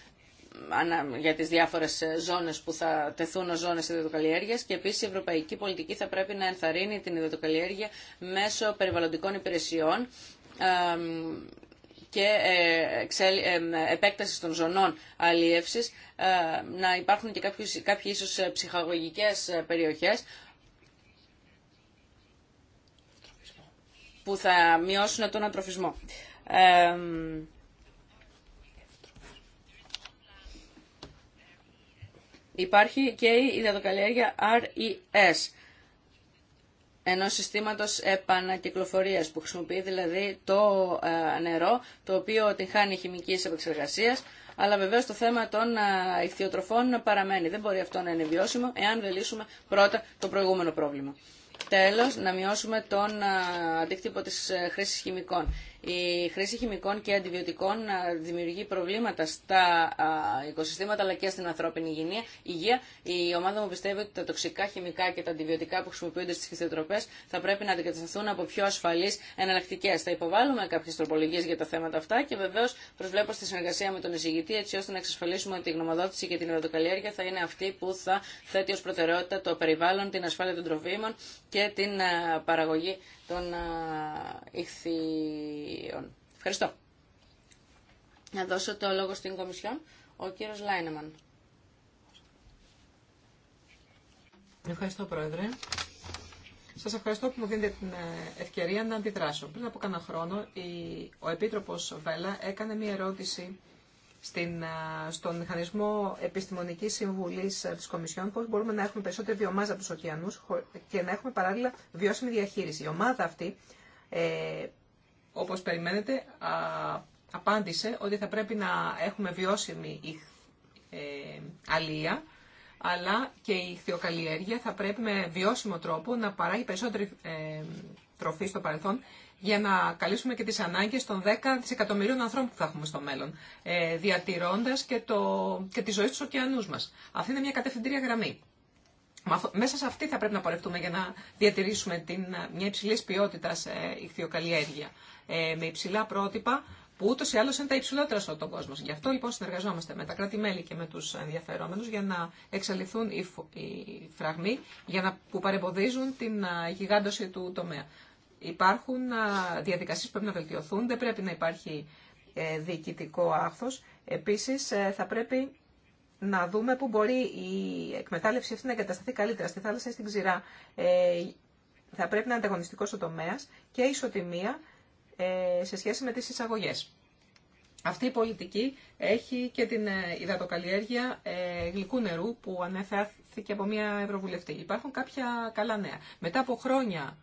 για τις διάφορες ζώνες που θα τεθούν ως ζώνες υδατοκαλλιέργειας και επίσης η ευρωπαϊκή πολιτική θα πρέπει να ενθαρρύνει την υδατοκαλλιέργεια μέσω περιβαλλοντικών υπηρεσιών και ε, ε, επέκταση των ζωνών αλίευσης, ε, να υπάρχουν και κάποιες κάποιες ίσως ψυχαγωγικές περιοχές που θα μειώσουν τον ατροφισμό. Υπάρχει και η υδατοκαλλιέργεια RES ενός συστήματος επανακυκλοφορίας που χρησιμοποιεί δηλαδή το ε, νερό το οποίο την χάνει χημικής επεξεργασίας αλλά βεβαίως το θέμα των ηχθειοτροφών ε, παραμένει. Δεν μπορεί αυτό να είναι βιώσιμο εάν δεν λύσουμε πρώτα το προηγούμενο πρόβλημα. Τέλος, να μειώσουμε τον ε, αντίκτυπο της χρήσης χημικών. Η χρήση χημικών και αντιβιωτικών ε, δημιουργεί προβλήματα στα οικοσυστήματα αλλά και στην ανθρώπινη υγεία. Η ομάδα μου πιστεύει ότι τα τοξικά χημικά και τα αντιβιωτικά που χρησιμοποιούνται στι χιστιοτροπέ θα πρέπει να αντικατασταθούν από πιο ασφαλεί εναλλακτικέ. Θα υποβάλουμε κάποιε τροπολογίε για τα θέματα αυτά και βεβαίω προσβλέπω στη συνεργασία με τον εισηγητή έτσι ώστε να εξασφαλίσουμε ότι η γνωμοδότηση και την υδατοκαλλιέργεια θα είναι αυτή που θα θέτει ω προτεραιότητα το περιβάλλον, την ασφάλεια των τροφίμων και την ε, παραγωγή των ηχθείων. Ευχαριστώ. Να δώσω το λόγο στην Κομισιόν, ο κύριος Λάινεμαν. Ευχαριστώ, Πρόεδρε. Σας ευχαριστώ που μου δίνετε την ε, ευκαιρία να αντιδράσω. Πριν από κανένα χρόνο, ο Επίτροπος Βέλα έκανε μία ερώτηση στην, στον μηχανισμό επιστημονικής συμβουλής ε, της Κομισιόν πώς μπορούμε να έχουμε περισσότερη βιομάζα από τους ωκεανούς και να έχουμε παράλληλα βιώσιμη διαχείριση. Η ομάδα αυτή, ε, όπως περιμένετε, απάντησε ότι θα πρέπει να έχουμε βιώσιμη ε, αλλά και η χθιοκαλλιέργεια θα πρέπει με βιώσιμο τρόπο να παράγει περισσότερη ε, τροφή στο παρελθόν για να καλύψουμε και τις ανάγκες των 10 δισεκατομμυρίων ανθρώπων που θα έχουμε στο μέλλον, ε, διατηρώντας και, το, και τη ζωή στους ωκεανούς μας. Αυτή είναι μια κατευθυντήρια γραμμή. Μέσα σε αυτή θα πρέπει να πορευτούμε για να διατηρήσουμε την, ε, μια υψηλή ποιότητα ε, ηχθειοκαλλιέργεια, ε, με υψηλά πρότυπα που ούτω ή άλλω είναι τα υψηλότερα σε όλο τον κόσμο. Γι' αυτό λοιπόν συνεργαζόμαστε με τα κράτη-μέλη και με του ενδιαφερόμενου για να εξαλειφθούν οι φραγμοί για να, που παρεμποδίζουν την ε, γιγάντωση του τομέα. Υπάρχουν διαδικασίες που πρέπει να βελτιωθούν, δεν πρέπει να υπάρχει ε, διοικητικό άχθος. Επίσης, ε, θα πρέπει να δούμε πού μπορεί η εκμετάλλευση αυτή να εγκατασταθεί καλύτερα, στη θάλασσα ή στην ξηρά. Ε, θα πρέπει να είναι ανταγωνιστικό ο τομέα και ισοτιμία σε σχέση με τις εισαγωγές. Αυτή η πολιτική έχει και την υδατοκαλλιέργεια γλυκού νερού που ανεφέρθηκε από μια Ευρωβουλευτή. Υπάρχουν κάποια καλά νέα. Μετά από χρόνια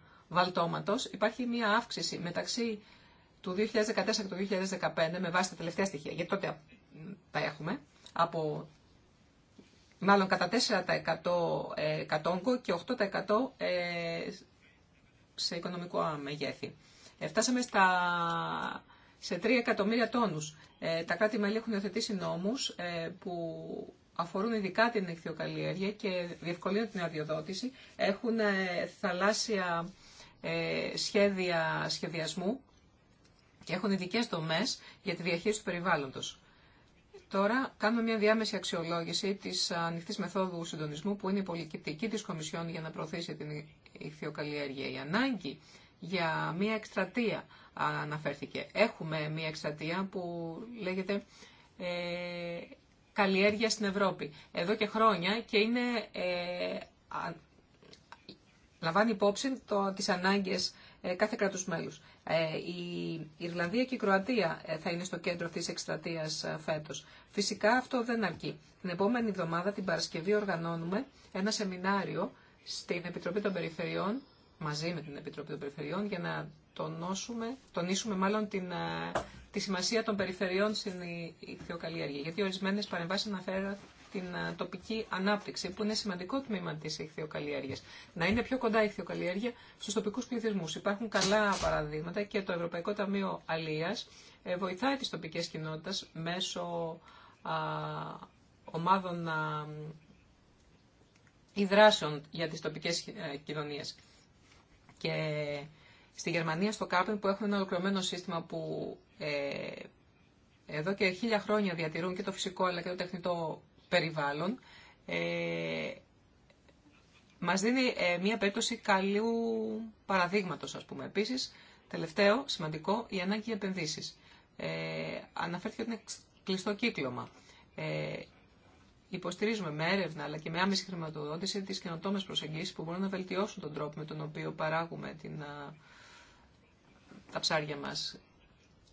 υπάρχει μία αύξηση μεταξύ του 2014 και του 2015 με βάση τα τελευταία στοιχεία, γιατί τότε τα έχουμε, από μάλλον κατά 4% ε, κατόγκο και 8% ε, σε οικονομικό μεγέθη. Εφτάσαμε φτάσαμε στα, σε 3 εκατομμύρια τόνους. Ε, τα κράτη-μέλη έχουν υιοθετήσει νόμους ε, που αφορούν ειδικά την ηχθειοκαλλιέργεια και διευκολύνουν την αδειοδότηση. Έχουν θαλάσσια ε, σχέδια σχεδιασμού και έχουν ειδικέ δομέ για τη διαχείριση του περιβάλλοντο. Τώρα κάνουμε μια διάμεση αξιολόγηση τη ανοιχτή μεθόδου συντονισμού που είναι η της τη Κομισιόν για να προωθήσει την ηχθειοκαλλιέργεια. Η ανάγκη για μια εκστρατεία αναφέρθηκε. Έχουμε μια εκστρατεία που λέγεται ε, καλλιέργεια στην Ευρώπη εδώ και χρόνια και είναι ε, λαμβάνει υπόψη το, τις ανάγκες ε, κάθε κράτους μέλους. Ε, η Ιρλανδία και η Κροατία ε, θα είναι στο κέντρο αυτής της εκστρατείας φέτος. Φυσικά αυτό δεν αρκεί. Την επόμενη εβδομάδα, την Παρασκευή, οργανώνουμε ένα σεμινάριο στην Επιτροπή των Περιφερειών, μαζί με την Επιτροπή των Περιφερειών, για να τονώσουμε, τονίσουμε μάλλον τη σημασία των περιφερειών στην ηθιοκαλλιέργεια. Γιατί ορισμένες παρεμβάσεις αναφέρονται την ε, τοπική ανάπτυξη, που είναι σημαντικό τμήμα τη ηχθειοκαλλιέργεια. Να είναι πιο κοντά η ηχθειοκαλλιέργεια στου τοπικού πληθυσμού. Υπάρχουν καλά παραδείγματα και το Ευρωπαϊκό Ταμείο Αλία ε, βοηθάει τι τοπικέ κοινότητε μέσω α, ομάδων α, δράσεων για τις τοπικές ε, κοινωνίες. Και στη Γερμανία, στο Κάπεν, που έχουν ένα ολοκληρωμένο σύστημα που ε, εδώ και χίλια χρόνια διατηρούν και το φυσικό αλλά και το τεχνητό περιβάλλον, ε, μας δίνει ε, μία περίπτωση καλού παραδείγματος, ας πούμε. Επίσης, τελευταίο, σημαντικό, η ανάγκη για επενδύσεις. Ε, αναφέρθηκε ότι είναι κλειστό κύκλωμα. Ε, υποστηρίζουμε με έρευνα αλλά και με άμεση χρηματοδότηση τις καινοτόμες προσεγγίσεις που μπορούν να βελτιώσουν τον τρόπο με τον οποίο παράγουμε την, τα ψάρια μας.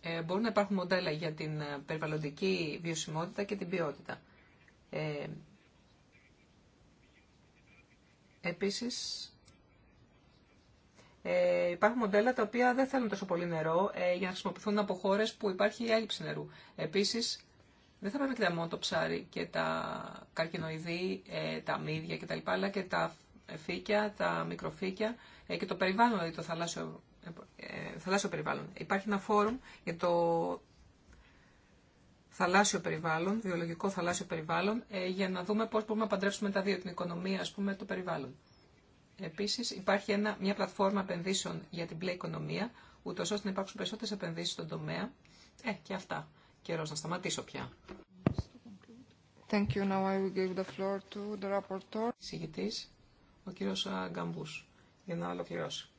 Ε, μπορούν να υπάρχουν μοντέλα για την περιβαλλοντική βιωσιμότητα και την ποιότητα. Ε, επίσης, ε, υπάρχουν μοντέλα τα οποία δεν θέλουν τόσο πολύ νερό ε, για να χρησιμοποιηθούν από χώρε που υπάρχει η έλλειψη νερού. Επίσης δεν θα πρέπει να κοιτάμε μόνο το ψάρι και τα καρκινοειδή, ε, τα μύδια κτλ. αλλά και τα φύκια, τα μικροφύκια ε, και το περιβάλλον, δηλαδή το θαλάσσιο, ε, θαλάσσιο περιβάλλον. Υπάρχει ένα φόρουμ για το θαλάσσιο περιβάλλον, βιολογικό θαλάσσιο περιβάλλον, ε, για να δούμε πώς μπορούμε να παντρεύσουμε τα δύο, την οικονομία, ας πούμε, το περιβάλλον. Επίσης, υπάρχει ένα, μια πλατφόρμα επενδύσεων για την μπλε οικονομία, ούτως ώστε να υπάρξουν περισσότερες επενδύσεις στον τομέα. Ε, και αυτά. Καιρός να σταματήσω πια. Thank you. Now I will give the floor to the rapporteur. Συγητής, ο κύριος Γκαμπούς, για να ολοκληρώσει.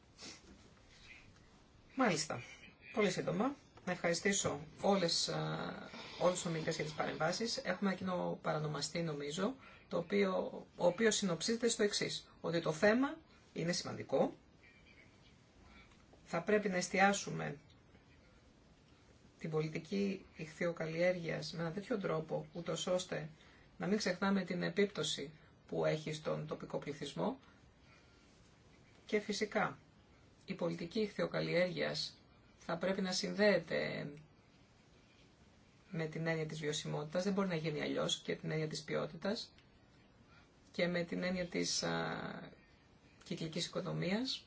Μάλιστα. Πολύ σύντομα. Να ευχαριστήσω όλες όλου του ομιλητέ για τι παρεμβάσει. Έχουμε ένα κοινό παρανομαστή, νομίζω, το οποίο, ο οποίο συνοψίζεται στο εξή. Ότι το θέμα είναι σημαντικό. Θα πρέπει να εστιάσουμε την πολιτική ηχθειοκαλλιέργεια με ένα τέτοιο τρόπο, ούτω ώστε να μην ξεχνάμε την επίπτωση που έχει στον τοπικό πληθυσμό. Και φυσικά, η πολιτική ηχθειοκαλλιέργεια θα πρέπει να συνδέεται με την έννοια της βιωσιμότητας, δεν μπορεί να γίνει αλλιώς και την έννοια της ποιότητας και με την έννοια της α, κυκλικής οικονομίας.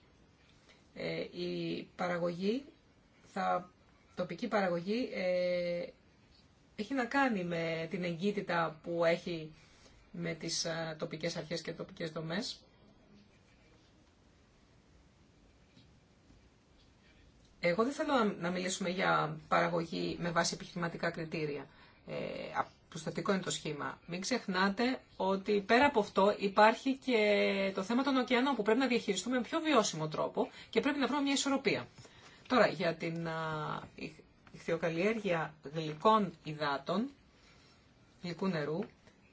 Ε, η παραγωγή, θα, τοπική παραγωγή ε, έχει να κάνει με την εγκύτητα που έχει με τις α, τοπικές αρχές και τοπικές δομές. Εγώ δεν θέλω να μιλήσουμε για παραγωγή με βάση επιχειρηματικά κριτήρια. Ε, είναι το σχήμα. Μην ξεχνάτε ότι πέρα από αυτό υπάρχει και το θέμα των ωκεανών που πρέπει να διαχειριστούμε με πιο βιώσιμο τρόπο και πρέπει να βρούμε μια ισορροπία. Τώρα, για την ηχθειοκαλλιέργεια γλυκών υδάτων, γλυκού νερού,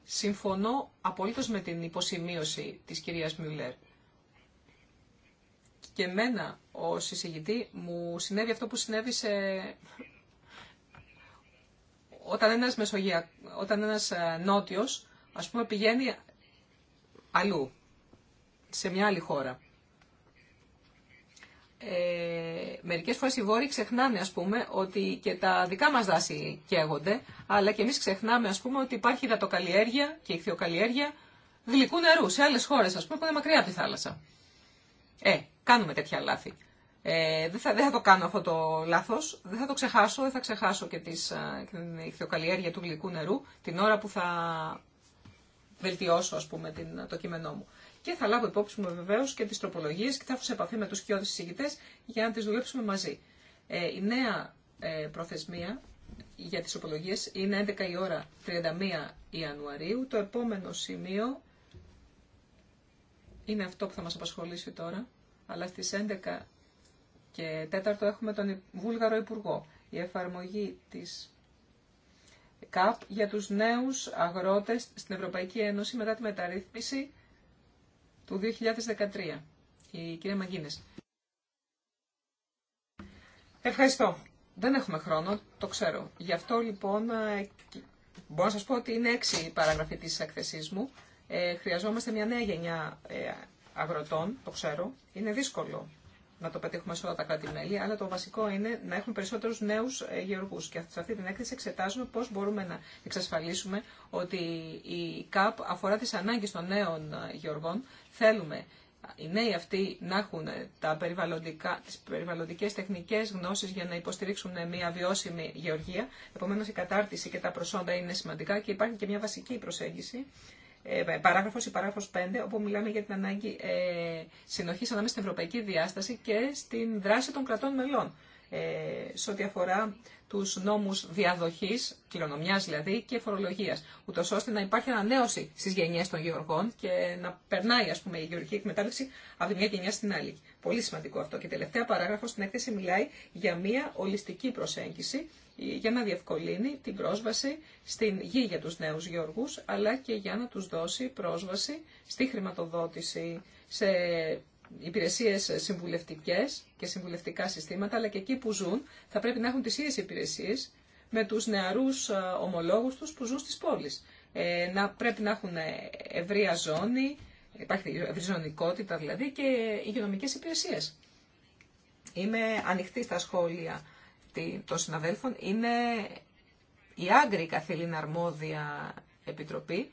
συμφωνώ απολύτως με την υποσημείωση της κυρίας Μιουλέρ. Και εμένα ως εισηγητή μου συνέβη αυτό που συνέβη σε... όταν ένας, μεσογεία... όταν ένας ε, νότιος ας πούμε πηγαίνει αλλού, σε μια άλλη χώρα. Ε, μερικές φορές οι Βόρειοι ξεχνάνε ας πούμε ότι και τα δικά μας δάση καίγονται, αλλά και εμείς ξεχνάμε ας πούμε ότι υπάρχει υδατοκαλλιέργεια και ηχθειοκαλλιέργεια γλυκού νερού σε άλλες χώρες ας πούμε που είναι μακριά από τη θάλασσα. Ε, Κάνουμε τέτοια λάθη. Ε, δεν, θα, δεν το κάνω αυτό το λάθο. δεν θα το ξεχάσω, δεν θα ξεχάσω και, τις, και ε, την ηχθειοκαλλιέργεια του γλυκού νερού την ώρα που θα βελτιώσω πούμε, την, το κείμενό μου. Και θα λάβω υπόψη μου βεβαίω και τι τροπολογίε και θα έρθω σε επαφή με του κοιόδη συζητητέ για να τι δουλέψουμε μαζί. Ε, η νέα ε, προθεσμία για τις τροπολογίες είναι 11 η ώρα 31 Ιανουαρίου. Το επόμενο σημείο είναι αυτό που θα μας απασχολήσει τώρα αλλά στις 11 και 4 έχουμε τον Βούλγαρο Υπουργό. Η εφαρμογή της ΚΑΠ για τους νέους αγρότες στην Ευρωπαϊκή Ένωση μετά τη μεταρρύθμιση του 2013. Η κυρία Μαγκίνες. Ευχαριστώ. Δεν έχουμε χρόνο, το ξέρω. Γι' αυτό λοιπόν ε, μπορώ να σας πω ότι είναι έξι η παραγραφή της έκθεσής μου. Ε, χρειαζόμαστε μια νέα γενιά ε, αγροτών, το ξέρω, είναι δύσκολο να το πετύχουμε σε όλα τα κράτη-μέλη, αλλά το βασικό είναι να έχουμε περισσότερους νέους ε, γεωργούς. Και σε αυτή την έκθεση εξετάζουμε πώς μπορούμε να εξασφαλίσουμε ότι η ΚΑΠ αφορά τις ανάγκες των νέων ε, γεωργών. Θέλουμε οι νέοι αυτοί να έχουν ε, τα περιβαλλοντικά, τις περιβαλλοντικές τεχνικές γνώσεις για να υποστηρίξουν μια βιώσιμη γεωργία. Επομένως η κατάρτιση και τα προσόντα είναι σημαντικά και υπάρχει και μια βασική προσέγγιση ε, παράγραφος ή παράγραφος 5, όπου μιλάμε για την ανάγκη ε, συνοχής ανάμεσα στην ευρωπαϊκή διάσταση και στην δράση των κρατών μελών. Ε, σε ό,τι αφορά τους νόμους διαδοχής, κληρονομιάς δηλαδή, και φορολογίας, Ούτω ώστε να υπάρχει ανανέωση στις γενιές των γεωργών και να περνάει ας πούμε, η γεωργική εκμετάλλευση από τη μια γενιά στην άλλη. Πολύ σημαντικό αυτό. Και τελευταία παράγραφος στην έκθεση μιλάει για μια ολιστική προσέγγιση για να διευκολύνει την πρόσβαση στην γη για τους νέους γεωργούς, αλλά και για να τους δώσει πρόσβαση στη χρηματοδότηση, σε υπηρεσίες συμβουλευτικές και συμβουλευτικά συστήματα, αλλά και εκεί που ζουν θα πρέπει να έχουν τις ίδιες υπηρεσίες με τους νεαρούς ε, ομολόγους τους που ζουν στις πόλεις. Ε, να πρέπει να έχουν ευρεία ζώνη, υπάρχει ευρυζωνικότητα δηλαδή και υγειονομικές υπηρεσίες. Είμαι ανοιχτή στα σχόλια το των συναδέλφων είναι η άγκρη καθήλυνα αρμόδια επιτροπή.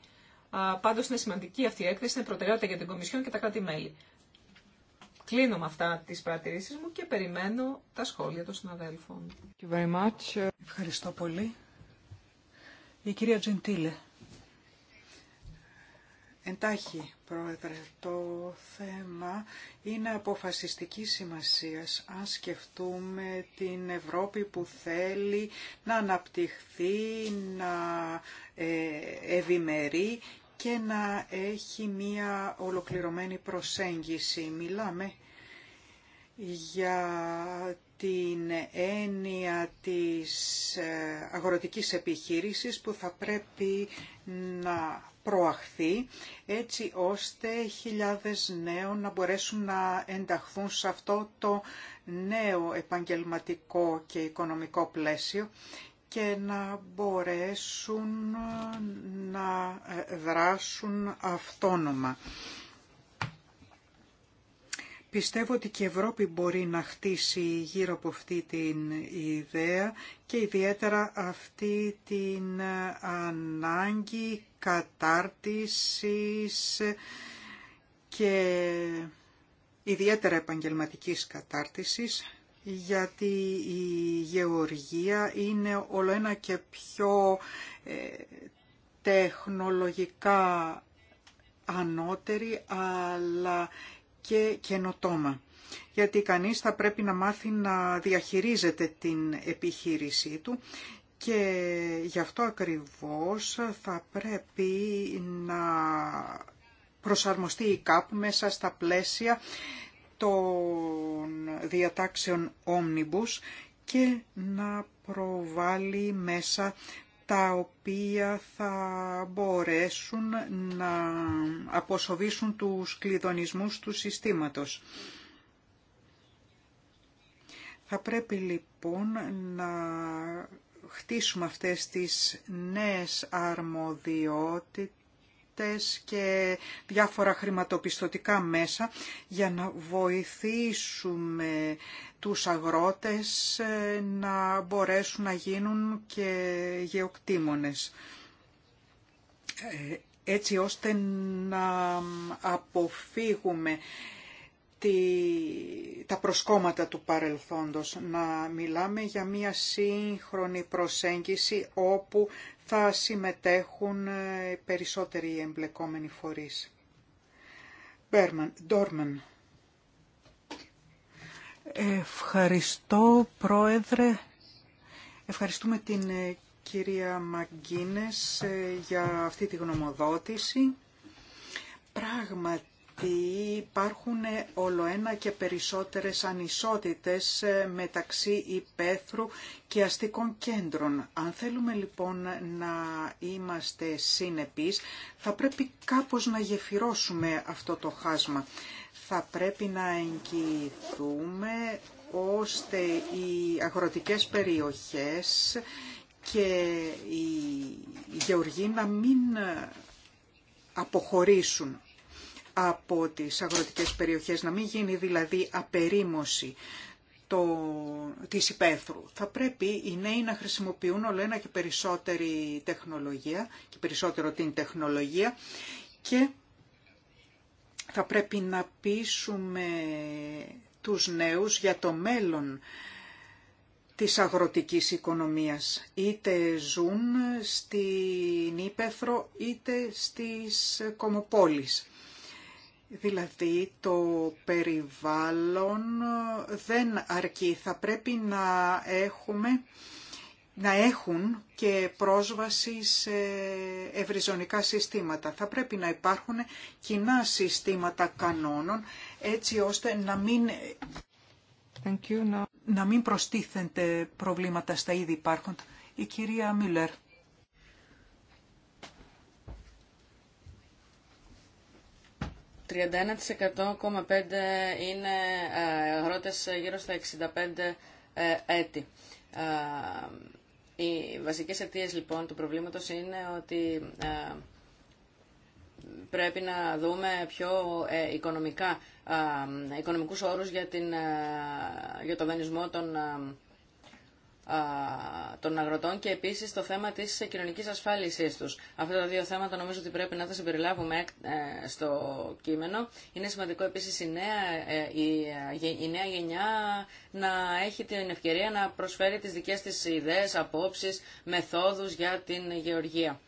Πάντως είναι σημαντική αυτή η έκθεση, είναι προτεραιότητα για την Κομισιόν και τα κράτη-μέλη. Κλείνω με αυτά τις παρατηρήσεις μου και περιμένω τα σχόλια των συναδέλφων. very much. Ευχαριστώ πολύ. Η κυρία Τζεντήλε. Εντάχει, Πρόεδρε, το θέμα είναι αποφασιστική σημασίας αν σκεφτούμε την Ευρώπη που θέλει να αναπτυχθεί, να ε, ευημερεί και να έχει μία ολοκληρωμένη προσέγγιση. Μιλάμε για την έννοια της ε, αγροτικής επιχείρησης που θα πρέπει να προαχθεί έτσι ώστε χιλιάδες νέων να μπορέσουν να ενταχθούν σε αυτό το νέο επαγγελματικό και οικονομικό πλαίσιο και να μπορέσουν να ε, δράσουν αυτόνομα Πιστεύω ότι και η Ευρώπη μπορεί να χτίσει γύρω από αυτή την ιδέα και ιδιαίτερα αυτή την ανάγκη κατάρτισης και ιδιαίτερα επαγγελματικής κατάρτισης γιατί η γεωργία είναι όλο ένα και πιο ε, τεχνολογικά ανώτερη αλλά και καινοτόμα. Γιατί κανείς θα πρέπει να μάθει να διαχειρίζεται την επιχείρησή του και γι' αυτό ακριβώς θα πρέπει να προσαρμοστεί κάπου μέσα στα πλαίσια των διατάξεων Omnibus και να προβάλλει μέσα τα οποία θα μπορέσουν να αποσοβήσουν τους κλειδονισμούς του συστήματος. Θα πρέπει λοιπόν να χτίσουμε αυτές τις νέες αρμοδιότητες και διάφορα χρηματοπιστωτικά μέσα για να βοηθήσουμε τους αγρότες ε, να μπορέσουν να γίνουν και γεωκτήμονες ε, έτσι ώστε να αποφύγουμε τη, τα προσκόμματα του παρελθόντος, να μιλάμε για μια σύγχρονη προσέγγιση όπου θα συμμετέχουν ε, περισσότεροι εμπλεκόμενοι φορείς. Ευχαριστώ, Πρόεδρε. Ευχαριστούμε την ε, κυρία Μαγκίνες ε, για αυτή τη γνωμοδότηση. Πράγματι υπάρχουν ε, ένα και περισσότερες ανισότητες μεταξύ υπαίθρου και αστικών κέντρων. Αν θέλουμε λοιπόν να είμαστε συνεπείς, θα πρέπει κάπως να γεφυρώσουμε αυτό το χάσμα θα πρέπει να εγγυηθούμε ώστε οι αγροτικές περιοχές και οι γεωργοί να μην αποχωρήσουν από τις αγροτικές περιοχές, να μην γίνει δηλαδή απερίμωση το, της υπαίθρου. Θα πρέπει οι νέοι να χρησιμοποιούν όλο ένα και περισσότερη τεχνολογία και περισσότερο την τεχνολογία και θα πρέπει να πείσουμε τους νέους για το μέλλον της αγροτικής οικονομίας. Είτε ζουν στην Ήπεθρο είτε στις κομοπόλεις. Δηλαδή το περιβάλλον δεν αρκεί. Θα πρέπει να έχουμε να έχουν και πρόσβαση σε ευρυζωνικά συστήματα. Θα πρέπει να υπάρχουν κοινά συστήματα κανόνων έτσι ώστε να μην, Thank να μην προστίθενται προβλήματα στα ήδη υπάρχοντα. Η κυρία ακόμα ...31,5% είναι ε, αγρότες γύρω στα 65 ε, έτη. Οι βασικές αιτίες λοιπόν του προβλήματος είναι ότι ε, πρέπει να δούμε πιο ε, οικονομικά, ε, οικονομικούς όρους για, την, για το δανεισμό των των αγροτών και επίσης το θέμα της κοινωνική ασφάλισης τους. Αυτά τα δύο θέματα νομίζω ότι πρέπει να τα συμπεριλάβουμε ε, στο κείμενο. Είναι σημαντικό επίσης η νέα, ε, η, ε, η νέα γενιά να έχει την ευκαιρία να προσφέρει τις δικές της ιδέες, απόψεις, μεθόδους για την γεωργία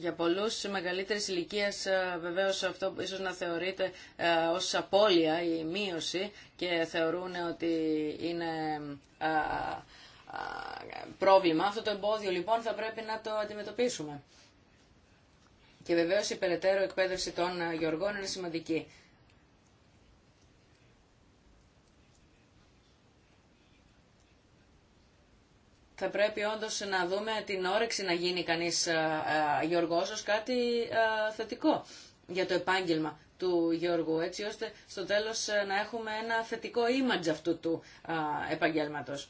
για πολλούς μεγαλύτερης ηλικία ε, βεβαίως αυτό ίσως να θεωρείται ε, ως απώλεια η μείωση και θεωρούν ότι είναι ε, πρόβλημα. Αυτό το εμπόδιο λοιπόν θα πρέπει να το αντιμετωπίσουμε. Και βεβαίως η περαιτέρω εκπαίδευση των γεωργών είναι σημαντική. θα πρέπει όντως να δούμε την όρεξη να γίνει κανείς ε, ε, γεωργός κάτι ε, θετικό για το επάγγελμα του Γιώργου, έτσι ώστε στο τέλος να έχουμε ένα θετικό image αυτού του επαγγέλματος.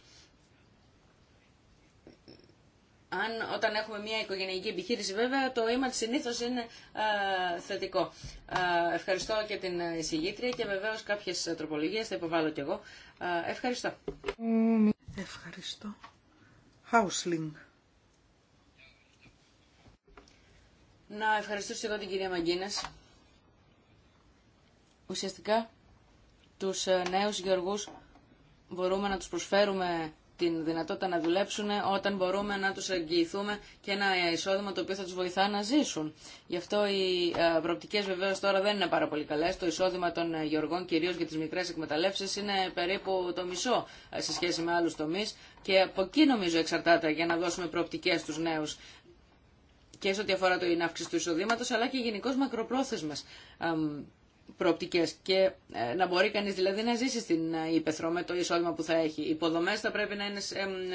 Αν όταν έχουμε μια οικογενειακή επιχείρηση βέβαια το image συνήθως είναι θετικό. ευχαριστώ και την εισηγήτρια και βεβαίως κάποιες τροπολογίες θα υποβάλω κι εγώ. ευχαριστώ. Ευχαριστώ. Να ευχαριστήσω εγώ την κυρία Μαγκίνες. Ουσιαστικά τους ε, νέους γεωργούς μπορούμε να τους προσφέρουμε την δυνατότητα να δουλέψουν όταν μπορούμε να τους εγγυηθούμε και ένα εισόδημα το οποίο θα τους βοηθά να ζήσουν. Γι' αυτό οι ε, προοπτικές βεβαίως τώρα δεν είναι πάρα πολύ καλές. Το εισόδημα των ε, γεωργών κυρίως για τις μικρές εκμεταλλεύσεις είναι περίπου το μισό ε, σε σχέση με άλλους τομείς και από εκεί νομίζω εξαρτάται για να δώσουμε προοπτικές στους νέους και σε ό,τι αφορά το αύξηση του εισοδήματο, αλλά και γενικώ μακροπρόθεσμε προοπτικές και ε, να μπορεί κανείς δηλαδή να ζήσει στην ε, Ήπεθρο με το εισόδημα που θα έχει. Οι υποδομές θα πρέπει να είναι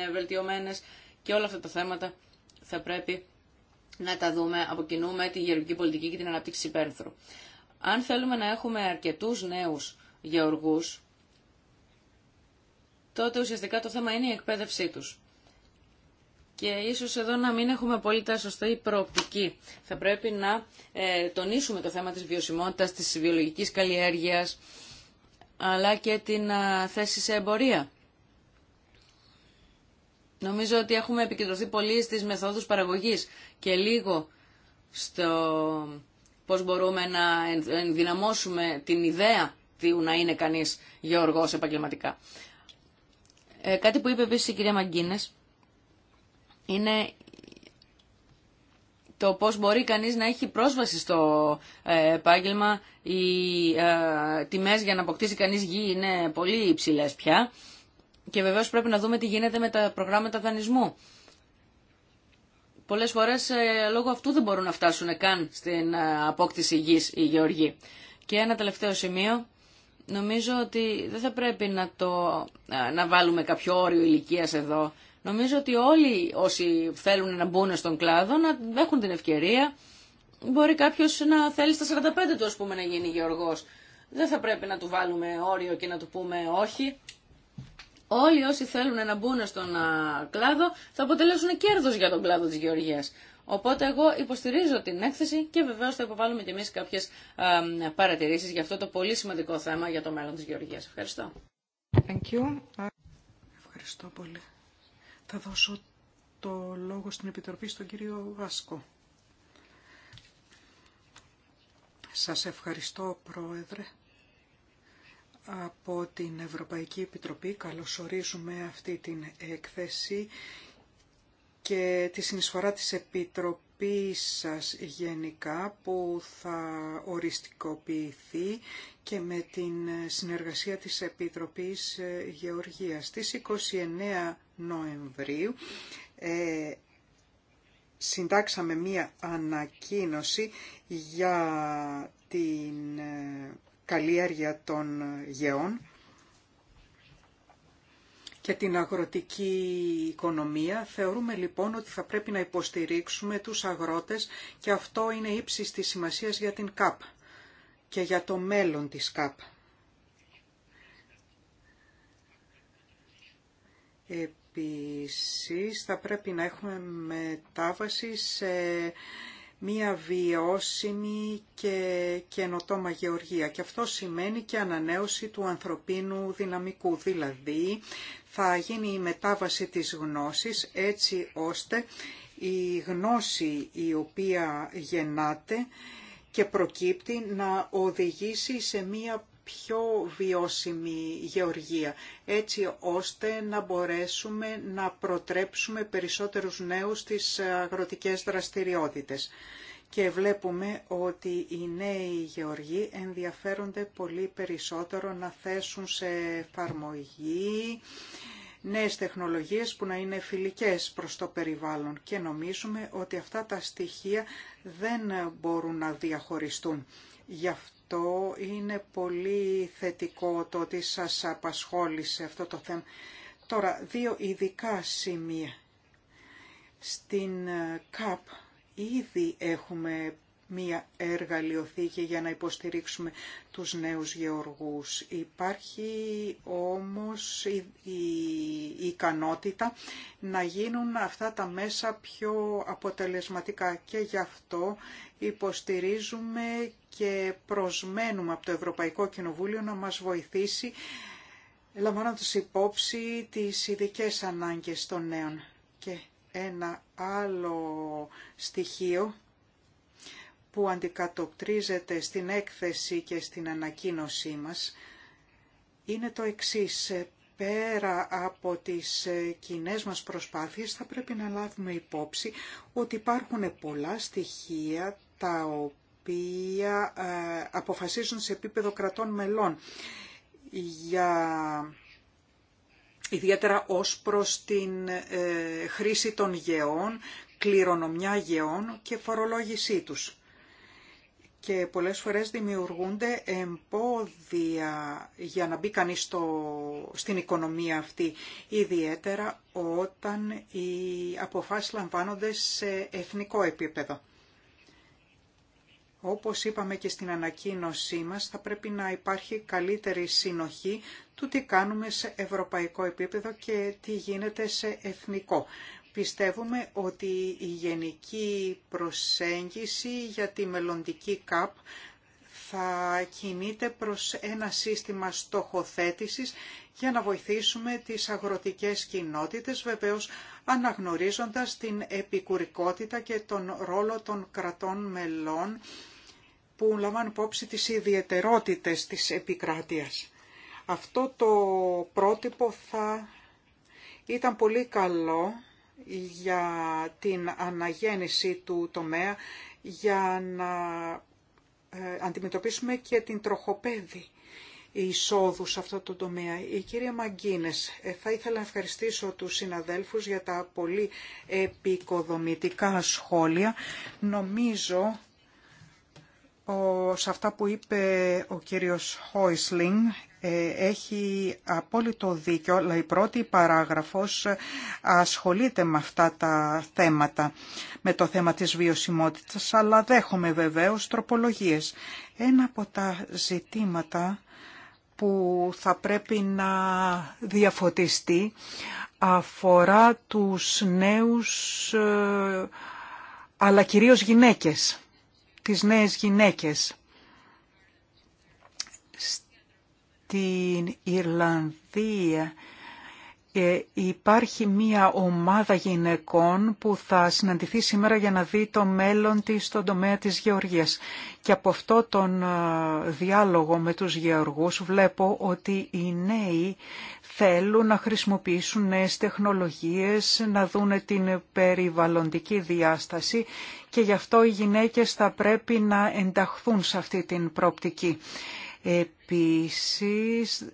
ε, βελτιωμένες και όλα αυτά τα θέματα θα πρέπει να τα δούμε από κοινού με τη γεωργική πολιτική και την ανάπτυξη υπέρθρου. Αν θέλουμε να έχουμε αρκετούς νέους γεωργούς, τότε ουσιαστικά το θέμα είναι η εκπαίδευσή τους και ίσως εδώ να μην έχουμε απόλυτα σωστή προοπτική. Θα πρέπει να ε, τονίσουμε το θέμα της βιωσιμότητας, της βιολογικής καλλιέργειας, αλλά και την θέση σε εμπορία. Νομίζω ότι έχουμε επικεντρωθεί πολύ στις μεθόδους παραγωγής και λίγο στο πώς μπορούμε να ενδυναμώσουμε την ιδέα του να είναι κανείς γεωργός επαγγελματικά. Ε, κάτι που είπε επίσης η κυρία Μαγκίνες είναι το πώς μπορεί κανείς να έχει πρόσβαση στο ε, επάγγελμα. Οι ε, τιμές για να αποκτήσει κανείς γη είναι πολύ υψηλές πια. Και βεβαίως πρέπει να δούμε τι γίνεται με τα προγράμματα δανεισμού. Πολλές φορές ε, λόγω αυτού δεν μπορούν να φτάσουν καν στην απόκτηση γης οι γεωργοί. Και ένα τελευταίο σημείο. Νομίζω ότι δεν θα πρέπει να, το, να βάλουμε κάποιο όριο ηλικίας εδώ. Νομίζω ότι όλοι όσοι θέλουν να μπουν στον κλάδο να έχουν την ευκαιρία. Μπορεί κάποιο να θέλει στα 45 του, α πούμε, να γίνει γεωργό. Δεν θα πρέπει να του βάλουμε όριο και να του πούμε όχι. Όλοι όσοι θέλουν να μπουν στον κλάδο θα αποτελέσουν κέρδο για τον κλάδο τη γεωργία. Οπότε εγώ υποστηρίζω την έκθεση και βεβαίω θα υποβάλουμε και εμεί κάποιε παρατηρήσει για αυτό το πολύ σημαντικό θέμα για το μέλλον τη γεωργία. Ευχαριστώ. Thank you. Ευχαριστώ πολύ. Θα δώσω το λόγο στην Επιτροπή στον κύριο Βάσκο. Σας ευχαριστώ, Πρόεδρε. Από την Ευρωπαϊκή Επιτροπή καλωσορίζουμε αυτή την έκθεση και τη συνεισφορά της Επιτροπής σας γενικά που θα οριστικοποιηθεί και με την συνεργασία της Επιτροπής ε, Γεωργίας. Στις 29 Νοεμβρίου ε, συντάξαμε μία ανακοίνωση για την ε, καλλιέργεια των γεών και την αγροτική οικονομία. Θεωρούμε λοιπόν ότι θα πρέπει να υποστηρίξουμε τους αγρότες και αυτό είναι ύψης της σημασίας για την ΚΑΠ και για το μέλλον της ΚΑΠ. Επίσης θα πρέπει να έχουμε μετάβαση σε μία βιώσιμη και καινοτόμα γεωργία. Και αυτό σημαίνει και ανανέωση του ανθρωπίνου δυναμικού, δηλαδή θα γίνει η μετάβαση της γνώσης έτσι ώστε η γνώση η οποία γεννάται και προκύπτει να οδηγήσει σε μία πιο βιώσιμη γεωργία, έτσι ώστε να μπορέσουμε να προτρέψουμε περισσότερους νέους στις αγροτικές δραστηριότητες. Και βλέπουμε ότι οι νέοι γεωργοί ενδιαφέρονται πολύ περισσότερο να θέσουν σε εφαρμογή νέες τεχνολογίες που να είναι φιλικές προς το περιβάλλον και νομίζουμε ότι αυτά τα στοιχεία δεν μπορούν να διαχωριστούν. Γι' αυτό αυτό. Είναι πολύ θετικό το ότι σας απασχόλησε αυτό το θέμα. Τώρα, δύο ειδικά σημεία. Στην ΚΑΠ ήδη έχουμε μία εργαλειοθήκη για να υποστηρίξουμε τους νέους γεωργούς. Υπάρχει όμως η, ικανότητα να γίνουν αυτά τα μέσα πιο αποτελεσματικά και γι' αυτό υποστηρίζουμε και προσμένουμε από το Ευρωπαϊκό Κοινοβούλιο να μας βοηθήσει λαμβάνοντας υπόψη τις ειδικέ ανάγκες των νέων. Και ένα άλλο στοιχείο που αντικατοπτρίζεται στην έκθεση και στην ανακοίνωσή μας είναι το εξής. Πέρα από τις ε, κοινέ μας προσπάθειες θα πρέπει να λάβουμε υπόψη ότι υπάρχουν πολλά στοιχεία τα οποία ε, αποφασίζουν σε επίπεδο κρατών μελών για ιδιαίτερα ως προς την ε, χρήση των γεών, κληρονομιά γεών και φορολόγησή τους και πολλές φορές δημιουργούνται εμπόδια για να μπει κανείς στο, στην οικονομία αυτή, ιδιαίτερα όταν οι αποφάσεις λαμβάνονται σε εθνικό επίπεδο. Όπως είπαμε και στην ανακοίνωσή μας, θα πρέπει να υπάρχει καλύτερη συνοχή του τι κάνουμε σε ευρωπαϊκό επίπεδο και τι γίνεται σε εθνικό. Πιστεύουμε ότι η γενική προσέγγιση για τη μελλοντική ΚΑΠ θα κινείται προς ένα σύστημα στοχοθέτησης για να βοηθήσουμε τις αγροτικές κοινότητες, βεβαίως αναγνωρίζοντας την επικουρικότητα και τον ρόλο των κρατών μελών που λαμβάνουν υπόψη τις ιδιαιτερότητες της επικράτειας. Αυτό το πρότυπο θα ήταν πολύ καλό για την αναγέννηση του τομέα για να ε, αντιμετωπίσουμε και την τροχοπέδη εισόδου σε αυτό το τομέα. Η κυρία Μαγκίνες, ε, θα ήθελα να ευχαριστήσω τους συναδέλφους για τα πολύ επικοδομητικά σχόλια. Νομίζω σε αυτά που είπε ο κύριος Χόισλινγκ ε, έχει απόλυτο δίκιο, αλλά η πρώτη παράγραφος ασχολείται με αυτά τα θέματα, με το θέμα της βιωσιμότητας, αλλά δέχομαι βεβαίως τροπολογίες. Ένα από τα ζητήματα που θα πρέπει να διαφωτιστεί αφορά τους νέους, ε, αλλά κυρίως γυναίκες, τις νέες γυναίκες στην Ιρλανδία ε, υπάρχει μία ομάδα γυναικών που θα συναντηθεί σήμερα για να δει το μέλλον της στον τομέα της γεωργίας. Και από αυτό τον ε, διάλογο με τους γεωργούς βλέπω ότι οι νέοι θέλουν να χρησιμοποιήσουν νέες τεχνολογίες, να δουν την περιβαλλοντική διάσταση και γι' αυτό οι γυναίκες θα πρέπει να ενταχθούν σε αυτή την πρόπτικη. Επίσης,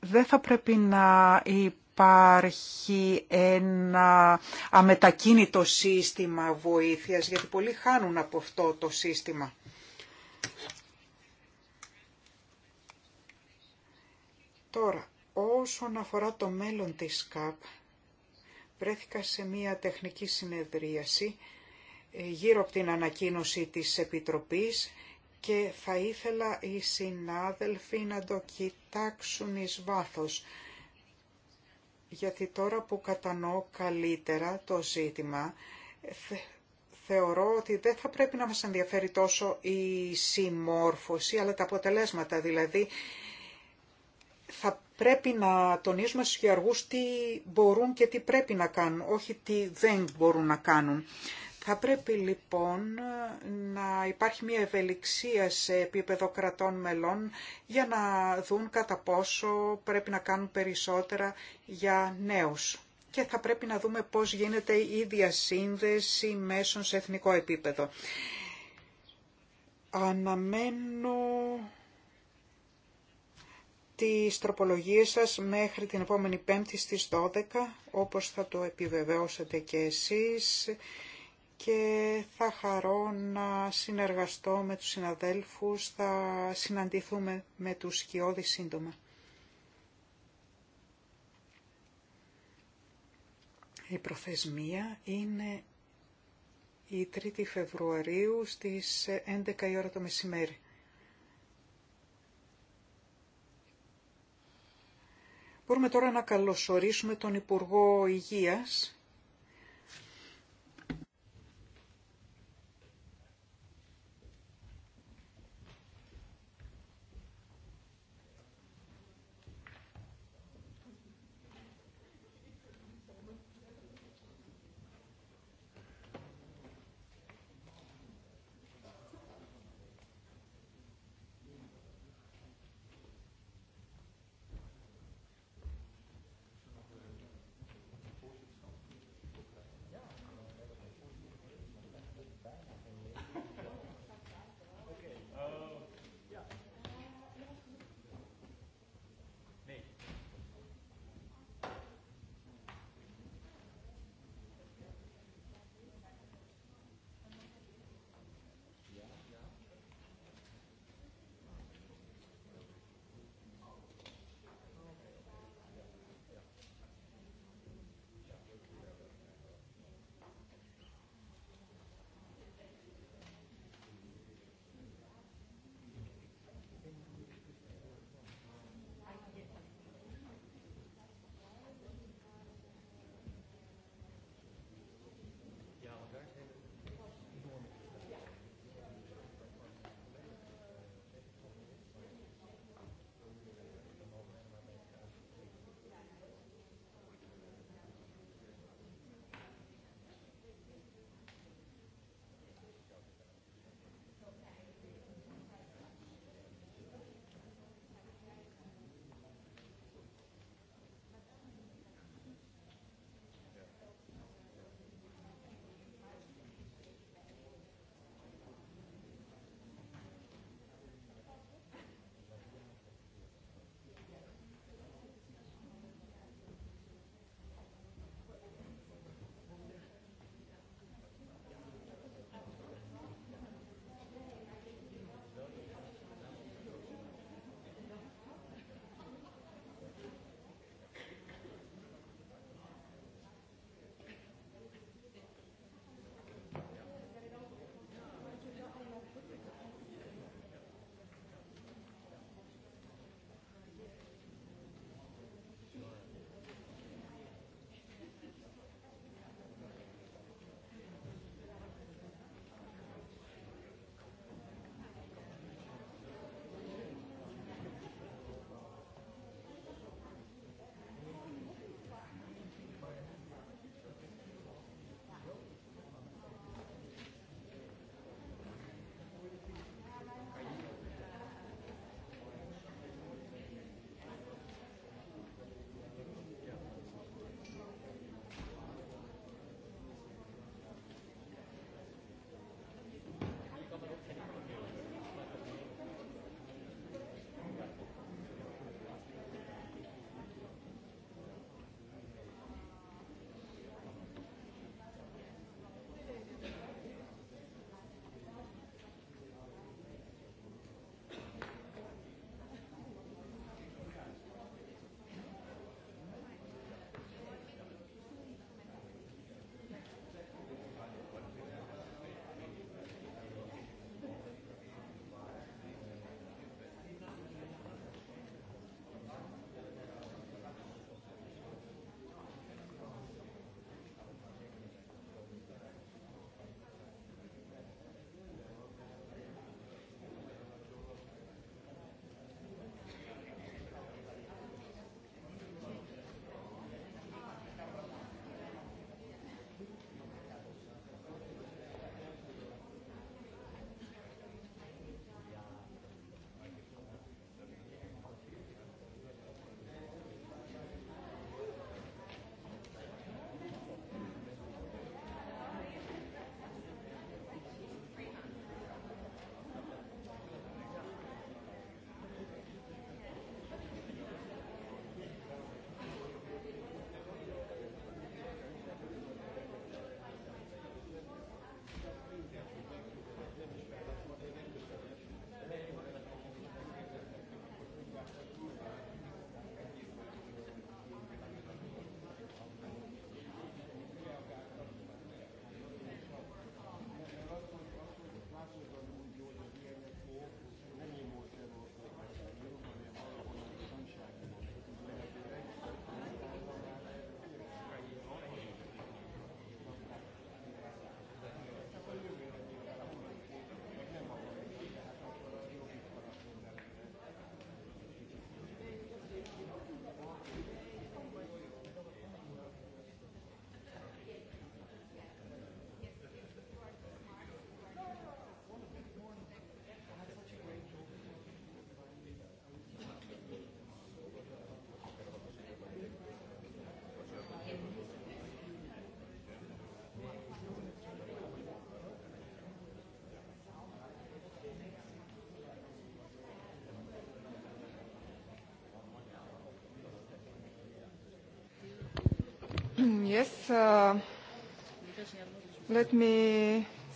δεν θα πρέπει να υπάρχει ένα αμετακίνητο σύστημα βοήθειας, γιατί πολλοί χάνουν από αυτό το σύστημα. Τώρα, όσον αφορά το μέλλον της ΚΑΠ, βρέθηκα σε μία τεχνική συνεδρίαση ε, γύρω από την ανακοίνωση της Επιτροπής και θα ήθελα οι συνάδελφοι να το κοιτάξουν εις βάθος, γιατί τώρα που κατανοώ καλύτερα το ζήτημα, θεωρώ ότι δεν θα πρέπει να μας ενδιαφέρει τόσο η συμμόρφωση, αλλά τα αποτελέσματα, δηλαδή θα πρέπει να τονίζουμε στους γεωργούς τι μπορούν και τι πρέπει να κάνουν, όχι τι δεν μπορούν να κάνουν. Θα πρέπει λοιπόν να υπάρχει μια ευελιξία σε επίπεδο κρατών μελών για να δουν κατά πόσο πρέπει να κάνουν περισσότερα για νέους. Και θα πρέπει να δούμε πώς γίνεται η διασύνδεση μέσων σε εθνικό επίπεδο. Αναμένω τι τροπολογίε σας μέχρι την επόμενη Πέμπτη στις 12, όπως θα το επιβεβαιώσετε και εσείς και θα χαρώ να συνεργαστώ με τους συναδέλφους, θα συναντηθούμε με τους σκιώδη σύντομα. Η προθεσμία είναι η 3η Φεβρουαρίου στις 11 η ώρα το μεσημέρι. Μπορούμε τώρα να καλωσορίσουμε τον Υπουργό Υγείας, Mm, yes. Uh, let me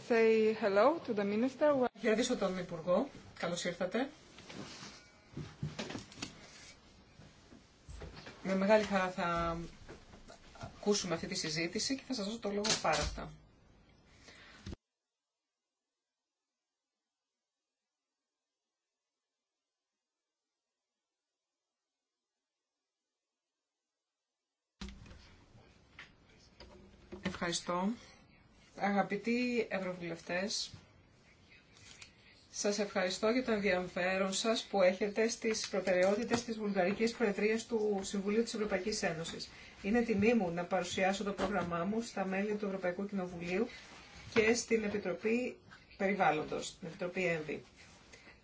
say hello to the minister. τον Υπουργό. Καλώς ήρθατε. Με μεγάλη χαρά θα ακούσουμε αυτή τη συζήτηση και θα σας δώσω το λόγο πάρα αυτά. Ευχαριστώ. Αγαπητοί Ευρωβουλευτές, σας ευχαριστώ για το ενδιαφέρον σας που έχετε στις προτεραιότητες της Βουλγαρικής Προεδρίας του Συμβουλίου της Ευρωπαϊκής Ένωσης. Είναι τιμή μου να παρουσιάσω το πρόγραμμά μου στα μέλη του Ευρωπαϊκού Κοινοβουλίου και στην Επιτροπή Περιβάλλοντος, την Επιτροπή ΕΜΒΗ.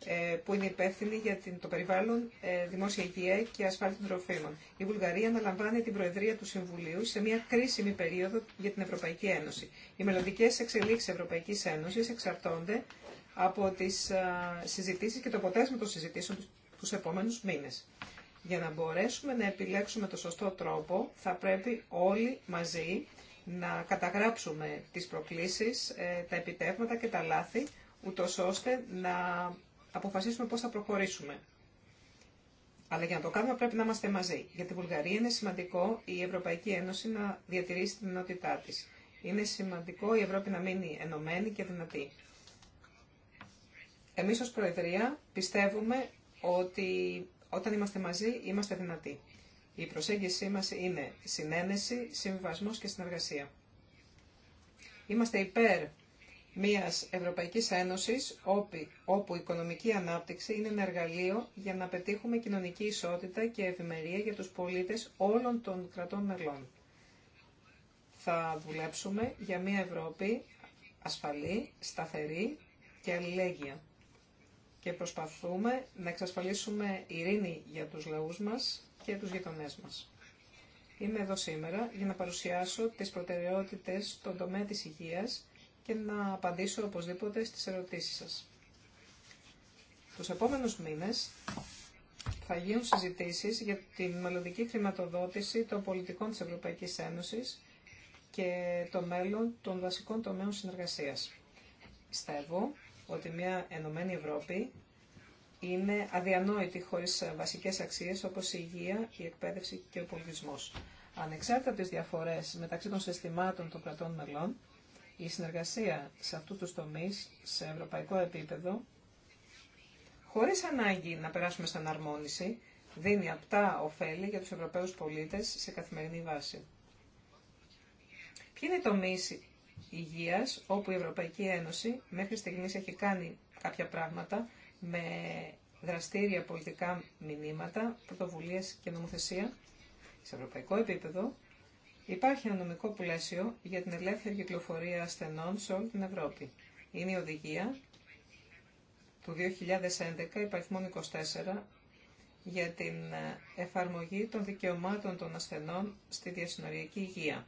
Ε, που είναι υπεύθυνη για το περιβάλλον, ε, δημόσια υγεία και ασφάλεια των τροφίμων. Η Βουλγαρία αναλαμβάνει την Προεδρία του Συμβουλίου σε μια κρίσιμη περίοδο για την Ευρωπαϊκή Ένωση. Οι μελλοντικέ εξελίξει Ευρωπαϊκή Ένωση εξαρτώνται από τι ε, συζητήσει και το αποτέλεσμα των συζητήσεων του επόμενου μήνε. Για να μπορέσουμε να επιλέξουμε το σωστό τρόπο, θα πρέπει όλοι μαζί να καταγράψουμε τις προκλήσεις, τα επιτεύγματα και τα λάθη, ούτως ώστε να αποφασίσουμε πώς θα προχωρήσουμε. Αλλά για να το κάνουμε πρέπει να είμαστε μαζί. Για τη Βουλγαρία είναι σημαντικό η Ευρωπαϊκή Ένωση να διατηρήσει την ενότητά τη. Είναι σημαντικό η Ευρώπη να μείνει ενωμένη και δυνατή. Εμείς ως Προεδρία πιστεύουμε ότι όταν είμαστε μαζί είμαστε δυνατοί. Η προσέγγιση μας είναι συνένεση, συμβιβασμός και συνεργασία. Είμαστε υπέρ μιας Ευρωπαϊκής Ένωσης όπου η οικονομική ανάπτυξη είναι ένα εργαλείο για να πετύχουμε κοινωνική ισότητα και ευημερία για τους πολίτες όλων των κρατών μελών. Θα δουλέψουμε για μια Ευρώπη ασφαλή, σταθερή και αλληλέγγυα και προσπαθούμε να εξασφαλίσουμε ειρήνη για τους λαούς μας και τους γειτονές μας. Είμαι εδώ σήμερα για να παρουσιάσω τις προτεραιότητες στον τομέα της υγείας και να απαντήσω οπωσδήποτε στις ερωτήσεις σας. Τους επόμενους μήνες θα γίνουν συζητήσεις για τη μελλοντική χρηματοδότηση των πολιτικών της Ευρωπαϊκής Ένωσης και το μέλλον των βασικών τομέων συνεργασίας. Πιστεύω ότι μια ενωμένη Ευρώπη είναι αδιανόητη χωρίς βασικές αξίες όπως η υγεία, η εκπαίδευση και ο πολιτισμός. Ανεξάρτητα από τις διαφορές μεταξύ των συστημάτων των κρατών μελών, η συνεργασία σε αυτού του τομεί σε ευρωπαϊκό επίπεδο, χωρίς ανάγκη να περάσουμε στην αρμόνιση, δίνει απτά ωφέλη για τους Ευρωπαίους πολίτες σε καθημερινή βάση. Ποιοι είναι οι τομείς υγεία όπου η Ευρωπαϊκή Ένωση μέχρι στιγμής έχει κάνει κάποια πράγματα με δραστήρια πολιτικά μηνύματα, πρωτοβουλίε και νομοθεσία σε ευρωπαϊκό επίπεδο Υπάρχει ένα νομικό πλαίσιο για την ελεύθερη κυκλοφορία ασθενών σε όλη την Ευρώπη. Είναι η οδηγία του 2011, υπαριθμών 24, για την ε, εφαρμογή των δικαιωμάτων των ασθενών στη διασυνοριακή υγεία.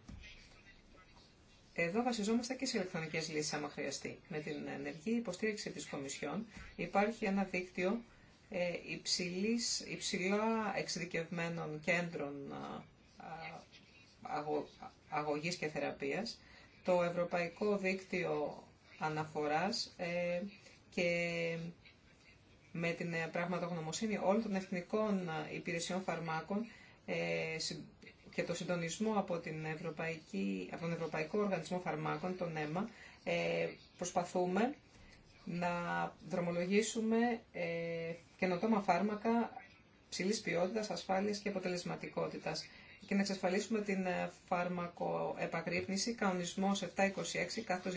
Εδώ βασιζόμαστε και σε ηλεκτρονικές λύσεις άμα χρειαστεί. Με την ενεργή υποστήριξη της Κομισιόν υπάρχει ένα δίκτυο ε, υψηλής, υψηλά εξειδικευμένων κέντρων ε, αγωγής και θεραπείας, το Ευρωπαϊκό Δίκτυο Αναφοράς ε, και με την ε, πραγματογνωμοσύνη όλων των εθνικών ε, υπηρεσιών φαρμάκων και το συντονισμό από, την Ευρωπαϊκή, από τον Ευρωπαϊκό Οργανισμό Φαρμάκων, τον ΕΜΑ, ε, προσπαθούμε να δρομολογήσουμε ε, καινοτόμα φάρμακα ψηλής ποιότητας, ασφάλειας και αποτελεσματικότητας και να εξασφαλίσουμε την ε, φαρμακοεπαγρύπνηση, κανονισμό 726 κάθος 2004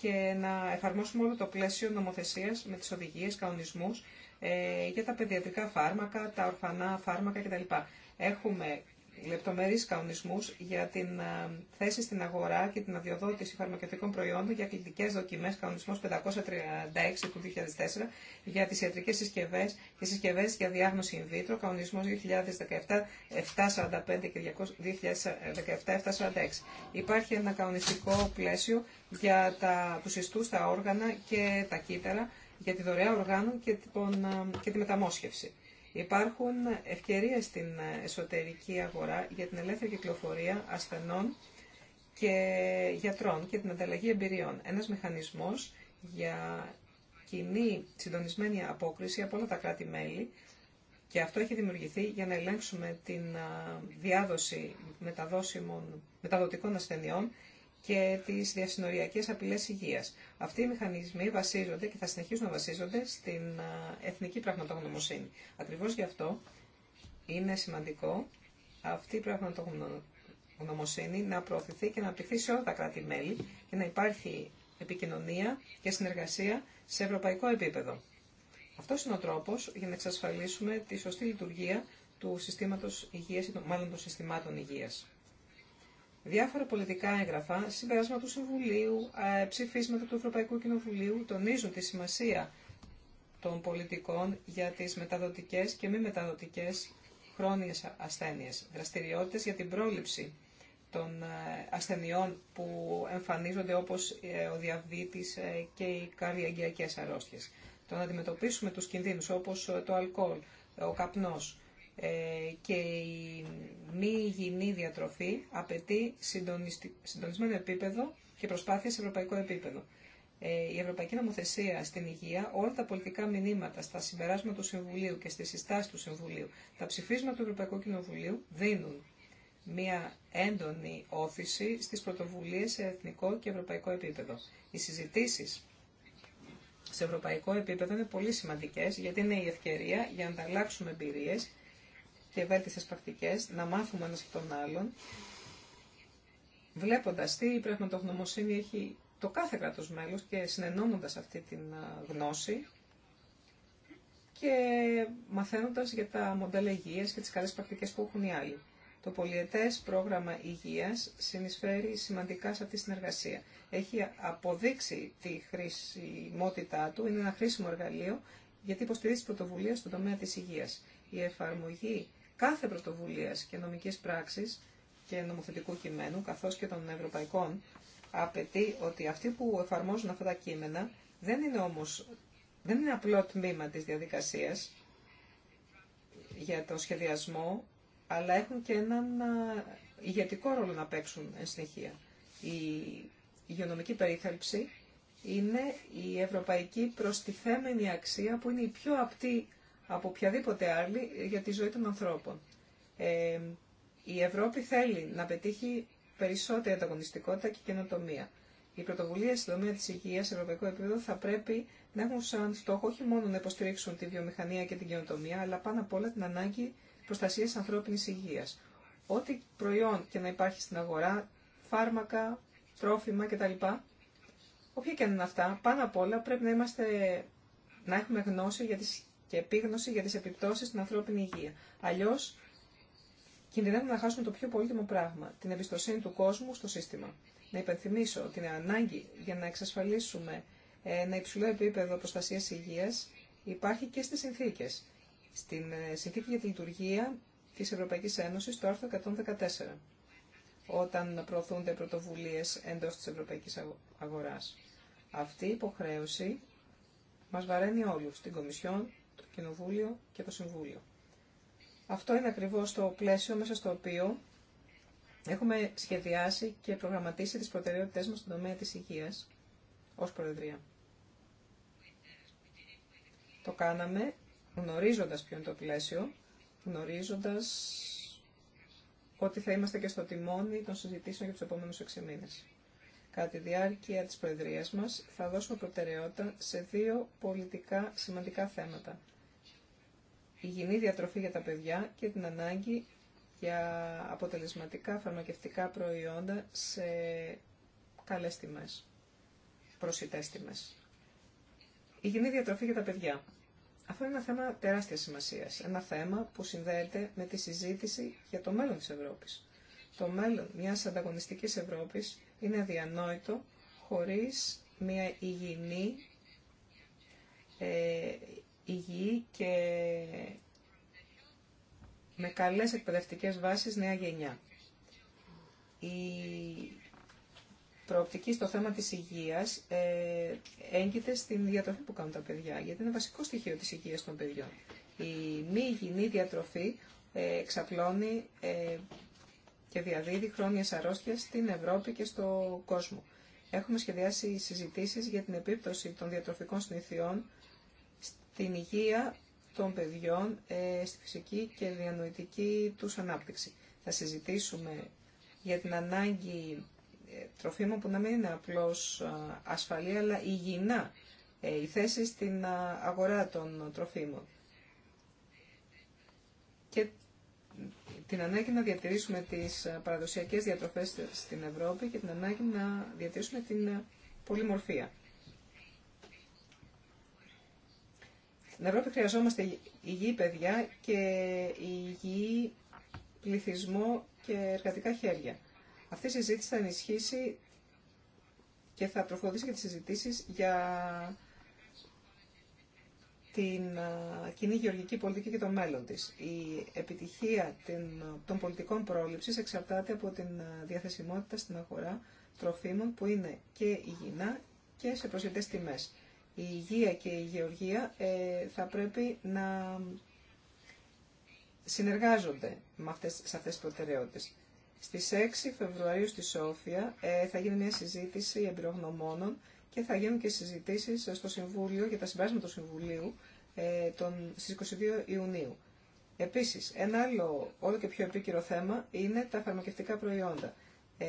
και να εφαρμόσουμε όλο το πλαίσιο νομοθεσίας με τις οδηγίες, κανονισμού ε, για τα παιδιατρικά φάρμακα, τα ορφανά φάρμακα κτλ. Έχουμε λεπτομερείς κανονισμούς για την ε, θέση στην αγορά και την αδειοδότηση φαρμακευτικών προϊόντων για κλινικές δοκιμές, κανονισμός 536 του 2004 για τις ιατρικές συσκευές και συσκευές για διάγνωση in vitro, κανονισμός 2017-745 και 2017-746. Υπάρχει ένα κανονιστικό πλαίσιο για τα, τους ιστούς, τα όργανα και τα κύτταρα, για τη δωρεά οργάνων και, ε, και τη μεταμόσχευση. Υπάρχουν ευκαιρίες στην εσωτερική αγορά για την ελεύθερη κυκλοφορία ασθενών και γιατρών και την ανταλλαγή εμπειριών. Ένας μηχανισμός για κοινή συντονισμένη απόκριση από όλα τα κράτη-μέλη και αυτό έχει δημιουργηθεί για να ελέγξουμε την διάδοση μεταδοτικών ασθενειών και τι διασυνοριακέ απειλέ υγείας. Αυτοί οι μηχανισμοί βασίζονται και θα συνεχίσουν να βασίζονται στην εθνική πραγματογνωμοσύνη. Ακριβώς γι' αυτό είναι σημαντικό αυτή η πραγματογνωμοσύνη να προωθηθεί και να απτυχθεί σε όλα τα κράτη-μέλη και να υπάρχει επικοινωνία και συνεργασία σε ευρωπαϊκό επίπεδο. Αυτό είναι ο τρόπο για να εξασφαλίσουμε τη σωστή λειτουργία του συστήματος υγείας, μάλλον των συστημάτων υγείας. Διάφορα πολιτικά έγγραφα, συμπεράσματα του Συμβουλίου, ε, ψηφίσματα του Ευρωπαϊκού Κοινοβουλίου τονίζουν τη σημασία των πολιτικών για τις μεταδοτικές και μη μεταδοτικές χρόνιες ασθένειες, δραστηριότητες για την πρόληψη των ε, ασθενειών που εμφανίζονται όπως ε, ο διαβήτης και οι καρδιαγγειακές αρρώστιες. Το να αντιμετωπίσουμε τους κινδύνους όπως το αλκοόλ, ο καπνός, ε, και η μη υγιεινή διατροφή απαιτεί συντονισμένο επίπεδο και προσπάθεια σε ευρωπαϊκό επίπεδο. Ε, η Ευρωπαϊκή Νομοθεσία στην Υγεία, όλα τα πολιτικά μηνύματα στα συμπεράσματα του Συμβουλίου και στις συστάσεις του Συμβουλίου, τα ψηφίσματα του Ευρωπαϊκού Κοινοβουλίου δίνουν μια έντονη όθηση στις πρωτοβουλίες σε εθνικό και ευρωπαϊκό επίπεδο. Οι συζητήσεις σε ευρωπαϊκό επίπεδο είναι πολύ σημαντικές γιατί είναι η ευκαιρία για να ανταλλάξουμε εμπειρίε και βέλτιστες πρακτικές, να μάθουμε ένα από τον άλλον, βλέποντας τι πραγματογνωμοσύνη έχει το κάθε κράτος μέλος και συνενώνοντα αυτή την γνώση και μαθαίνοντας για τα μοντέλα υγείας και τις καλέ πρακτικές που έχουν οι άλλοι. Το πολιετές πρόγραμμα υγείας συνεισφέρει σημαντικά σε αυτή τη συνεργασία. Έχει αποδείξει τη χρησιμότητά του, είναι ένα χρήσιμο εργαλείο γιατί υποστηρίζει πρωτοβουλία στον τομέα της υγείας. Η εφαρμογή κάθε πρωτοβουλία και νομική πράξη και νομοθετικού κειμένου, καθώ και των ευρωπαϊκών, απαιτεί ότι αυτοί που εφαρμόζουν αυτά τα κείμενα δεν είναι όμως, δεν είναι απλό τμήμα της διαδικασίας για το σχεδιασμό, αλλά έχουν και έναν ηγετικό ρόλο να παίξουν εν συνεχεία. Η υγειονομική περίθαλψη είναι η ευρωπαϊκή προστιθέμενη αξία που είναι η πιο απτή από οποιαδήποτε άλλη για τη ζωή των ανθρώπων. Ε, η Ευρώπη θέλει να πετύχει περισσότερη ανταγωνιστικότητα και καινοτομία. Οι πρωτοβουλίε στην τομέα τη υγεία σε ευρωπαϊκό επίπεδο θα πρέπει να έχουν σαν στόχο όχι μόνο να υποστηρίξουν τη βιομηχανία και την καινοτομία, αλλά πάνω απ' όλα την ανάγκη προστασία ανθρώπινη υγεία. Ό,τι προϊόν και να υπάρχει στην αγορά, φάρμακα, τρόφιμα κτλ. Όποια και αν είναι αυτά, πάνω απ' όλα πρέπει να, είμαστε, να έχουμε γνώση για τι και επίγνωση για τι επιπτώσει στην ανθρώπινη υγεία. Αλλιώ κινδυνεύουμε να χάσουμε το πιο πολύτιμο πράγμα, την εμπιστοσύνη του κόσμου στο σύστημα. Να υπενθυμίσω ότι είναι ανάγκη για να εξασφαλίσουμε ένα υψηλό επίπεδο προστασία υγεία υπάρχει και στι συνθήκε. Στην ε, συνθήκη για τη λειτουργία τη Ευρωπαϊκή Ένωση, το άρθρο 114, όταν προωθούνται πρωτοβουλίες εντός της ευρωπαϊκής αγοράς. Αυτή η υποχρέωση μας βαραίνει όλους, την Κομισιόν, Κοινοβούλιο και το Συμβούλιο. Αυτό είναι ακριβώς το πλαίσιο μέσα στο οποίο έχουμε σχεδιάσει και προγραμματίσει τις προτεραιότητές μας στον τομέα της υγείας ως Προεδρία. Το κάναμε γνωρίζοντας ποιο είναι το πλαίσιο, γνωρίζοντας ότι θα είμαστε και στο τιμόνι των συζητήσεων για τους επόμενους 6 μήνες. Κατά τη διάρκεια της Προεδρίας μας θα δώσουμε προτεραιότητα σε δύο πολιτικά σημαντικά θέματα υγιεινή διατροφή για τα παιδιά και την ανάγκη για αποτελεσματικά φαρμακευτικά προϊόντα σε καλές τιμές, προσιτές τιμές. Υγιεινή διατροφή για τα παιδιά. Αυτό είναι ένα θέμα τεράστιας σημασίας. Ένα θέμα που συνδέεται με τη συζήτηση για το μέλλον της Ευρώπης. Το μέλλον μιας ανταγωνιστικής Ευρώπης είναι αδιανόητο χωρίς μια υγιεινή ε, υγιή και με καλές εκπαιδευτικές βάσεις νέα γενιά. Η προοπτική στο θέμα της υγείας ε, έγκυται στην διατροφή που κάνουν τα παιδιά, γιατί είναι βασικό στοιχείο της υγείας των παιδιών. Η μη υγιεινή διατροφή ε, εξαπλώνει ε, και διαδίδει χρόνιες αρρώστιες στην Ευρώπη και στον κόσμο. Έχουμε σχεδιάσει συζητήσεις για την επίπτωση των διατροφικών συνηθιών την υγεία των παιδιών ε, στη φυσική και διανοητική τους ανάπτυξη. Θα συζητήσουμε για την ανάγκη ε, τροφίμων που να μην είναι απλώς ασφαλή, αλλά υγιεινά ε, η θέση στην αγορά των τροφίμων. Και την ανάγκη να διατηρήσουμε τις παραδοσιακές διατροφές στην Ευρώπη και την ανάγκη να διατηρήσουμε την πολυμορφία. Στην Ευρώπη χρειαζόμαστε υγιή παιδιά και υγιή πληθυσμό και εργατικά χέρια. Αυτή η συζήτηση θα ενισχύσει και θα τροφοδοτήσει και τις συζητήσεις για την κοινή γεωργική πολιτική και το μέλλον της. Η επιτυχία των πολιτικών πρόληψης εξαρτάται από την διαθεσιμότητα στην αγορά τροφίμων που είναι και υγιεινά και σε προσιτές τιμές η υγεία και η γεωργία ε, θα πρέπει να συνεργάζονται με αυτές, σε αυτές τις προτεραιότητες. Στις 6 Φεβρουαρίου στη Σόφια ε, θα γίνει μια συζήτηση εμπειρογνωμόνων και θα γίνουν και συζητήσεις στο Συμβούλιο για τα συμπράσματα του Συμβουλίου ε, τον, στις 22 Ιουνίου. Επίσης, ένα άλλο όλο και πιο επίκαιρο θέμα είναι τα φαρμακευτικά προϊόντα. Ε,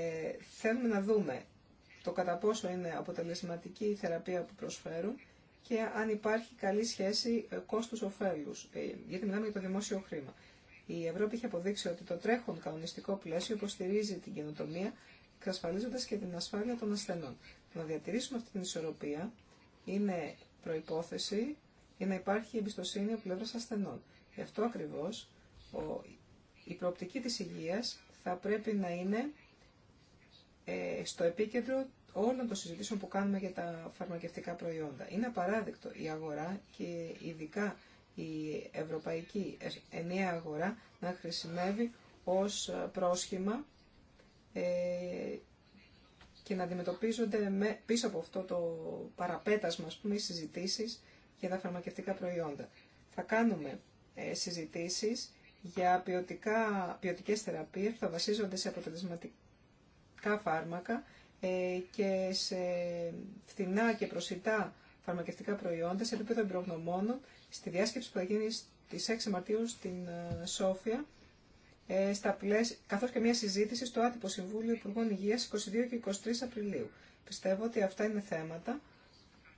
θέλουμε να δούμε το κατά πόσο είναι αποτελεσματική η θεραπεία που προσφέρουν και αν υπάρχει καλή σχέση ε, κόστους-οφέλους, ε, γιατί μιλάμε για το δημόσιο χρήμα. Η Ευρώπη έχει αποδείξει ότι το τρέχον κανονιστικό πλαίσιο υποστηρίζει την καινοτομία, εξασφαλίζοντας και την ασφάλεια των ασθενών. Να διατηρήσουμε αυτή την ισορροπία είναι προϋπόθεση για να υπάρχει εμπιστοσύνη από πλευρά ασθενών. Γι' αυτό ακριβώς η προοπτική της υγείας θα πρέπει να είναι ε, στο επίκεντρο όλων των συζητήσεων που κάνουμε για τα φαρμακευτικά προϊόντα. Είναι απαράδεκτο η αγορά και ειδικά η ευρωπαϊκή ε, ενιαία αγορά να χρησιμεύει ως πρόσχημα ε, και να αντιμετωπίζονται πίσω από αυτό το παραπέτασμα, ας πούμε, οι συζητήσεις για τα φαρμακευτικά προϊόντα. Θα κάνουμε ε, συζητήσεις για ποιοτικά, ποιοτικές θεραπείες που θα βασίζονται σε αποτελεσματικά φάρμακα ε, και σε φθηνά και προσιτά φαρμακευτικά προϊόντα σε επίπεδο εμπειρογνωμόνων στη διάσκεψη που θα γίνει στις 6 Μαρτίου στην ε, Σόφια ε, στα πλαίσια, καθώς και μια συζήτηση στο άτυπο Συμβούλιο Υπουργών Υγείας 22 και 23 Απριλίου. Πιστεύω ότι αυτά είναι θέματα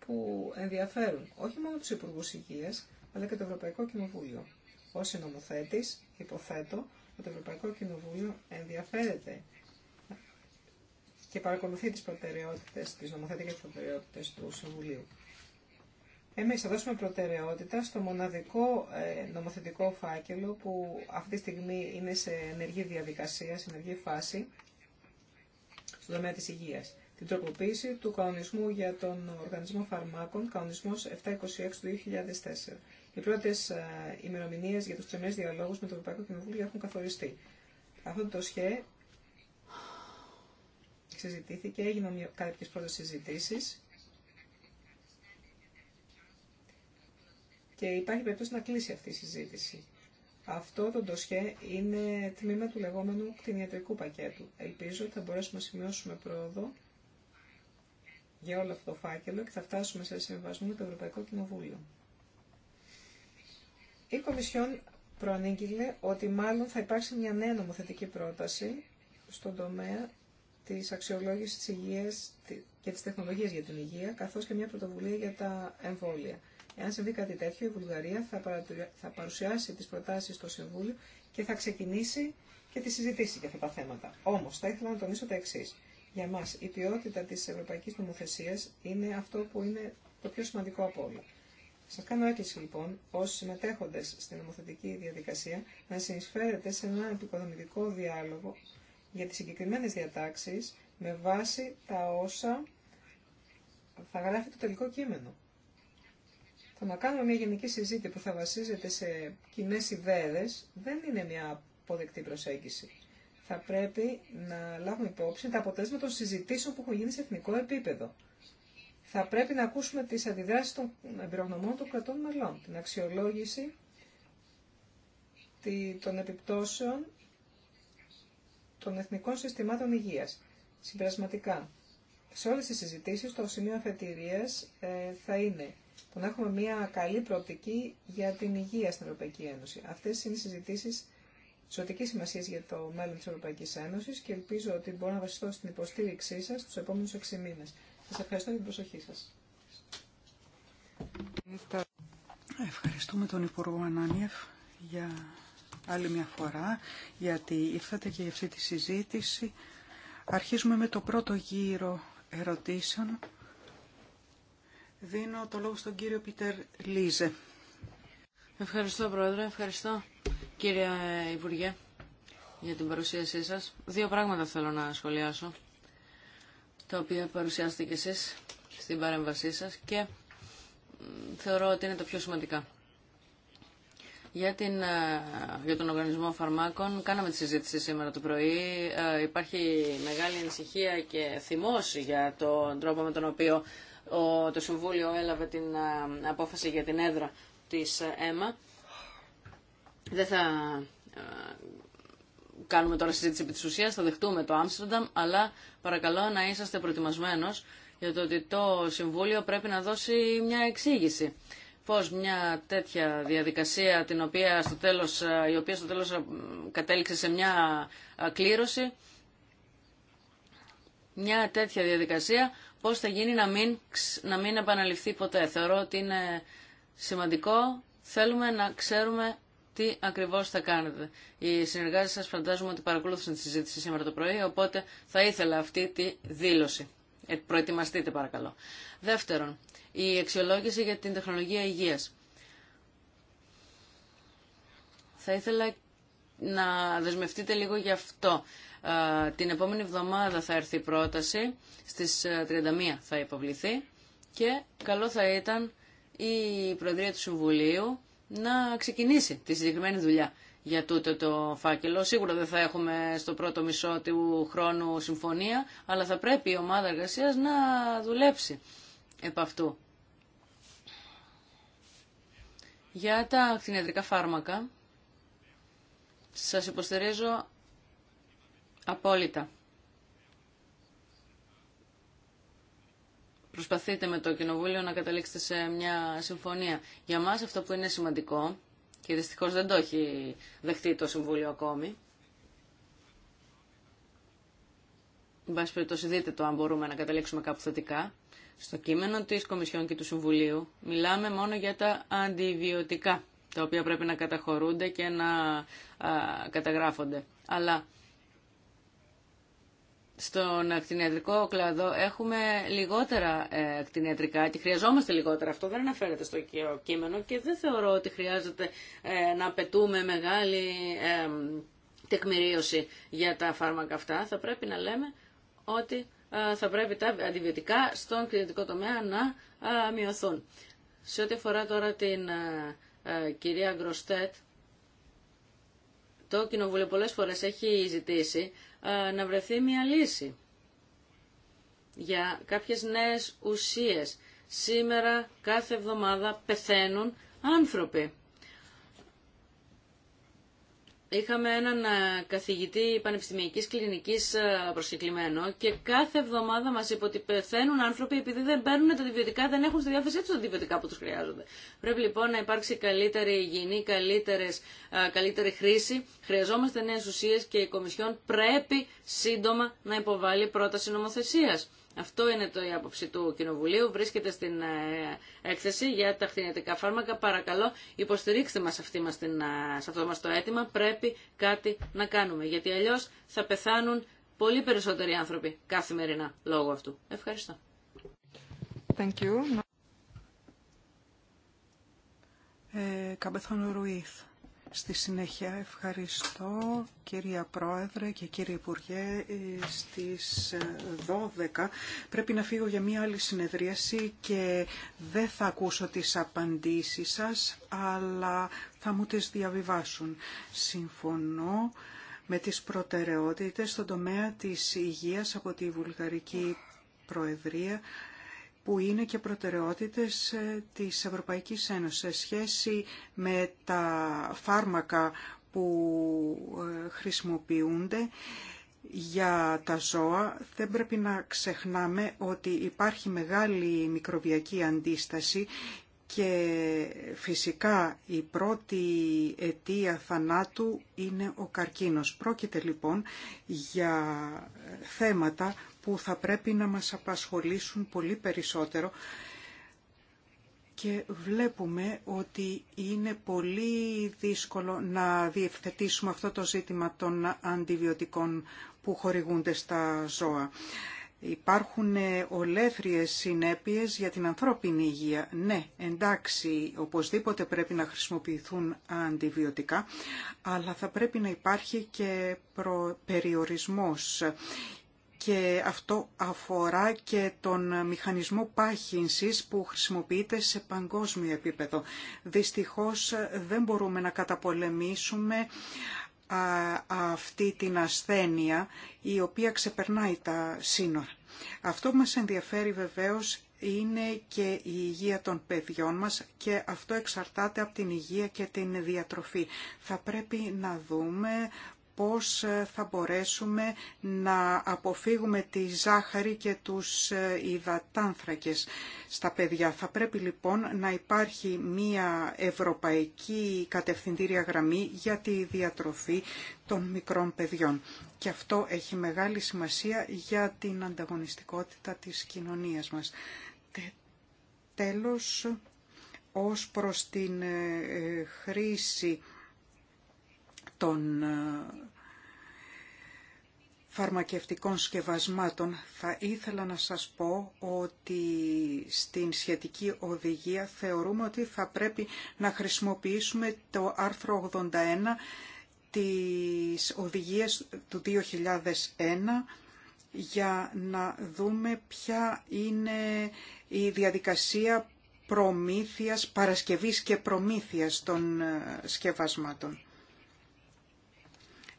που ενδιαφέρουν όχι μόνο τους Υπουργού Υγείας, αλλά και το Ευρωπαϊκό Κοινοβούλιο. Ως συνομοθέτης, υποθέτω ότι το Ευρωπαϊκό Κοινοβούλιο ενδιαφέρεται και παρακολουθεί τις προτεραιότητες, τις νομοθετικές προτεραιότητες του Συμβουλίου. Εμείς θα δώσουμε προτεραιότητα στο μοναδικό ε, νομοθετικό φάκελο που αυτή τη στιγμή είναι σε ενεργή διαδικασία, σε ενεργή φάση, στον τομέα της υγείας. Την τροποποίηση του κανονισμού για τον οργανισμό φαρμάκων, κανονισμός 726 του 2004. Οι πρώτες ε, ημερομηνίες για τους τρεμές διαλόγους με το Ευρωπαϊκό Κοινοβούλιο έχουν καθοριστεί. Αυτό το ΣΧΕ συζητήθηκε, έγιναν κάποιε πρώτε συζητήσει. Και υπάρχει περίπτωση να κλείσει αυτή η συζήτηση. Αυτό το ντοσχέ είναι τμήμα του λεγόμενου κτηνιατρικού πακέτου. Ελπίζω ότι θα μπορέσουμε να σημειώσουμε πρόοδο για όλο αυτό το φάκελο και θα φτάσουμε σε συμβασμό με το Ευρωπαϊκό Κοινοβούλιο. Η Κομισιόν προανήγγειλε ότι μάλλον θα υπάρξει μια νέα νομοθετική πρόταση στον τομέα Τη αξιολόγηση τη υγεία και τη τεχνολογία για την υγεία, καθώ και μια πρωτοβουλία για τα εμβόλια. Εάν συμβεί κάτι τέτοιο, η Βουλγαρία θα, θα παρουσιάσει τι προτάσει στο Συμβούλιο και θα ξεκινήσει και τη συζητήσει για αυτά τα θέματα. Όμω, θα ήθελα να τονίσω τα εξή. Για μας, η ποιότητα τη Ευρωπαϊκή Νομοθεσία είναι αυτό που είναι το πιο σημαντικό από όλα. Σα κάνω έκκληση λοιπόν, όσοι συμμετέχοντε στην νομοθετική διαδικασία, να συνεισφέρετε σε ένα επικοδομητικό διάλογο για τις συγκεκριμένες διατάξεις με βάση τα όσα θα γράφει το τελικό κείμενο. Το να κάνουμε μια γενική συζήτηση που θα βασίζεται σε κοινέ ιδέες δεν είναι μια αποδεκτή προσέγγιση. Θα πρέπει να λάβουμε υπόψη τα αποτέλεσμα των συζητήσεων που έχουν γίνει σε εθνικό επίπεδο. Θα πρέπει να ακούσουμε τις αντιδράσει των εμπειρογνωμών των κρατών μελών, την αξιολόγηση των επιπτώσεων των εθνικών συστημάτων υγεία. Συμπερασματικά, σε όλε τι συζητήσει, το σημείο αφετηρία ε, θα είναι το να έχουμε μια καλή προοπτική για την υγεία στην Ευρωπαϊκή Ένωση. Αυτέ είναι οι συζητήσεις ζωτική σημασία για το μέλλον τη Ευρωπαϊκή Ένωση και ελπίζω ότι μπορώ να βασιστώ στην υποστήριξή σα τους επόμενου 6 μήνε. Σα ευχαριστώ για την προσοχή σα. Ευχαριστούμε τον Υπουργό για άλλη μια φορά γιατί ήρθατε και για αυτή τη συζήτηση. Αρχίζουμε με το πρώτο γύρο ερωτήσεων. Δίνω το λόγο στον κύριο Πίτερ Λίζε. Ευχαριστώ Πρόεδρε, ευχαριστώ κύριε Υπουργέ για την παρουσίασή σας. Δύο πράγματα θέλω να σχολιάσω, τα οποία παρουσιάστηκε εσείς στην παρέμβασή σας και θεωρώ ότι είναι τα πιο σημαντικά. Για, την, ε, για τον οργανισμό φαρμάκων κάναμε τη συζήτηση σήμερα το πρωί. Ε, υπάρχει μεγάλη ανησυχία και θυμός για τον τρόπο με τον οποίο το Συμβούλιο έλαβε την ε, απόφαση για την έδρα της ΕΜΑ. Δεν θα κάνουμε τώρα συζήτηση επί της ουσίας, θα δεχτούμε το Άμστερνταμ, αλλά παρακαλώ να είσαστε προετοιμασμένος για το ότι το Συμβούλιο πρέπει να δώσει μια εξήγηση πώς μια τέτοια διαδικασία την οποία στο τέλος, η οποία στο τέλος ε, κατέληξε σε μια ε, κλήρωση μια τέτοια διαδικασία πώς θα γίνει να μην, να μην επαναληφθεί ποτέ. Θεωρώ ότι είναι σημαντικό. Θέλουμε να ξέρουμε τι ακριβώς θα κάνετε. Οι συνεργάτες σας φαντάζομαι ότι παρακολούθησαν τη συζήτηση σήμερα το πρωί, οπότε θα ήθελα αυτή τη δήλωση. Ε, προετοιμαστείτε παρακαλώ. Δεύτερον, η αξιολόγηση για την τεχνολογία υγείας. Θα ήθελα να δεσμευτείτε λίγο γι' αυτό. Την επόμενη εβδομάδα θα έρθει η πρόταση, στις 31 ε, θα υποβληθεί και καλό θα ήταν η Προεδρία του Συμβουλίου να ξεκινήσει τη συγκεκριμένη δουλειά για τούτο το φάκελο. Σίγουρα δεν θα έχουμε στο πρώτο μισό του χρόνου συμφωνία, αλλά θα πρέπει η ομάδα εργασίας να δουλέψει επ' αυτού. Για τα κτηνιατρικά φάρμακα, σας υποστηρίζω απόλυτα. Προσπαθείτε με το Κοινοβούλιο να καταλήξετε σε μια συμφωνία. Για μας αυτό που είναι σημαντικό και δυστυχώ δεν το έχει δεχτεί το Συμβούλιο ακόμη. Εν πάση δείτε το αν μπορούμε να καταλήξουμε κάπου θετικά. Στο κείμενο της Κομισιόν και του Συμβουλίου μιλάμε μόνο για τα αντιβιωτικά, τα οποία πρέπει να καταχωρούνται και να καταγράφονται. Αλλά στον ακτινιατρικό κλάδο έχουμε λιγότερα ε, ακτινιατρικά και χρειαζόμαστε λιγότερα. Αυτό δεν αναφέρεται στο κείμενο και δεν θεωρώ ότι χρειάζεται ε, να απαιτούμε μεγάλη ε, τεκμηρίωση για τα φάρμακα αυτά. Θα πρέπει να λέμε ότι θα πρέπει τα αντιβιωτικά στον κτηνιατρικό τομέα να μειωθούν. Σε ό,τι αφορά τώρα την κυρία Γκροστέτ, το Κοινοβούλιο πολλές φορές έχει ζητήσει ε, να βρεθεί μια λύση για κάποιες νέες ουσίες. Σήμερα κάθε εβδομάδα πεθαίνουν άνθρωποι είχαμε έναν ε, καθηγητή πανεπιστημιακής κλινικής ε, προσκεκλημένο και κάθε εβδομάδα μας είπε ότι πεθαίνουν άνθρωποι επειδή δεν παίρνουν τα αντιβιωτικά, δεν έχουν στη διάθεσή τους τα αντιβιωτικά που τους χρειάζονται. Πρέπει λοιπόν να υπάρξει καλύτερη υγιεινή, καλύτερες, ε, καλύτερη χρήση. Χρειαζόμαστε νέες ουσίες και η Κομισιόν πρέπει σύντομα να υποβάλει πρόταση νομοθεσίας. Αυτό είναι το, η άποψη του Κοινοβουλίου. Βρίσκεται στην ε, έκθεση για τα χτινιατικά φάρμακα. Παρακαλώ, υποστηρίξτε μας, αυτή μας την, ε, σε αυτό μας το αίτημα. Πρέπει κάτι να κάνουμε, γιατί αλλιώς θα πεθάνουν πολύ περισσότεροι άνθρωποι καθημερινά λόγω αυτού. Ευχαριστώ. Thank you. Ε, Στη συνέχεια ευχαριστώ κυρία Πρόεδρε και κύριε Υπουργέ. Ε, στις 12 ε, πρέπει να φύγω για μία άλλη συνεδρίαση και δεν θα ακούσω τις απαντήσεις σας, αλλά θα μου τις διαβιβάσουν. Συμφωνώ με τις προτεραιότητες στον τομέα της υγείας από τη Βουλγαρική Προεδρία που είναι και προτεραιότητες ε, της Ευρωπαϊκής Ένωσης σε σχέση με τα φάρμακα που ε, χρησιμοποιούνται για τα ζώα δεν πρέπει να ξεχνάμε ότι υπάρχει μεγάλη μικροβιακή αντίσταση και φυσικά η πρώτη αιτία θανάτου είναι ο καρκίνος. Πρόκειται λοιπόν για θέματα που θα πρέπει να μας απασχολήσουν πολύ περισσότερο και βλέπουμε ότι είναι πολύ δύσκολο να διευθετήσουμε αυτό το ζήτημα των αντιβιωτικών που χορηγούνται στα ζώα. Υπάρχουν ε, ολέθριες συνέπειες για την ανθρώπινη υγεία. Ναι, εντάξει, οπωσδήποτε πρέπει να χρησιμοποιηθούν αντιβιωτικά, αλλά θα πρέπει να υπάρχει και προ... περιορισμός. Και αυτό αφορά και τον μηχανισμό πάχυνσης που χρησιμοποιείται σε παγκόσμιο επίπεδο. Δυστυχώς ε, δεν μπορούμε να καταπολεμήσουμε αυτή την ασθένεια η οποία ξεπερνάει τα σύνορα. Αυτό μας ενδιαφέρει βεβαίως είναι και η υγεία των παιδιών μας και αυτό εξαρτάται από την υγεία και την διατροφή. Θα πρέπει να δούμε πώς ε, θα μπορέσουμε να αποφύγουμε τη ζάχαρη και τους ε, υδατάνθρακες στα παιδιά. Θα πρέπει λοιπόν να υπάρχει μια ευρωπαϊκή κατευθυντήρια γραμμή για τη διατροφή των μικρών παιδιών. Και αυτό έχει μεγάλη σημασία για την ανταγωνιστικότητα της κοινωνίας μας. Τέλος, ως προς την ε, χρήση των ε, φαρμακευτικών σκευασμάτων θα ήθελα να σας πω ότι στην σχετική οδηγία θεωρούμε ότι θα πρέπει να χρησιμοποιήσουμε το άρθρο 81 της οδηγίας του 2001 για να δούμε ποια είναι η διαδικασία προμήθειας, παρασκευής και προμήθειας των ε, σκευασμάτων.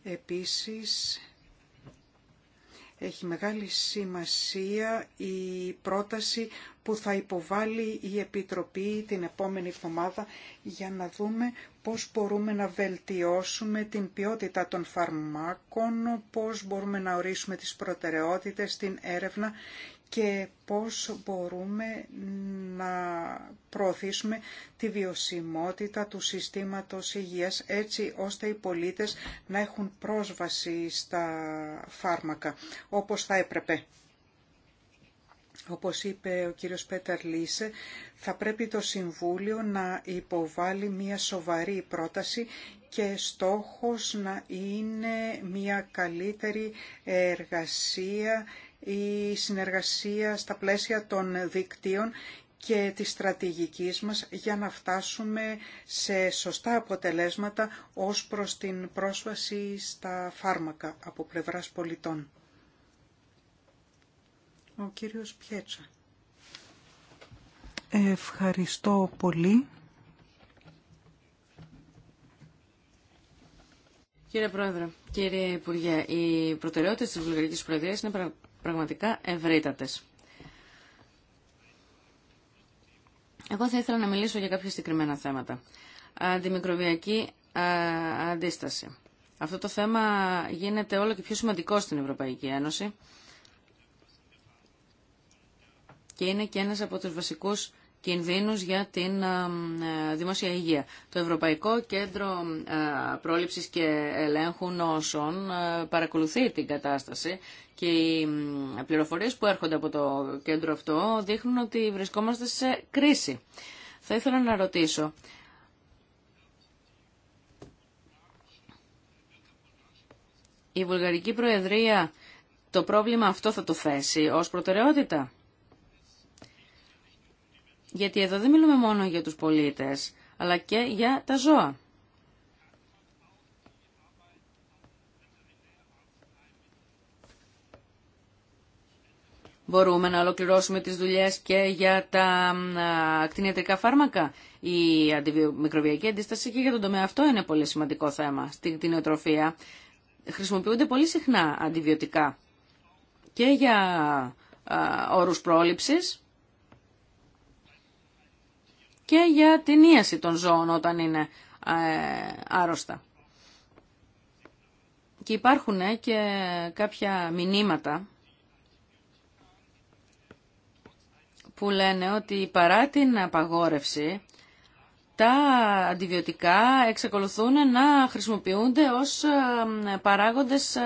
Επίσης, έχει μεγάλη σημασία η πρόταση που θα υποβάλει η Επιτροπή την επόμενη εβδομάδα για να δούμε πώς μπορούμε να βελτιώσουμε την ποιότητα των φαρμάκων, πώς μπορούμε να ορίσουμε τις προτεραιότητες, στην έρευνα και πώς μπορούμε να προωθήσουμε τη βιωσιμότητα του συστήματος υγείας έτσι ώστε οι πολίτες να έχουν πρόσβαση στα φάρμακα όπως θα έπρεπε. Όπως είπε ο κύριος Πέτερ Λίσε, θα πρέπει το Συμβούλιο να υποβάλει μια σοβαρή πρόταση και στόχος να είναι μια καλύτερη εργασία η συνεργασία στα πλαίσια των δικτύων και της στρατηγικής μας για να φτάσουμε σε σωστά αποτελέσματα ως προς την πρόσβαση στα φάρμακα από πλευράς πολιτών. Ο κύριος Πιέτσα. Ευχαριστώ πολύ. Κύριε Πρόεδρε, κύριε Υπουργέ, οι προτεραιότητε της Βουλγαρική Προεδρία είναι πραγματικά ευρύτατες. Εγώ θα ήθελα να μιλήσω για κάποια συγκεκριμένα θέματα. Αντιμικροβιακή αντίσταση. Αυτό το θέμα γίνεται όλο και πιο σημαντικό στην Ευρωπαϊκή Ένωση και είναι και ένας από τους βασικούς κινδύνους για την ε, ε, δημόσια υγεία. Το Ευρωπαϊκό Κέντρο ε, Πρόληψης και Ελέγχου Νόσων παρακολουθεί την κατάσταση και οι πληροφορίες που έρχονται από το κέντρο αυτό δείχνουν ότι βρισκόμαστε σε κρίση. Θα ήθελα να ρωτήσω, η Βουλγαρική Προεδρία το πρόβλημα αυτό θα το θέσει ως προτεραιότητα. Γιατί εδώ δεν μιλούμε μόνο για τους πολίτες, αλλά και για τα ζώα. Μπορούμε να ολοκληρώσουμε τις δουλειές και για τα κτηνιατρικά φάρμακα. Η αντιμικροβιακή αντίσταση και για τον τομέα αυτό είναι πολύ σημαντικό θέμα. Στην κτηνιοτροφία χρησιμοποιούνται πολύ συχνά αντιβιωτικά και για όρους πρόληψης και για την ίαση των ζώων όταν είναι ε, άρρωστα. Και υπάρχουν ε, και κάποια μηνύματα που λένε ότι παρά την απαγόρευση τα αντιβιωτικά εξακολουθούν να χρησιμοποιούνται ως ε, παράγοντες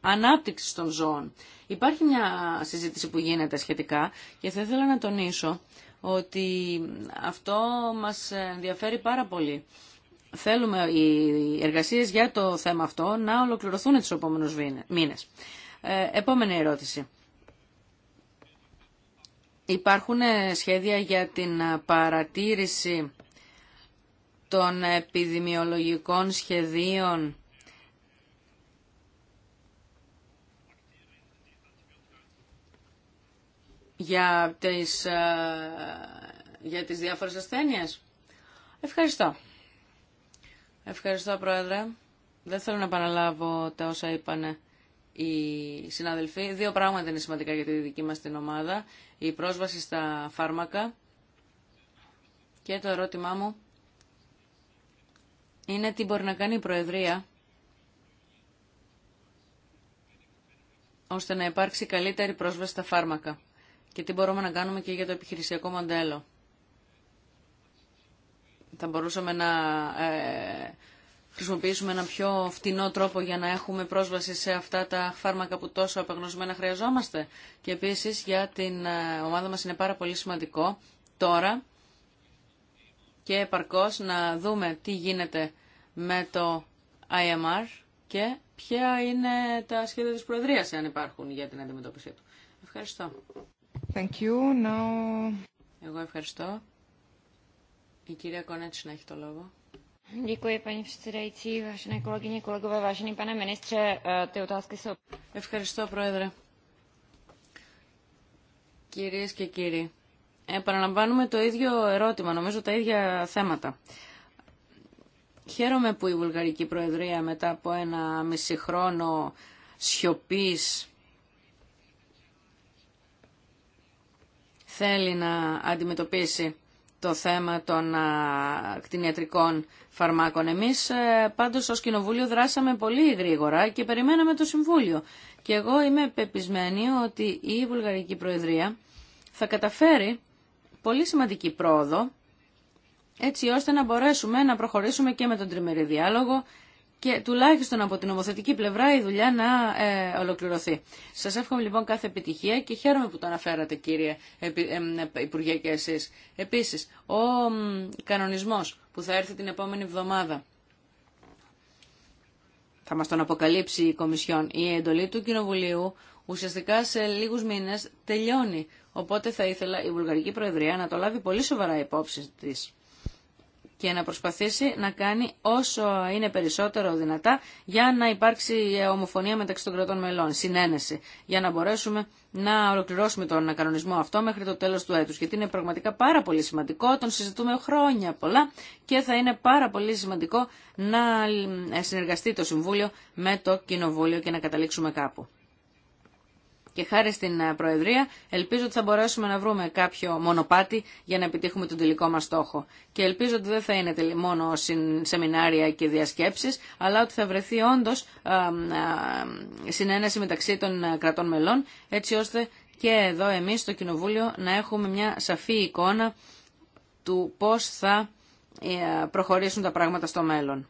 ανάπτυξης των ζώων. Υπάρχει μια συζήτηση που γίνεται σχετικά και θα ήθελα να τονίσω ότι αυτό μας ενδιαφέρει πάρα πολύ. Θέλουμε οι εργασίες για το θέμα αυτό να ολοκληρωθούν τις επόμενους μήνες. Ε, επόμενη ερώτηση. Υπάρχουν σχέδια για την παρατήρηση των επιδημιολογικών σχεδίων για τις, ε, για τις διάφορες ασθένειες. Ευχαριστώ. Ευχαριστώ, Πρόεδρε. Δεν θέλω να επαναλάβω τα όσα είπαν οι συναδελφοί. Δύο πράγματα είναι σημαντικά για τη δική μας την ομάδα. Η πρόσβαση στα φάρμακα και το ερώτημά μου είναι τι μπορεί να κάνει η Προεδρία ώστε να υπάρξει καλύτερη πρόσβαση στα φάρμακα και τι μπορούμε να κάνουμε και για το επιχειρησιακό μοντέλο. Θα μπορούσαμε να ε, χρησιμοποιήσουμε ένα πιο φτηνό τρόπο για να έχουμε πρόσβαση σε αυτά τα φάρμακα που τόσο απεγνωσμένα χρειαζόμαστε. Και επίσης για την ε, ομάδα μας είναι πάρα πολύ σημαντικό τώρα και επαρκώς να δούμε τι γίνεται με το IMR και ποια είναι τα σχέδια της Προεδρίας, αν υπάρχουν, για την αντιμετώπιση του. Ευχαριστώ. Εγώ ευχαριστώ. Η κυρία Κονέτσι να έχει το λόγο. Ευχαριστώ, Πρόεδρε. Κυρίες και κύριοι, επαναλαμβάνουμε το ίδιο ερώτημα, νομίζω τα ίδια θέματα. Χαίρομαι που η Βουλγαρική Προεδρία μετά από ένα μισή χρόνο σιωπής θέλει να αντιμετωπίσει το θέμα των κτηνιατρικών φαρμάκων. Εμείς ε, πάντως ως Κοινοβούλιο δράσαμε πολύ γρήγορα και περιμέναμε το Συμβούλιο. Και εγώ είμαι πεπισμένη ότι η Βουλγαρική Προεδρία θα καταφέρει πολύ σημαντική πρόοδο έτσι ώστε να μπορέσουμε να προχωρήσουμε και με τον τριμερή διάλογο και τουλάχιστον από την νομοθετική πλευρά η δουλειά να ε, ολοκληρωθεί. Σας εύχομαι λοιπόν κάθε επιτυχία και χαίρομαι που το αναφέρατε κύριε Υπουργέ και εσείς. Επίσης, ο κανονισμός που θα έρθει την επόμενη εβδομάδα θα μας τον αποκαλύψει η Κομισιόν. Η εντολή του Κοινοβουλίου ουσιαστικά σε λίγους μήνες τελειώνει. Οπότε θα ήθελα η Βουλγαρική Προεδρία να το λάβει πολύ σοβαρά υπόψη της και να προσπαθήσει να κάνει όσο είναι περισσότερο δυνατά για να υπάρξει ομοφωνία μεταξύ των κρατών μελών, συνένεση, για να μπορέσουμε να ολοκληρώσουμε τον κανονισμό αυτό μέχρι το τέλος του έτους, γιατί είναι πραγματικά πάρα πολύ σημαντικό, τον συζητούμε χρόνια πολλά και θα είναι πάρα πολύ σημαντικό να συνεργαστεί το Συμβούλιο με το Κοινοβούλιο και να καταλήξουμε κάπου και χάρη στην ε, Προεδρία ελπίζω ότι θα μπορέσουμε να βρούμε κάποιο μονοπάτι για να επιτύχουμε τον τελικό μα στόχο. Και ελπίζω ότι δεν θα είναι μόνο σεμινάρια και διασκέψει, αλλά ότι θα βρεθεί όντω συνένεση μεταξύ των ε, κρατών μελών, έτσι ώστε και εδώ εμεί, στο Κοινοβούλιο να έχουμε μια σαφή εικόνα του πώ θα ε, προχωρήσουν τα πράγματα στο μέλλον.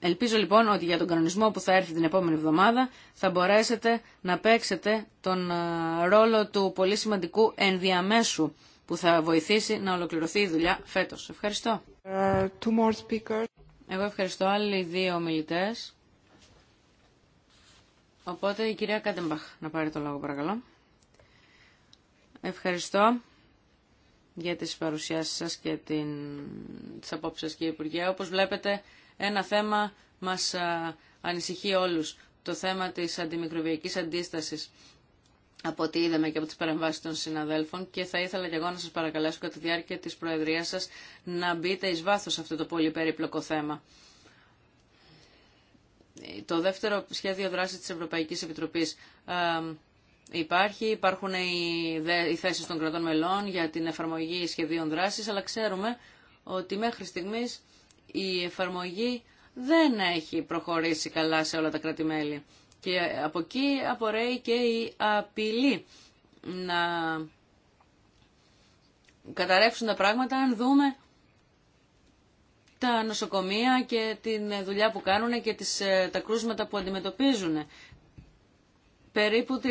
Ελπίζω λοιπόν ότι για τον κανονισμό που θα έρθει την επόμενη εβδομάδα θα μπορέσετε να παίξετε τον ε, ρόλο του πολύ σημαντικού ενδιαμέσου που θα βοηθήσει να ολοκληρωθεί η δουλειά φέτος. Ευχαριστώ. Ε, two more speakers. Εγώ ευχαριστώ άλλοι δύο ομιλητέ. Οπότε η κυρία Κάτεμπαχ να πάρει το λόγο παρακαλώ. Ευχαριστώ για τις παρουσιάσεις σας και την... τις απόψεις σας κύριε Υπουργέ. Όπως βλέπετε ένα θέμα μας ανησυχεί όλους, το θέμα της αντιμικροβιακής αντίστασης από ό,τι είδαμε και από τις παρεμβάσεις των συναδέλφων και θα ήθελα και εγώ να σας παρακαλέσω κατά τη διάρκεια της Προεδρίας σας να μπείτε εις βάθος σε αυτό το πολύ περίπλοκο θέμα. Το δεύτερο σχέδιο δράσης της Ευρωπαϊκής Επιτροπής Υπάρχει, υπάρχουν οι, οι θέσεις των κρατών μελών για την εφαρμογή σχεδίων δράσης, αλλά ξέρουμε ότι μέχρι στιγμής η εφαρμογή δεν έχει προχωρήσει καλά σε όλα τα κρατη Και από εκεί απορρέει και η απειλή να καταρρεύσουν τα πράγματα αν δούμε τα νοσοκομεία και την δουλειά που κάνουν και τις, ε, τα κρούσματα που αντιμετωπίζουν. Περίπου 37.000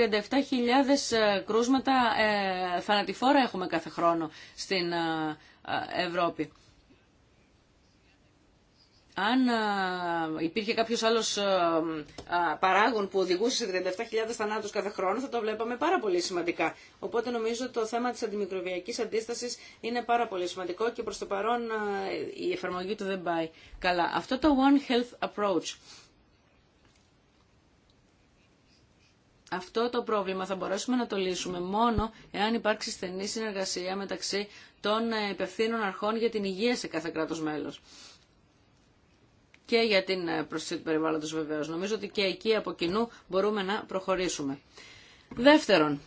ε, κρούσματα ε, θανατηφόρα έχουμε κάθε χρόνο στην ε, Ευρώπη αν υπήρχε κάποιος άλλος παράγων που οδηγούσε σε 37.000 θανάτους κάθε χρόνο θα το βλέπαμε πάρα πολύ σημαντικά. Οπότε νομίζω το θέμα της αντιμικροβιακής αντίστασης είναι πάρα πολύ σημαντικό και προς το παρόν η εφαρμογή του δεν πάει καλά. Αυτό το One Health Approach. Αυτό το πρόβλημα θα μπορέσουμε να το λύσουμε μόνο εάν υπάρξει στενή συνεργασία μεταξύ των ε, υπευθύνων αρχών για την υγεία σε κάθε κράτος μέλος και για την ε, προστασία του περιβάλλοντος βεβαίω. Νομίζω ότι και εκεί από κοινού μπορούμε να προχωρήσουμε. Δεύτερον,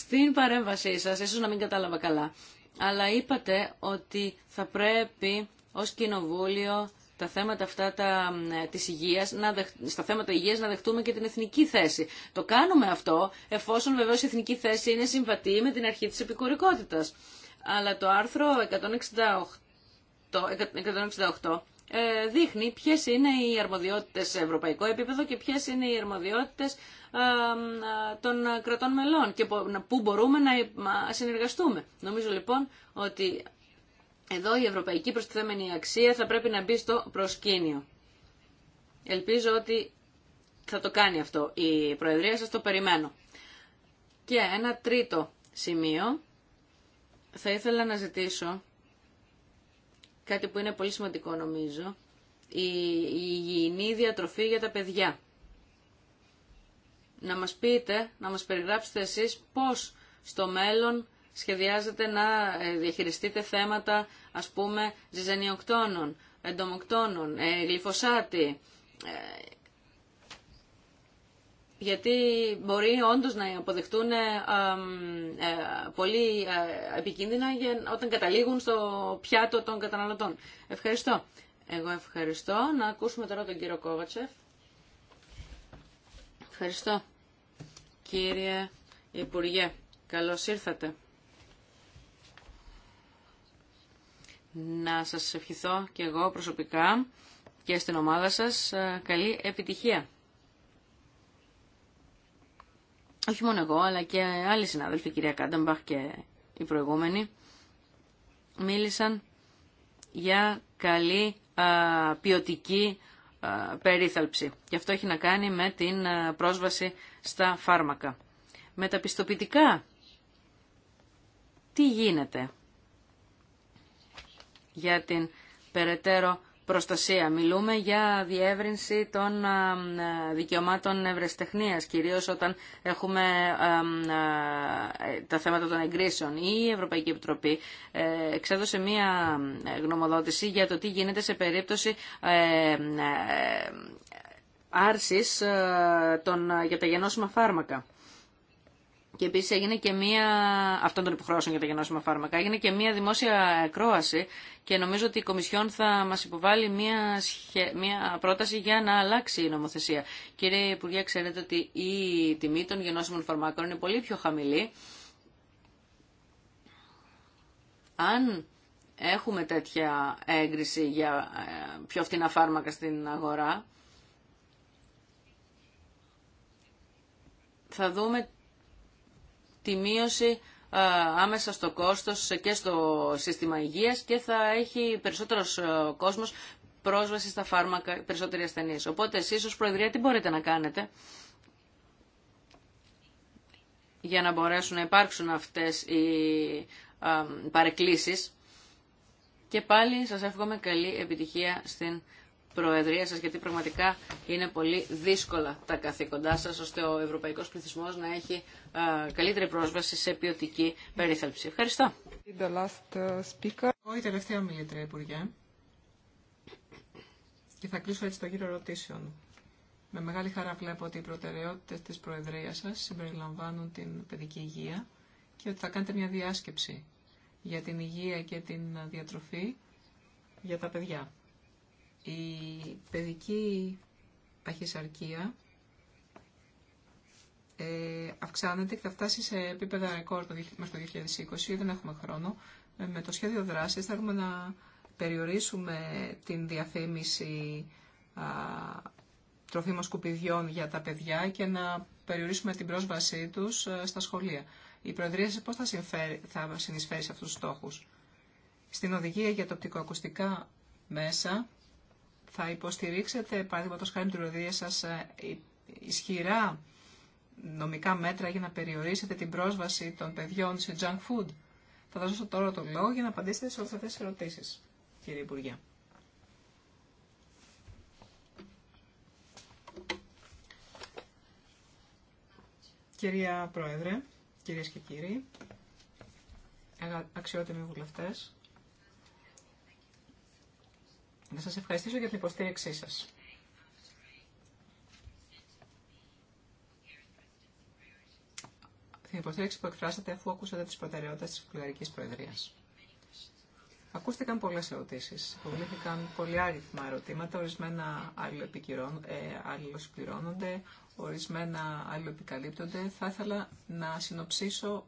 στην παρέμβασή σας, ίσως να μην κατάλαβα καλά, αλλά είπατε ότι θα πρέπει ως κοινοβούλιο τα θέματα αυτά τα, ε, της υγείας, να στα θέματα υγείας να δεχτούμε και την εθνική θέση. Το κάνουμε αυτό εφόσον βεβαίως η εθνική θέση είναι συμβατή με την αρχή της επικουρικότητας. Αλλά το άρθρο 168, 168 ε, δείχνει ποιες είναι οι αρμοδιότητες σε ευρωπαϊκό επίπεδο και ποιες είναι οι αρμοδιότητες των κρατών μελών και πού μπορούμε να συνεργαστούμε. Νομίζω λοιπόν ότι εδώ η ευρωπαϊκή προστιθέμενη αξία θα πρέπει να μπει στο προσκήνιο. Ελπίζω ότι θα το κάνει αυτό η Προεδρία, σας το περιμένω. Και ένα τρίτο σημείο θα ήθελα να ζητήσω κάτι που είναι πολύ σημαντικό νομίζω, η υγιεινή διατροφή για τα παιδιά. Να μας πείτε, να μας περιγράψετε εσείς πώς στο μέλλον σχεδιάζετε να ε, διαχειριστείτε θέματα, ας πούμε, ζυζανιοκτώνων, εντομοκτώνων, ε, γλυφοσάτη, ε, γιατί μπορεί όντως να αποδεχτούν ε, ε, πολύ ε, επικίνδυνα όταν καταλήγουν στο πιάτο των καταναλωτών. Ευχαριστώ. Εγώ ευχαριστώ. Να ακούσουμε τώρα τον κύριο Κόβατσεφ. Ευχαριστώ. Κύριε Υπουργέ, καλώς ήρθατε. Να σας ευχηθώ και εγώ προσωπικά και στην ομάδα σας καλή επιτυχία. όχι μόνο εγώ, αλλά και άλλοι συνάδελφοι, η κυρία Κάντεμπαχ και οι προηγούμενοι, μίλησαν για καλή ποιοτική περίθαλψη. Και αυτό έχει να κάνει με την πρόσβαση στα φάρμακα. Με τα πιστοποιητικά, τι γίνεται για την περαιτέρω προστασία. Μιλούμε για διεύρυνση των δικαιωμάτων ευρεσιτεχνίας, κυρίως όταν έχουμε ε, τα θέματα των εγκρίσεων. Η Ευρωπαϊκή Επιτροπή ε, εξέδωσε μία ε, γνωμοδότηση για το τι γίνεται σε περίπτωση άρσης για τα γενώσιμα φάρμακα. Και επίση έγινε και μία. αυτό των υποχρεώσεων για τα γενώσιμα φάρμακα. Έγινε και μία δημόσια ακρόαση και νομίζω ότι η Κομισιόν θα μα υποβάλει μία, μία πρόταση για να αλλάξει η νομοθεσία. Κύριε Υπουργέ, ξέρετε ότι η τιμή των γεννόσιμων φαρμάκων είναι πολύ πιο χαμηλή. Αν έχουμε τέτοια έγκριση για ε, πιο φθηνά φάρμακα στην αγορά, θα δούμε τη μείωση άμεσα στο κόστος και στο σύστημα υγείας και θα έχει περισσότερος κόσμος πρόσβαση στα φάρμακα, περισσότεροι ασθενείς. Οπότε εσείς ως Προεδρία τι μπορείτε να κάνετε για να μπορέσουν να υπάρξουν αυτές οι παρεκκλήσεις. Και πάλι σας εύχομαι καλή επιτυχία στην Προεδρία σας, γιατί πραγματικά είναι πολύ δύσκολα τα καθήκοντά σας, ώστε ο ευρωπαϊκός πληθυσμός να έχει καλύτερη πρόσβαση σε ποιοτική περίθαλψη. Ευχαριστώ. Uh, Εγώ η τελευταία ομιλήτρια, Υπουργέ. Και θα κλείσω έτσι το γύρο ερωτήσεων. Με μεγάλη χαρά βλέπω ότι οι προτεραιότητε της Προεδρία σας συμπεριλαμβάνουν την παιδική υγεία και ότι θα κάνετε μια διάσκεψη για την υγεία και την διατροφή για τα παιδιά. Η παιδική παχυσαρκία ε, αυξάνεται και θα φτάσει σε επίπεδα ρεκόρ μέχρι το 2020, δεν έχουμε χρόνο. Ε, με το σχέδιο δράσης θέλουμε να περιορίσουμε την διαφήμιση α, τροφίμων σκουπιδιών για τα παιδιά και να περιορίσουμε την πρόσβασή τους ε, στα σχολεία. Η Προεδρία σας πώς θα, συμφέρει, θα συνεισφέρει σε αυτούς τους στόχους. Στην οδηγία για το οπτικοακουστικά μέσα θα υποστηρίξετε, παραδείγματος χάρη του Ροδία σας, ε, ισχυρά νομικά μέτρα για να περιορίσετε την πρόσβαση των παιδιών σε junk food. Θα δώσω τώρα το λόγο για να απαντήσετε σε όλες αυτές τις ερωτήσεις, κύριε Υπουργέ. Κυρία Πρόεδρε, κυρίες και κύριοι, αξιότιμοι βουλευτές, να σας ευχαριστήσω για την υποστήριξή σας. Την υποστήριξη που εκφράσατε αφού ακούσατε τις προτεραιότητες της Βουλγαρικής Προεδρίας. Ακούστηκαν πολλές ερωτήσεις. Υποβλήθηκαν πολλοί άριθμα ερωτήματα, ορισμένα ε, αλληλοσπληρώνονται, ορισμένα αλληλοεπικαλύπτονται. Θα ήθελα να συνοψίσω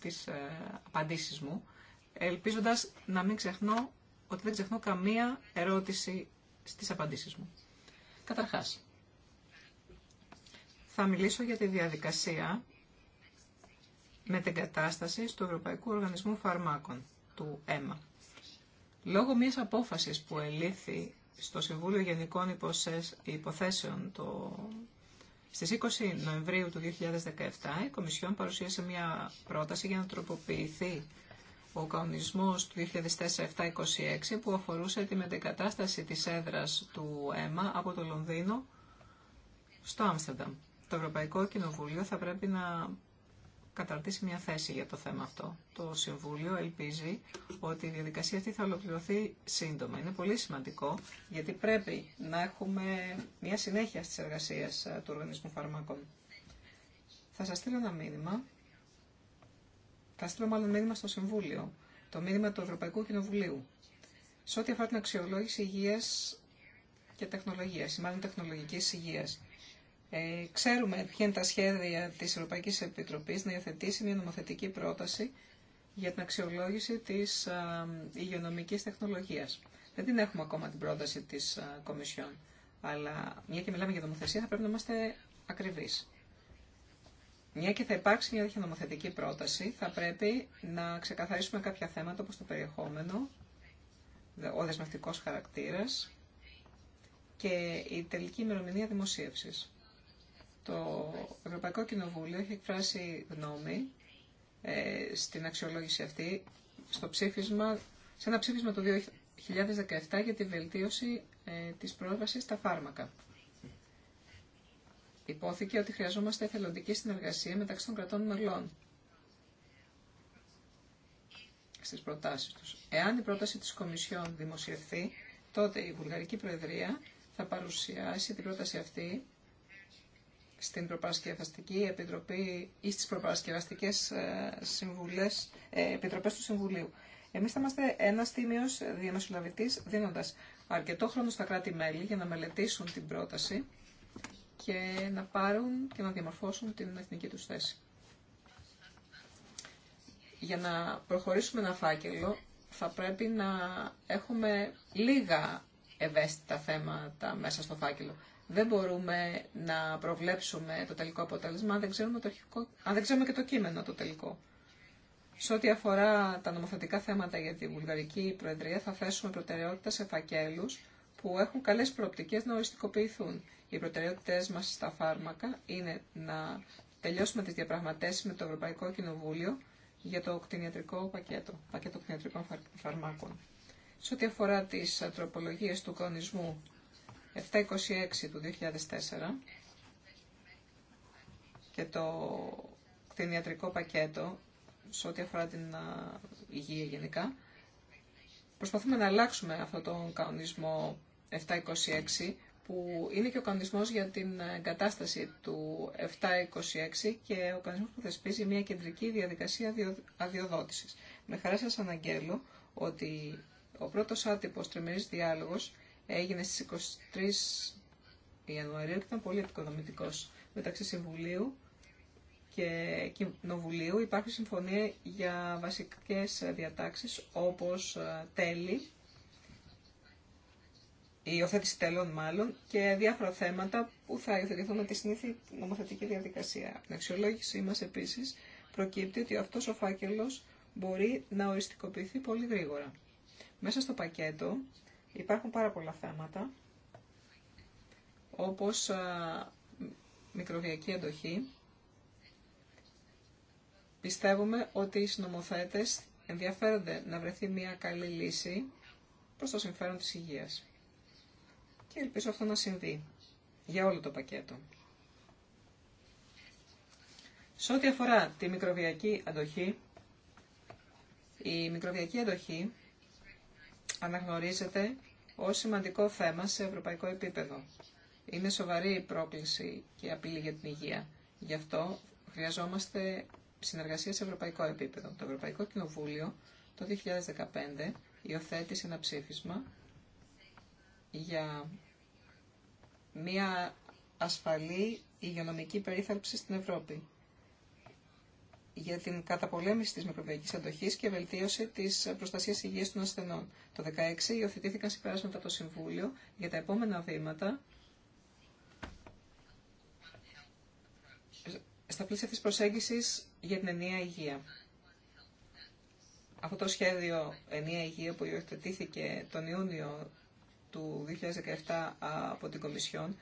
τις ε, απαντήσεις μου, ελπίζοντας να μην ξεχνώ ότι δεν ξεχνώ καμία ερώτηση στις απαντήσεις μου. Καταρχάς, θα μιλήσω για τη διαδικασία με κατάσταση του Ευρωπαϊκού Οργανισμού Φαρμάκων, του ΕΜΑ. Λόγω μιας απόφασης που ελήφθη στο Συμβούλιο Γενικών Υποθέσεων το... στις 20 Νοεμβρίου του 2017, η Κομισιόν παρουσίασε μια πρόταση για να τροποποιηθεί ο κανονισμός του 2004-726 που αφορούσε τη μετεγκατάσταση της έδρας του ΕΜΑ από το Λονδίνο στο Άμστερνταμ. Το Ευρωπαϊκό Κοινοβούλιο θα πρέπει να καταρτήσει μια θέση για το θέμα αυτό. Το Συμβούλιο ελπίζει ότι η διαδικασία αυτή θα ολοκληρωθεί σύντομα. Είναι πολύ σημαντικό γιατί πρέπει να έχουμε μια συνέχεια στις εργασίες ε, του Οργανισμού Φαρμάκων. Θα σας στείλω ένα μήνυμα θα στείλω μάλλον μήνυμα στο Συμβούλιο, το μήνυμα του Ευρωπαϊκού Κοινοβουλίου, σε ό,τι αφορά την αξιολόγηση υγεία και τεχνολογία, ή μάλλον τεχνολογική υγεία. Ε, ξέρουμε ποια είναι τα σχέδια τη Ευρωπαϊκή Επιτροπή να υιοθετήσει μια νομοθετική πρόταση για την αξιολόγηση τη ε, υγειονομική τεχνολογία. Δεν την έχουμε ακόμα την πρόταση τη ε, Κομισιόν. Αλλά μια και μιλάμε για νομοθεσία, θα πρέπει να είμαστε ακριβεί. Μια και θα υπάρξει μια τέτοια νομοθετική πρόταση, θα πρέπει να ξεκαθαρίσουμε κάποια θέματα όπως το περιεχόμενο, ο δεσμευτικός χαρακτήρας και η τελική ημερομηνία δημοσίευσης. Το Ευρωπαϊκό Κοινοβούλιο έχει εκφράσει γνώμη ε, στην αξιολόγηση αυτή στο ψήφισμα, σε ένα ψήφισμα το 2017 για τη βελτίωση ε, της πρόσβασης στα φάρμακα υπόθηκε ότι χρειαζόμαστε εθελοντική συνεργασία μεταξύ των κρατών μελών στις προτάσεις τους. Εάν η πρόταση της Κομισιόν δημοσιευθεί, τότε η Βουλγαρική Προεδρία θα παρουσιάσει την πρόταση αυτή στην Προπαρασκευαστική Επιτροπή ή στις Προπαρασκευαστικές ε, συμβουλές, ε, Επιτροπές του Συμβουλίου. Εμείς θα είμαστε ένα τίμιος διαμεσολαβητής δίνοντας αρκετό χρόνο στα κράτη-μέλη για να μελετήσουν την πρόταση και να πάρουν και να διαμορφώσουν την εθνική τους θέση. Για να προχωρήσουμε ένα φάκελο θα πρέπει να έχουμε λίγα ευαίσθητα θέματα μέσα στο φάκελο. Δεν μπορούμε να προβλέψουμε το τελικό αποτέλεσμα αν δεν ξέρουμε, το αρχικό, αν δεν ξέρουμε και το κείμενο το τελικό. Σε ό,τι αφορά τα νομοθετικά θέματα για τη Βουλγαρική Προεδρία θα θέσουμε προτεραιότητα σε φακέλους που έχουν καλές προοπτικές να οριστικοποιηθούν. Οι προτεραιότητες μας στα φάρμακα είναι να τελειώσουμε τις διαπραγματεύσεις με το Ευρωπαϊκό Κοινοβούλιο για το κτηνιατρικό πακέτο, πακέτο κτηνιατρικών φαρμάκων. Σε ό,τι αφορά τις τροπολογίες του κανονισμού 726 του 2004 και το κτηνιατρικό πακέτο, σε ό,τι αφορά την υγεία γενικά, προσπαθούμε να αλλάξουμε αυτόν τον κανονισμό 726 που είναι και ο κανονισμός για την κατάσταση του 726 και ο κανονισμός που θεσπίζει μια κεντρική διαδικασία αδειοδότησης. Με χαρά σας αναγγέλω ότι ο πρώτος άτυπος τριμερής διάλογος έγινε στις 23 Ιανουαρίου και ήταν πολύ επικοδομητικός μεταξύ Συμβουλίου και Κοινοβουλίου. Υπάρχει συμφωνία για βασικές διατάξεις όπως ε, τέλη η υιοθέτηση τελών μάλλον και διάφορα θέματα που θα υιοθετηθούν με τη συνήθη νομοθετική διαδικασία. Από την αξιολόγησή μα επίσης προκύπτει ότι αυτός ο φάκελος μπορεί να οριστικοποιηθεί πολύ γρήγορα. Μέσα στο πακέτο υπάρχουν πάρα πολλά θέματα, όπως μικροβιακή αντοχή. Πιστεύουμε ότι οι συνομοθέτες ενδιαφέρονται να βρεθεί μια καλή λύση προς το συμφέρον της υγείας και ελπίζω αυτό να συμβεί για όλο το πακέτο. Σε ό,τι αφορά τη μικροβιακή αντοχή, η μικροβιακή αντοχή αναγνωρίζεται ως σημαντικό θέμα σε ευρωπαϊκό επίπεδο. Είναι σοβαρή η πρόκληση και απειλή για την υγεία. Γι' αυτό χρειαζόμαστε συνεργασία σε ευρωπαϊκό επίπεδο. Το Ευρωπαϊκό Κοινοβούλιο το 2015 υιοθέτησε ένα ψήφισμα για μια ασφαλή υγειονομική περίθαλψη στην Ευρώπη για την καταπολέμηση της μικροβιακής αντοχής και βελτίωση της προστασίας υγείας των ασθενών. Το 2016 υιοθετήθηκαν συμπεράσματα από το Συμβούλιο για τα επόμενα βήματα στα πλαίσια της προσέγγισης για την ενιαία υγεία. Αυτό το σχέδιο ενιαία υγεία που υιοθετήθηκε τον Ιούνιο του 2017 από την Κομισιόν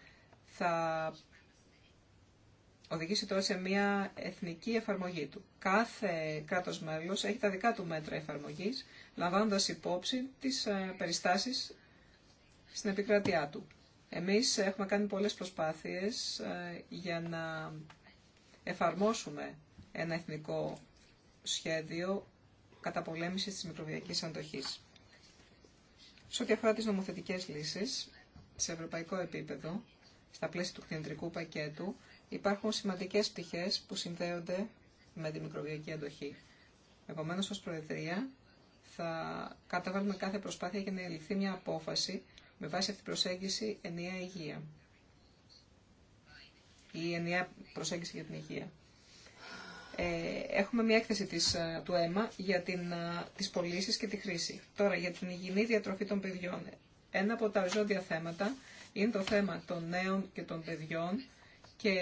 θα οδηγήσει τώρα σε μια εθνική εφαρμογή του. Κάθε κράτος μέλος έχει τα δικά του μέτρα εφαρμογής, λαμβάνοντας υπόψη τις ε, περιστάσεις στην επικράτειά του. Εμείς έχουμε κάνει πολλές προσπάθειες ε, για να εφαρμόσουμε ένα εθνικό σχέδιο καταπολέμησης της μικροβιακής αντοχής. Σε ό,τι αφορά τι νομοθετικέ λύσει, σε ευρωπαϊκό επίπεδο, στα πλαίσια του κτηνιατρικού πακέτου, υπάρχουν σημαντικές πτυχέ που συνδέονται με τη μικροβιακή αντοχή. Επομένω ω Προεδρία, θα καταβάλουμε κάθε προσπάθεια για να ληφθεί μια απόφαση με βάση αυτή την προσέγγιση ενιαία υγεία. Η ενιαία προσέγγιση για την υγεία. Ε, έχουμε μια έκθεση της, ε, του ΕΜΑ για την, ε, τις πωλήσει και τη χρήση. Τώρα, για την υγιεινή διατροφή των παιδιών. Ένα από τα οριζόντια θέματα είναι το θέμα των νέων και των παιδιών και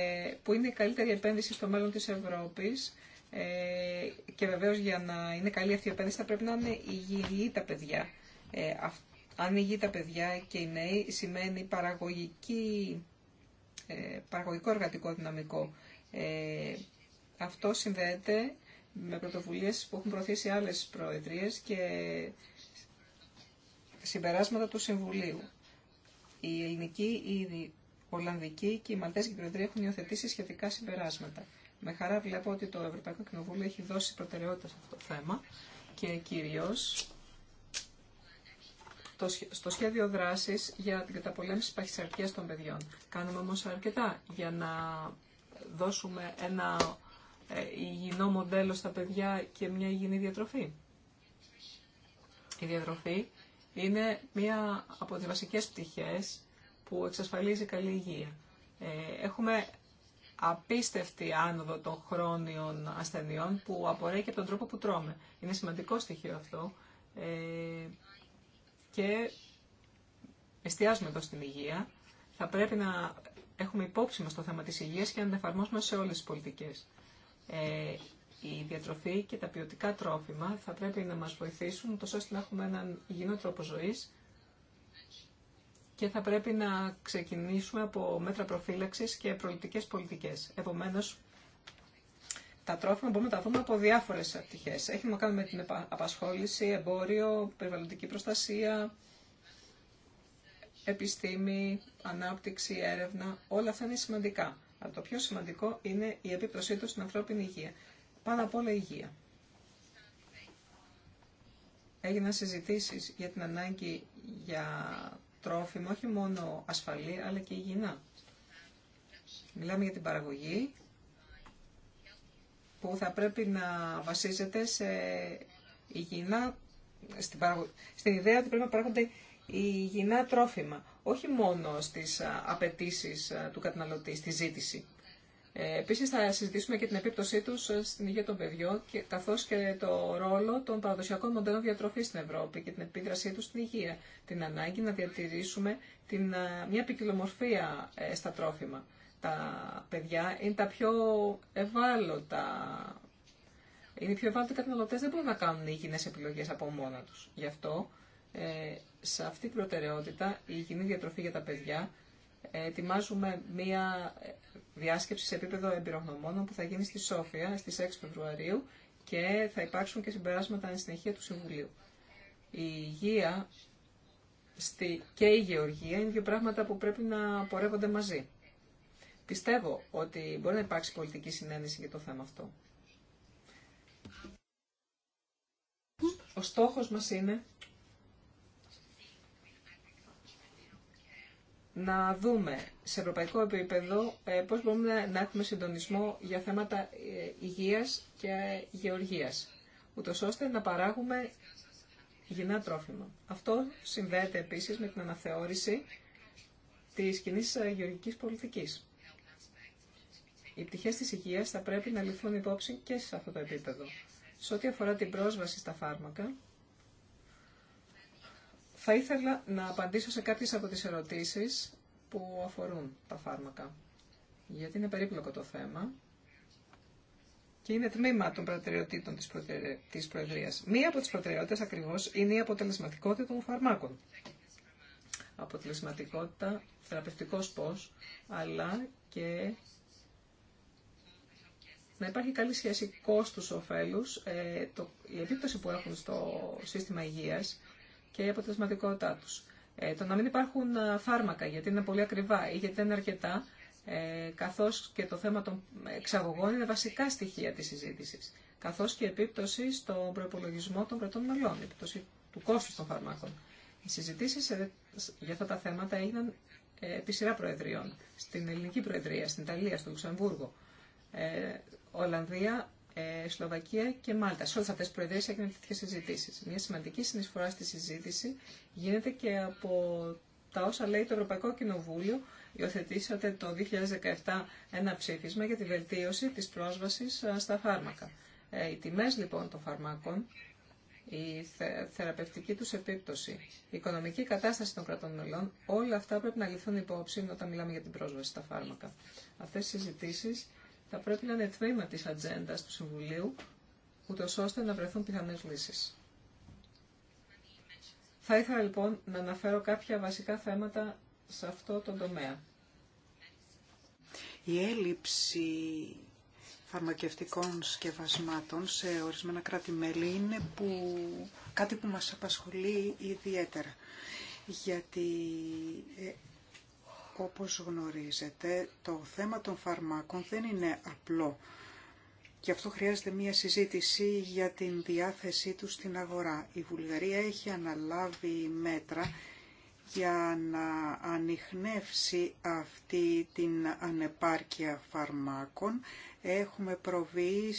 που είναι η καλύτερη επένδυση στο μέλλον της Ευρώπης και βεβαίως για να είναι καλή αυτή η επένδυση θα πρέπει να είναι υγιή τα παιδιά. Ε, αν υγιή τα παιδιά και οι νέοι σημαίνει παραγωγική, ε, παραγωγικό εργατικό δυναμικό αυτό συνδέεται με πρωτοβουλίες που έχουν προωθήσει άλλες προεδρίες και συμπεράσματα του Συμβουλίου. Η ελληνική, η ολλανδική και η μαλτέζικη προεδρία έχουν υιοθετήσει σχετικά συμπεράσματα. Με χαρά βλέπω ότι το Ευρωπαϊκό Κοινοβούλιο έχει δώσει προτεραιότητα σε αυτό το θέμα και κυρίως στο σχέδιο δράσης για την καταπολέμηση παχυσαρκίας των παιδιών. Κάνουμε όμως αρκετά για να δώσουμε ένα ε, υγιεινό μοντέλο στα παιδιά και μια υγιεινή διατροφή. Η διατροφή είναι μία από τις βασικές πτυχές που εξασφαλίζει καλή υγεία. Ε, έχουμε απίστευτη άνοδο των χρόνιων ασθενειών που απορρέει και τον τρόπο που τρώμε. Είναι σημαντικό στοιχείο αυτό ε, και εστιάζουμε εδώ στην υγεία. Θα πρέπει να έχουμε υπόψη μας το θέμα της υγείας και να την εφαρμόσουμε σε όλες τις πολιτικές. Ε, η διατροφή και τα ποιοτικά τρόφιμα θα πρέπει να μας βοηθήσουν τόσο ώστε να έχουμε έναν υγιεινό τρόπο ζωής και θα πρέπει να ξεκινήσουμε από μέτρα προφύλαξης και προληπτικές πολιτικές. Επομένως, τα τρόφιμα μπορούμε να τα δούμε από διάφορες πτυχές. Έχουμε να κάνουμε την απασχόληση, εμπόριο, περιβαλλοντική προστασία, επιστήμη, ανάπτυξη, έρευνα. Όλα αυτά είναι σημαντικά. Αλλά το πιο σημαντικό είναι η επίπτωσή του στην ανθρώπινη υγεία. Πάνω απ' όλα υγεία. Έγιναν συζητήσει για την ανάγκη για τρόφιμα, όχι μόνο ασφαλή, αλλά και υγιεινά. Μιλάμε για την παραγωγή που θα πρέπει να βασίζεται σε υγιεινά, στην, στην ιδέα ότι πρέπει να παράγονται υγιεινά τρόφιμα, όχι μόνο στις απαιτήσει του καταναλωτή, στη ζήτηση. Ε, επίσης θα συζητήσουμε και την επίπτωσή τους ε, στην υγεία των παιδιών, καθώς και το ρόλο των παραδοσιακών μοντέλων διατροφής στην Ευρώπη και την επίδρασή τους στην υγεία, την ανάγκη να διατηρήσουμε την, μια ποικιλομορφία ε, στα τρόφιμα. Τα παιδιά είναι τα πιο ευάλωτα είναι οι πιο ευάλωτοι καταναλωτέ, δεν μπορούν να κάνουν υγιεινέ επιλογέ από μόνα του. Γι' αυτό ε, σε αυτή την προτεραιότητα, η κοινή διατροφή για τα παιδιά, ετοιμάζουμε μία ε, διάσκεψη σε επίπεδο εμπειρογνωμόνων που θα γίνει στη Σόφια στις 6 Φεβρουαρίου και θα υπάρξουν και συμπεράσματα εν συνεχεία του Συμβουλίου. Η υγεία στη... και η γεωργία είναι δύο πράγματα που πρέπει να πορεύονται μαζί. Πιστεύω ότι μπορεί να υπάρξει πολιτική συνένεση για το θέμα αυτό. Ο στόχος μας είναι να δούμε σε ευρωπαϊκό επίπεδο ε, πώς μπορούμε να έχουμε συντονισμό για θέματα ε, υγείας και γεωργίας, ούτως ώστε να παράγουμε υγιεινά τρόφιμα. Αυτό συνδέεται επίσης με την αναθεώρηση της κοινή γεωργικής πολιτικής. Οι πτυχές της υγείας θα πρέπει να ληφθούν υπόψη και σε αυτό το επίπεδο. Σε ό,τι αφορά την πρόσβαση στα φάρμακα, θα ήθελα να απαντήσω σε κάποιες από τις ερωτήσεις που αφορούν τα φάρμακα. Γιατί είναι περίπλοκο το θέμα και είναι τμήμα των προτεραιοτήτων της, προτεραι... Μία από τις προτεραιότητες ακριβώς είναι η αποτελεσματικότητα των φαρμάκων. Αποτελεσματικότητα, θεραπευτικός πώς, αλλά και να υπάρχει καλή σχέση κόστους-οφέλους, ε, το... η επίπτωση που έχουν στο σύστημα υγείας και η αποτελεσματικότητά του. Ε, το να μην υπάρχουν ε, φάρμακα γιατί είναι πολύ ακριβά ή γιατί δεν είναι αρκετά, ε, καθώς και το θέμα των εξαγωγών είναι βασικά στοιχεία τη συζήτηση, καθώ και η επίπτωση στον προπολογισμό των κρατών μελών, επίπτωση του κόστου των φαρμάκων. Οι συζητήσει για αυτά τα θέματα έγιναν ε, επί σειρά προεδριών, στην Ελληνική Προεδρία, στην Ιταλία, στο Λουξεμβούργο, ε, Ολλανδία, ε, Σλοβακία και Μάλτα. Σε όλε αυτέ τι προεδρίε έγιναν τέτοιε συζητήσει. Μια σημαντική συνεισφορά στη συζήτηση γίνεται και από τα όσα λέει το Ευρωπαϊκό Κοινοβούλιο. Υιοθετήσατε το 2017 ένα ψήφισμα για τη βελτίωση τη πρόσβαση ε, στα φάρμακα. Ε, οι τιμέ λοιπόν των φαρμάκων, η θε, θεραπευτική του επίπτωση, η οικονομική κατάσταση των κρατών μελών, όλα αυτά πρέπει να ληφθούν υπόψη όταν μιλάμε για την πρόσβαση στα φάρμακα. Αυτέ οι συζητήσει θα πρέπει να είναι τμήμα της ατζέντα του Συμβουλίου, ούτως ώστε να βρεθούν πιθανές λύσεις. Θα ήθελα λοιπόν να αναφέρω κάποια βασικά θέματα σε αυτό το τομέα. Η έλλειψη φαρμακευτικών σκευασμάτων σε ορισμένα κράτη-μέλη είναι που, κάτι που μας απασχολεί ιδιαίτερα. Γιατί ε, όπως γνωρίζετε, το θέμα των φαρμάκων δεν είναι απλό. και αυτό χρειάζεται μία συζήτηση για την διάθεσή του στην αγορά. Η Βουλγαρία έχει αναλάβει μέτρα για να ανοιχνεύσει αυτή την ανεπάρκεια φαρμάκων έχουμε προβεί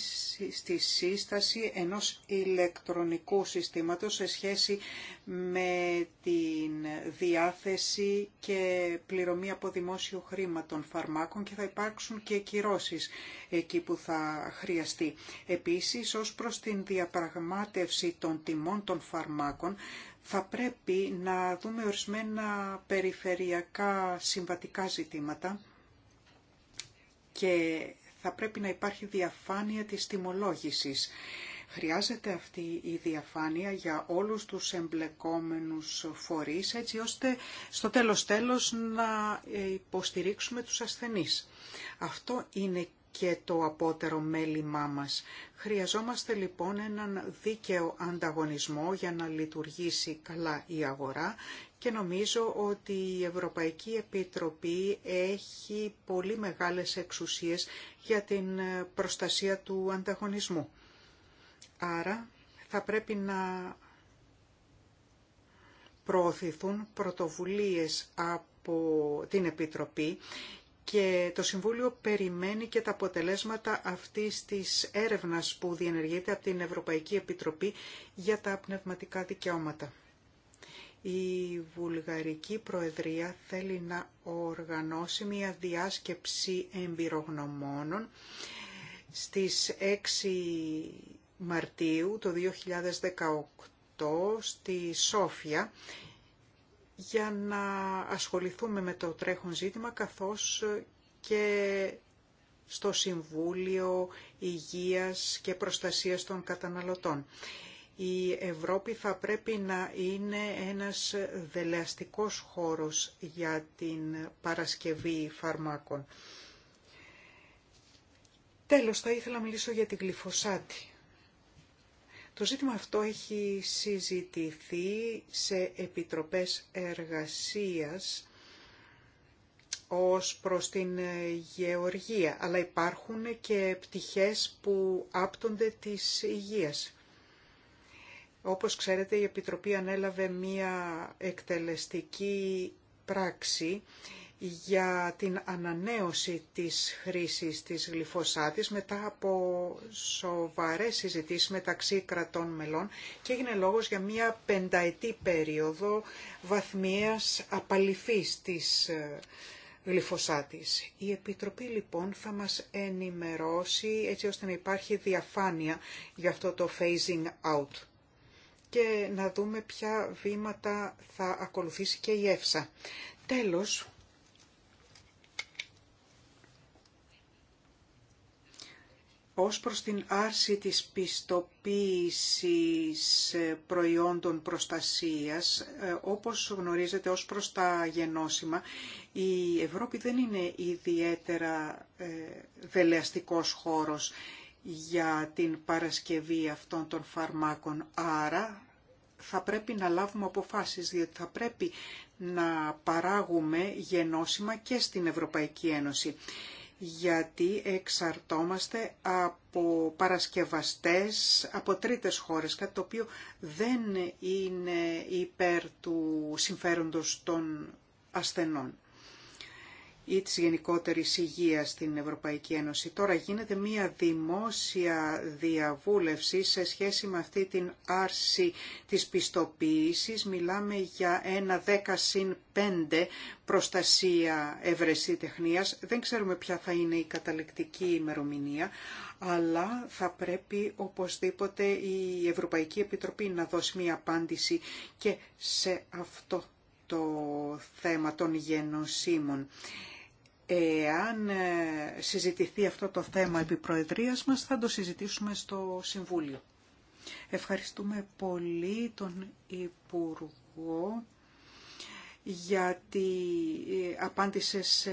στη σύσταση ενός ηλεκτρονικού συστήματος σε σχέση με την διάθεση και πληρωμή από δημόσιο χρήμα των φαρμάκων και θα υπάρξουν και κυρώσεις εκεί που θα χρειαστεί. Επίσης, ως προς την διαπραγμάτευση των τιμών των φαρμάκων, θα πρέπει να δούμε ορισμένα περιφερειακά συμβατικά ζητήματα και θα πρέπει να υπάρχει διαφάνεια της τιμολόγησης. Χρειάζεται αυτή η διαφάνεια για όλους τους εμπλεκόμενους φορείς, έτσι ώστε στο τέλος τέλος να υποστηρίξουμε τους ασθενείς. Αυτό είναι και το απότερο μέλημά μας. Χρειαζόμαστε λοιπόν έναν δίκαιο ανταγωνισμό για να λειτουργήσει καλά η αγορά και νομίζω ότι η Ευρωπαϊκή Επιτροπή έχει πολύ μεγάλες εξουσίες για την προστασία του ανταγωνισμού. Άρα θα πρέπει να προωθηθούν πρωτοβουλίες από την Επιτροπή και το Συμβούλιο περιμένει και τα αποτελέσματα αυτής της έρευνας που διενεργείται από την Ευρωπαϊκή Επιτροπή για τα πνευματικά δικαιώματα. Η Βουλγαρική Προεδρία θέλει να οργανώσει μια διάσκεψη εμπειρογνωμόνων στις 6 Μαρτίου το 2018 στη Σόφια για να ασχοληθούμε με το τρέχον ζήτημα καθώς και στο Συμβούλιο Υγείας και Προστασίας των Καταναλωτών. Η Ευρώπη θα πρέπει να είναι ένας δελεαστικός χώρος για την παρασκευή φαρμάκων. Τέλος, θα ήθελα να μιλήσω για την γλυφοσάτη. Το ζήτημα αυτό έχει συζητηθεί σε επιτροπές εργασίας ως προς την γεωργία, αλλά υπάρχουν και πτυχές που άπτονται της υγείας. Όπως ξέρετε η Επιτροπή ανέλαβε μία εκτελεστική πράξη για την ανανέωση της χρήσης της γλυφοσάτης μετά από σοβαρές συζητήσεις μεταξύ κρατών μελών και έγινε λόγος για μια πενταετή περίοδο βαθμίας απαλυφής της ε, γλυφοσάτης. Η Επιτροπή λοιπόν θα μας ενημερώσει έτσι ώστε να υπάρχει διαφάνεια για αυτό το phasing out και να δούμε ποια βήματα θα ακολουθήσει και η ΕΦΣΑ. Τέλος, ως προς την άρση της πιστοποίησης προϊόντων προστασίας, ε, όπως γνωρίζετε ως προς τα γενώσιμα, η Ευρώπη δεν είναι ιδιαίτερα δελεαστικός ε, χώρος για την παρασκευή αυτών των φαρμάκων. Άρα θα πρέπει να λάβουμε αποφάσεις, διότι θα πρέπει να παράγουμε γενώσιμα και στην Ευρωπαϊκή Ένωση γιατί εξαρτόμαστε από παρασκευαστές από τρίτες χώρες, κάτι το οποίο δεν είναι υπέρ του συμφέροντος των ασθενών ή τη γενικότερη υγείας στην Ευρωπαϊκή Ένωση. Τώρα γίνεται μία δημόσια διαβούλευση σε σχέση με αυτή την άρση της πιστοποίησης. Μιλάμε για ένα 10 συν 5 προστασία τεχνίας. Δεν ξέρουμε ποια θα είναι η καταλεκτική ημερομηνία, αλλά θα πρέπει οπωσδήποτε η Ευρωπαϊκή Επιτροπή να δώσει μία απάντηση και σε αυτό το θέμα των γενοσύμων. Εάν ε, συζητηθεί αυτό το θέμα επί Προεδρίας μας, θα το συζητήσουμε στο Συμβούλιο. Ευχαριστούμε πολύ τον Υπουργό γιατί ε, απάντησε σε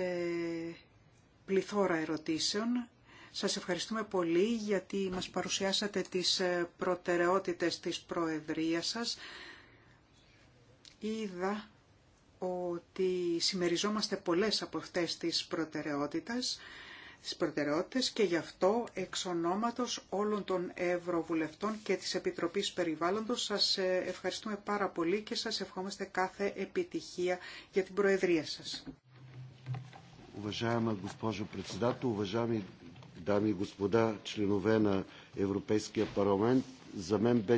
πληθώρα ερωτήσεων. Σας ευχαριστούμε πολύ γιατί μας παρουσιάσατε τις ε, προτεραιότητες της Προεδρίας σας. Είδα ότι συμμεριζόμαστε πολλές από αυτές τις προτεραιότητες, τις προτεραιότητες και γι' αυτό εξ ονόματος όλων των Ευρωβουλευτών και της Επιτροπής Περιβάλλοντος σας ε, ευχαριστούμε πάρα πολύ και σας ευχόμαστε κάθε επιτυχία για την Προεδρία σας. Уважаема госпожо Председател, уважаеми дами и господа членове на Европейския парламент, за мен бе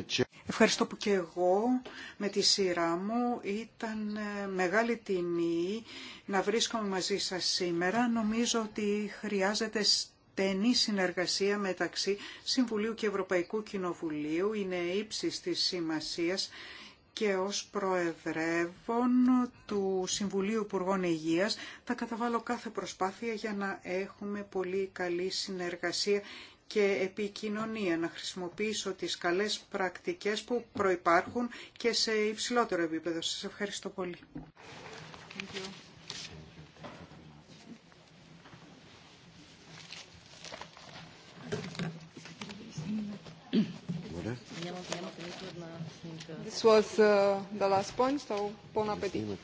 Ευχαριστώ που και εγώ με τη σειρά μου ήταν ε, μεγάλη τιμή να βρίσκομαι μαζί σας σήμερα. Νομίζω ότι χρειάζεται στενή συνεργασία μεταξύ Συμβουλίου και Ευρωπαϊκού Κοινοβουλίου. Είναι ύψης της σημασίας και ως Προεδρεύων του Συμβουλίου Υπουργών Υγείας θα καταβάλω κάθε προσπάθεια για να έχουμε πολύ καλή συνεργασία και επικοινωνία, να χρησιμοποιήσω τις καλές πρακτικές που προϋπάρχουν και σε υψηλότερο επίπεδο. Σας ευχαριστώ πολύ. This was uh, the last point, so bon appetit.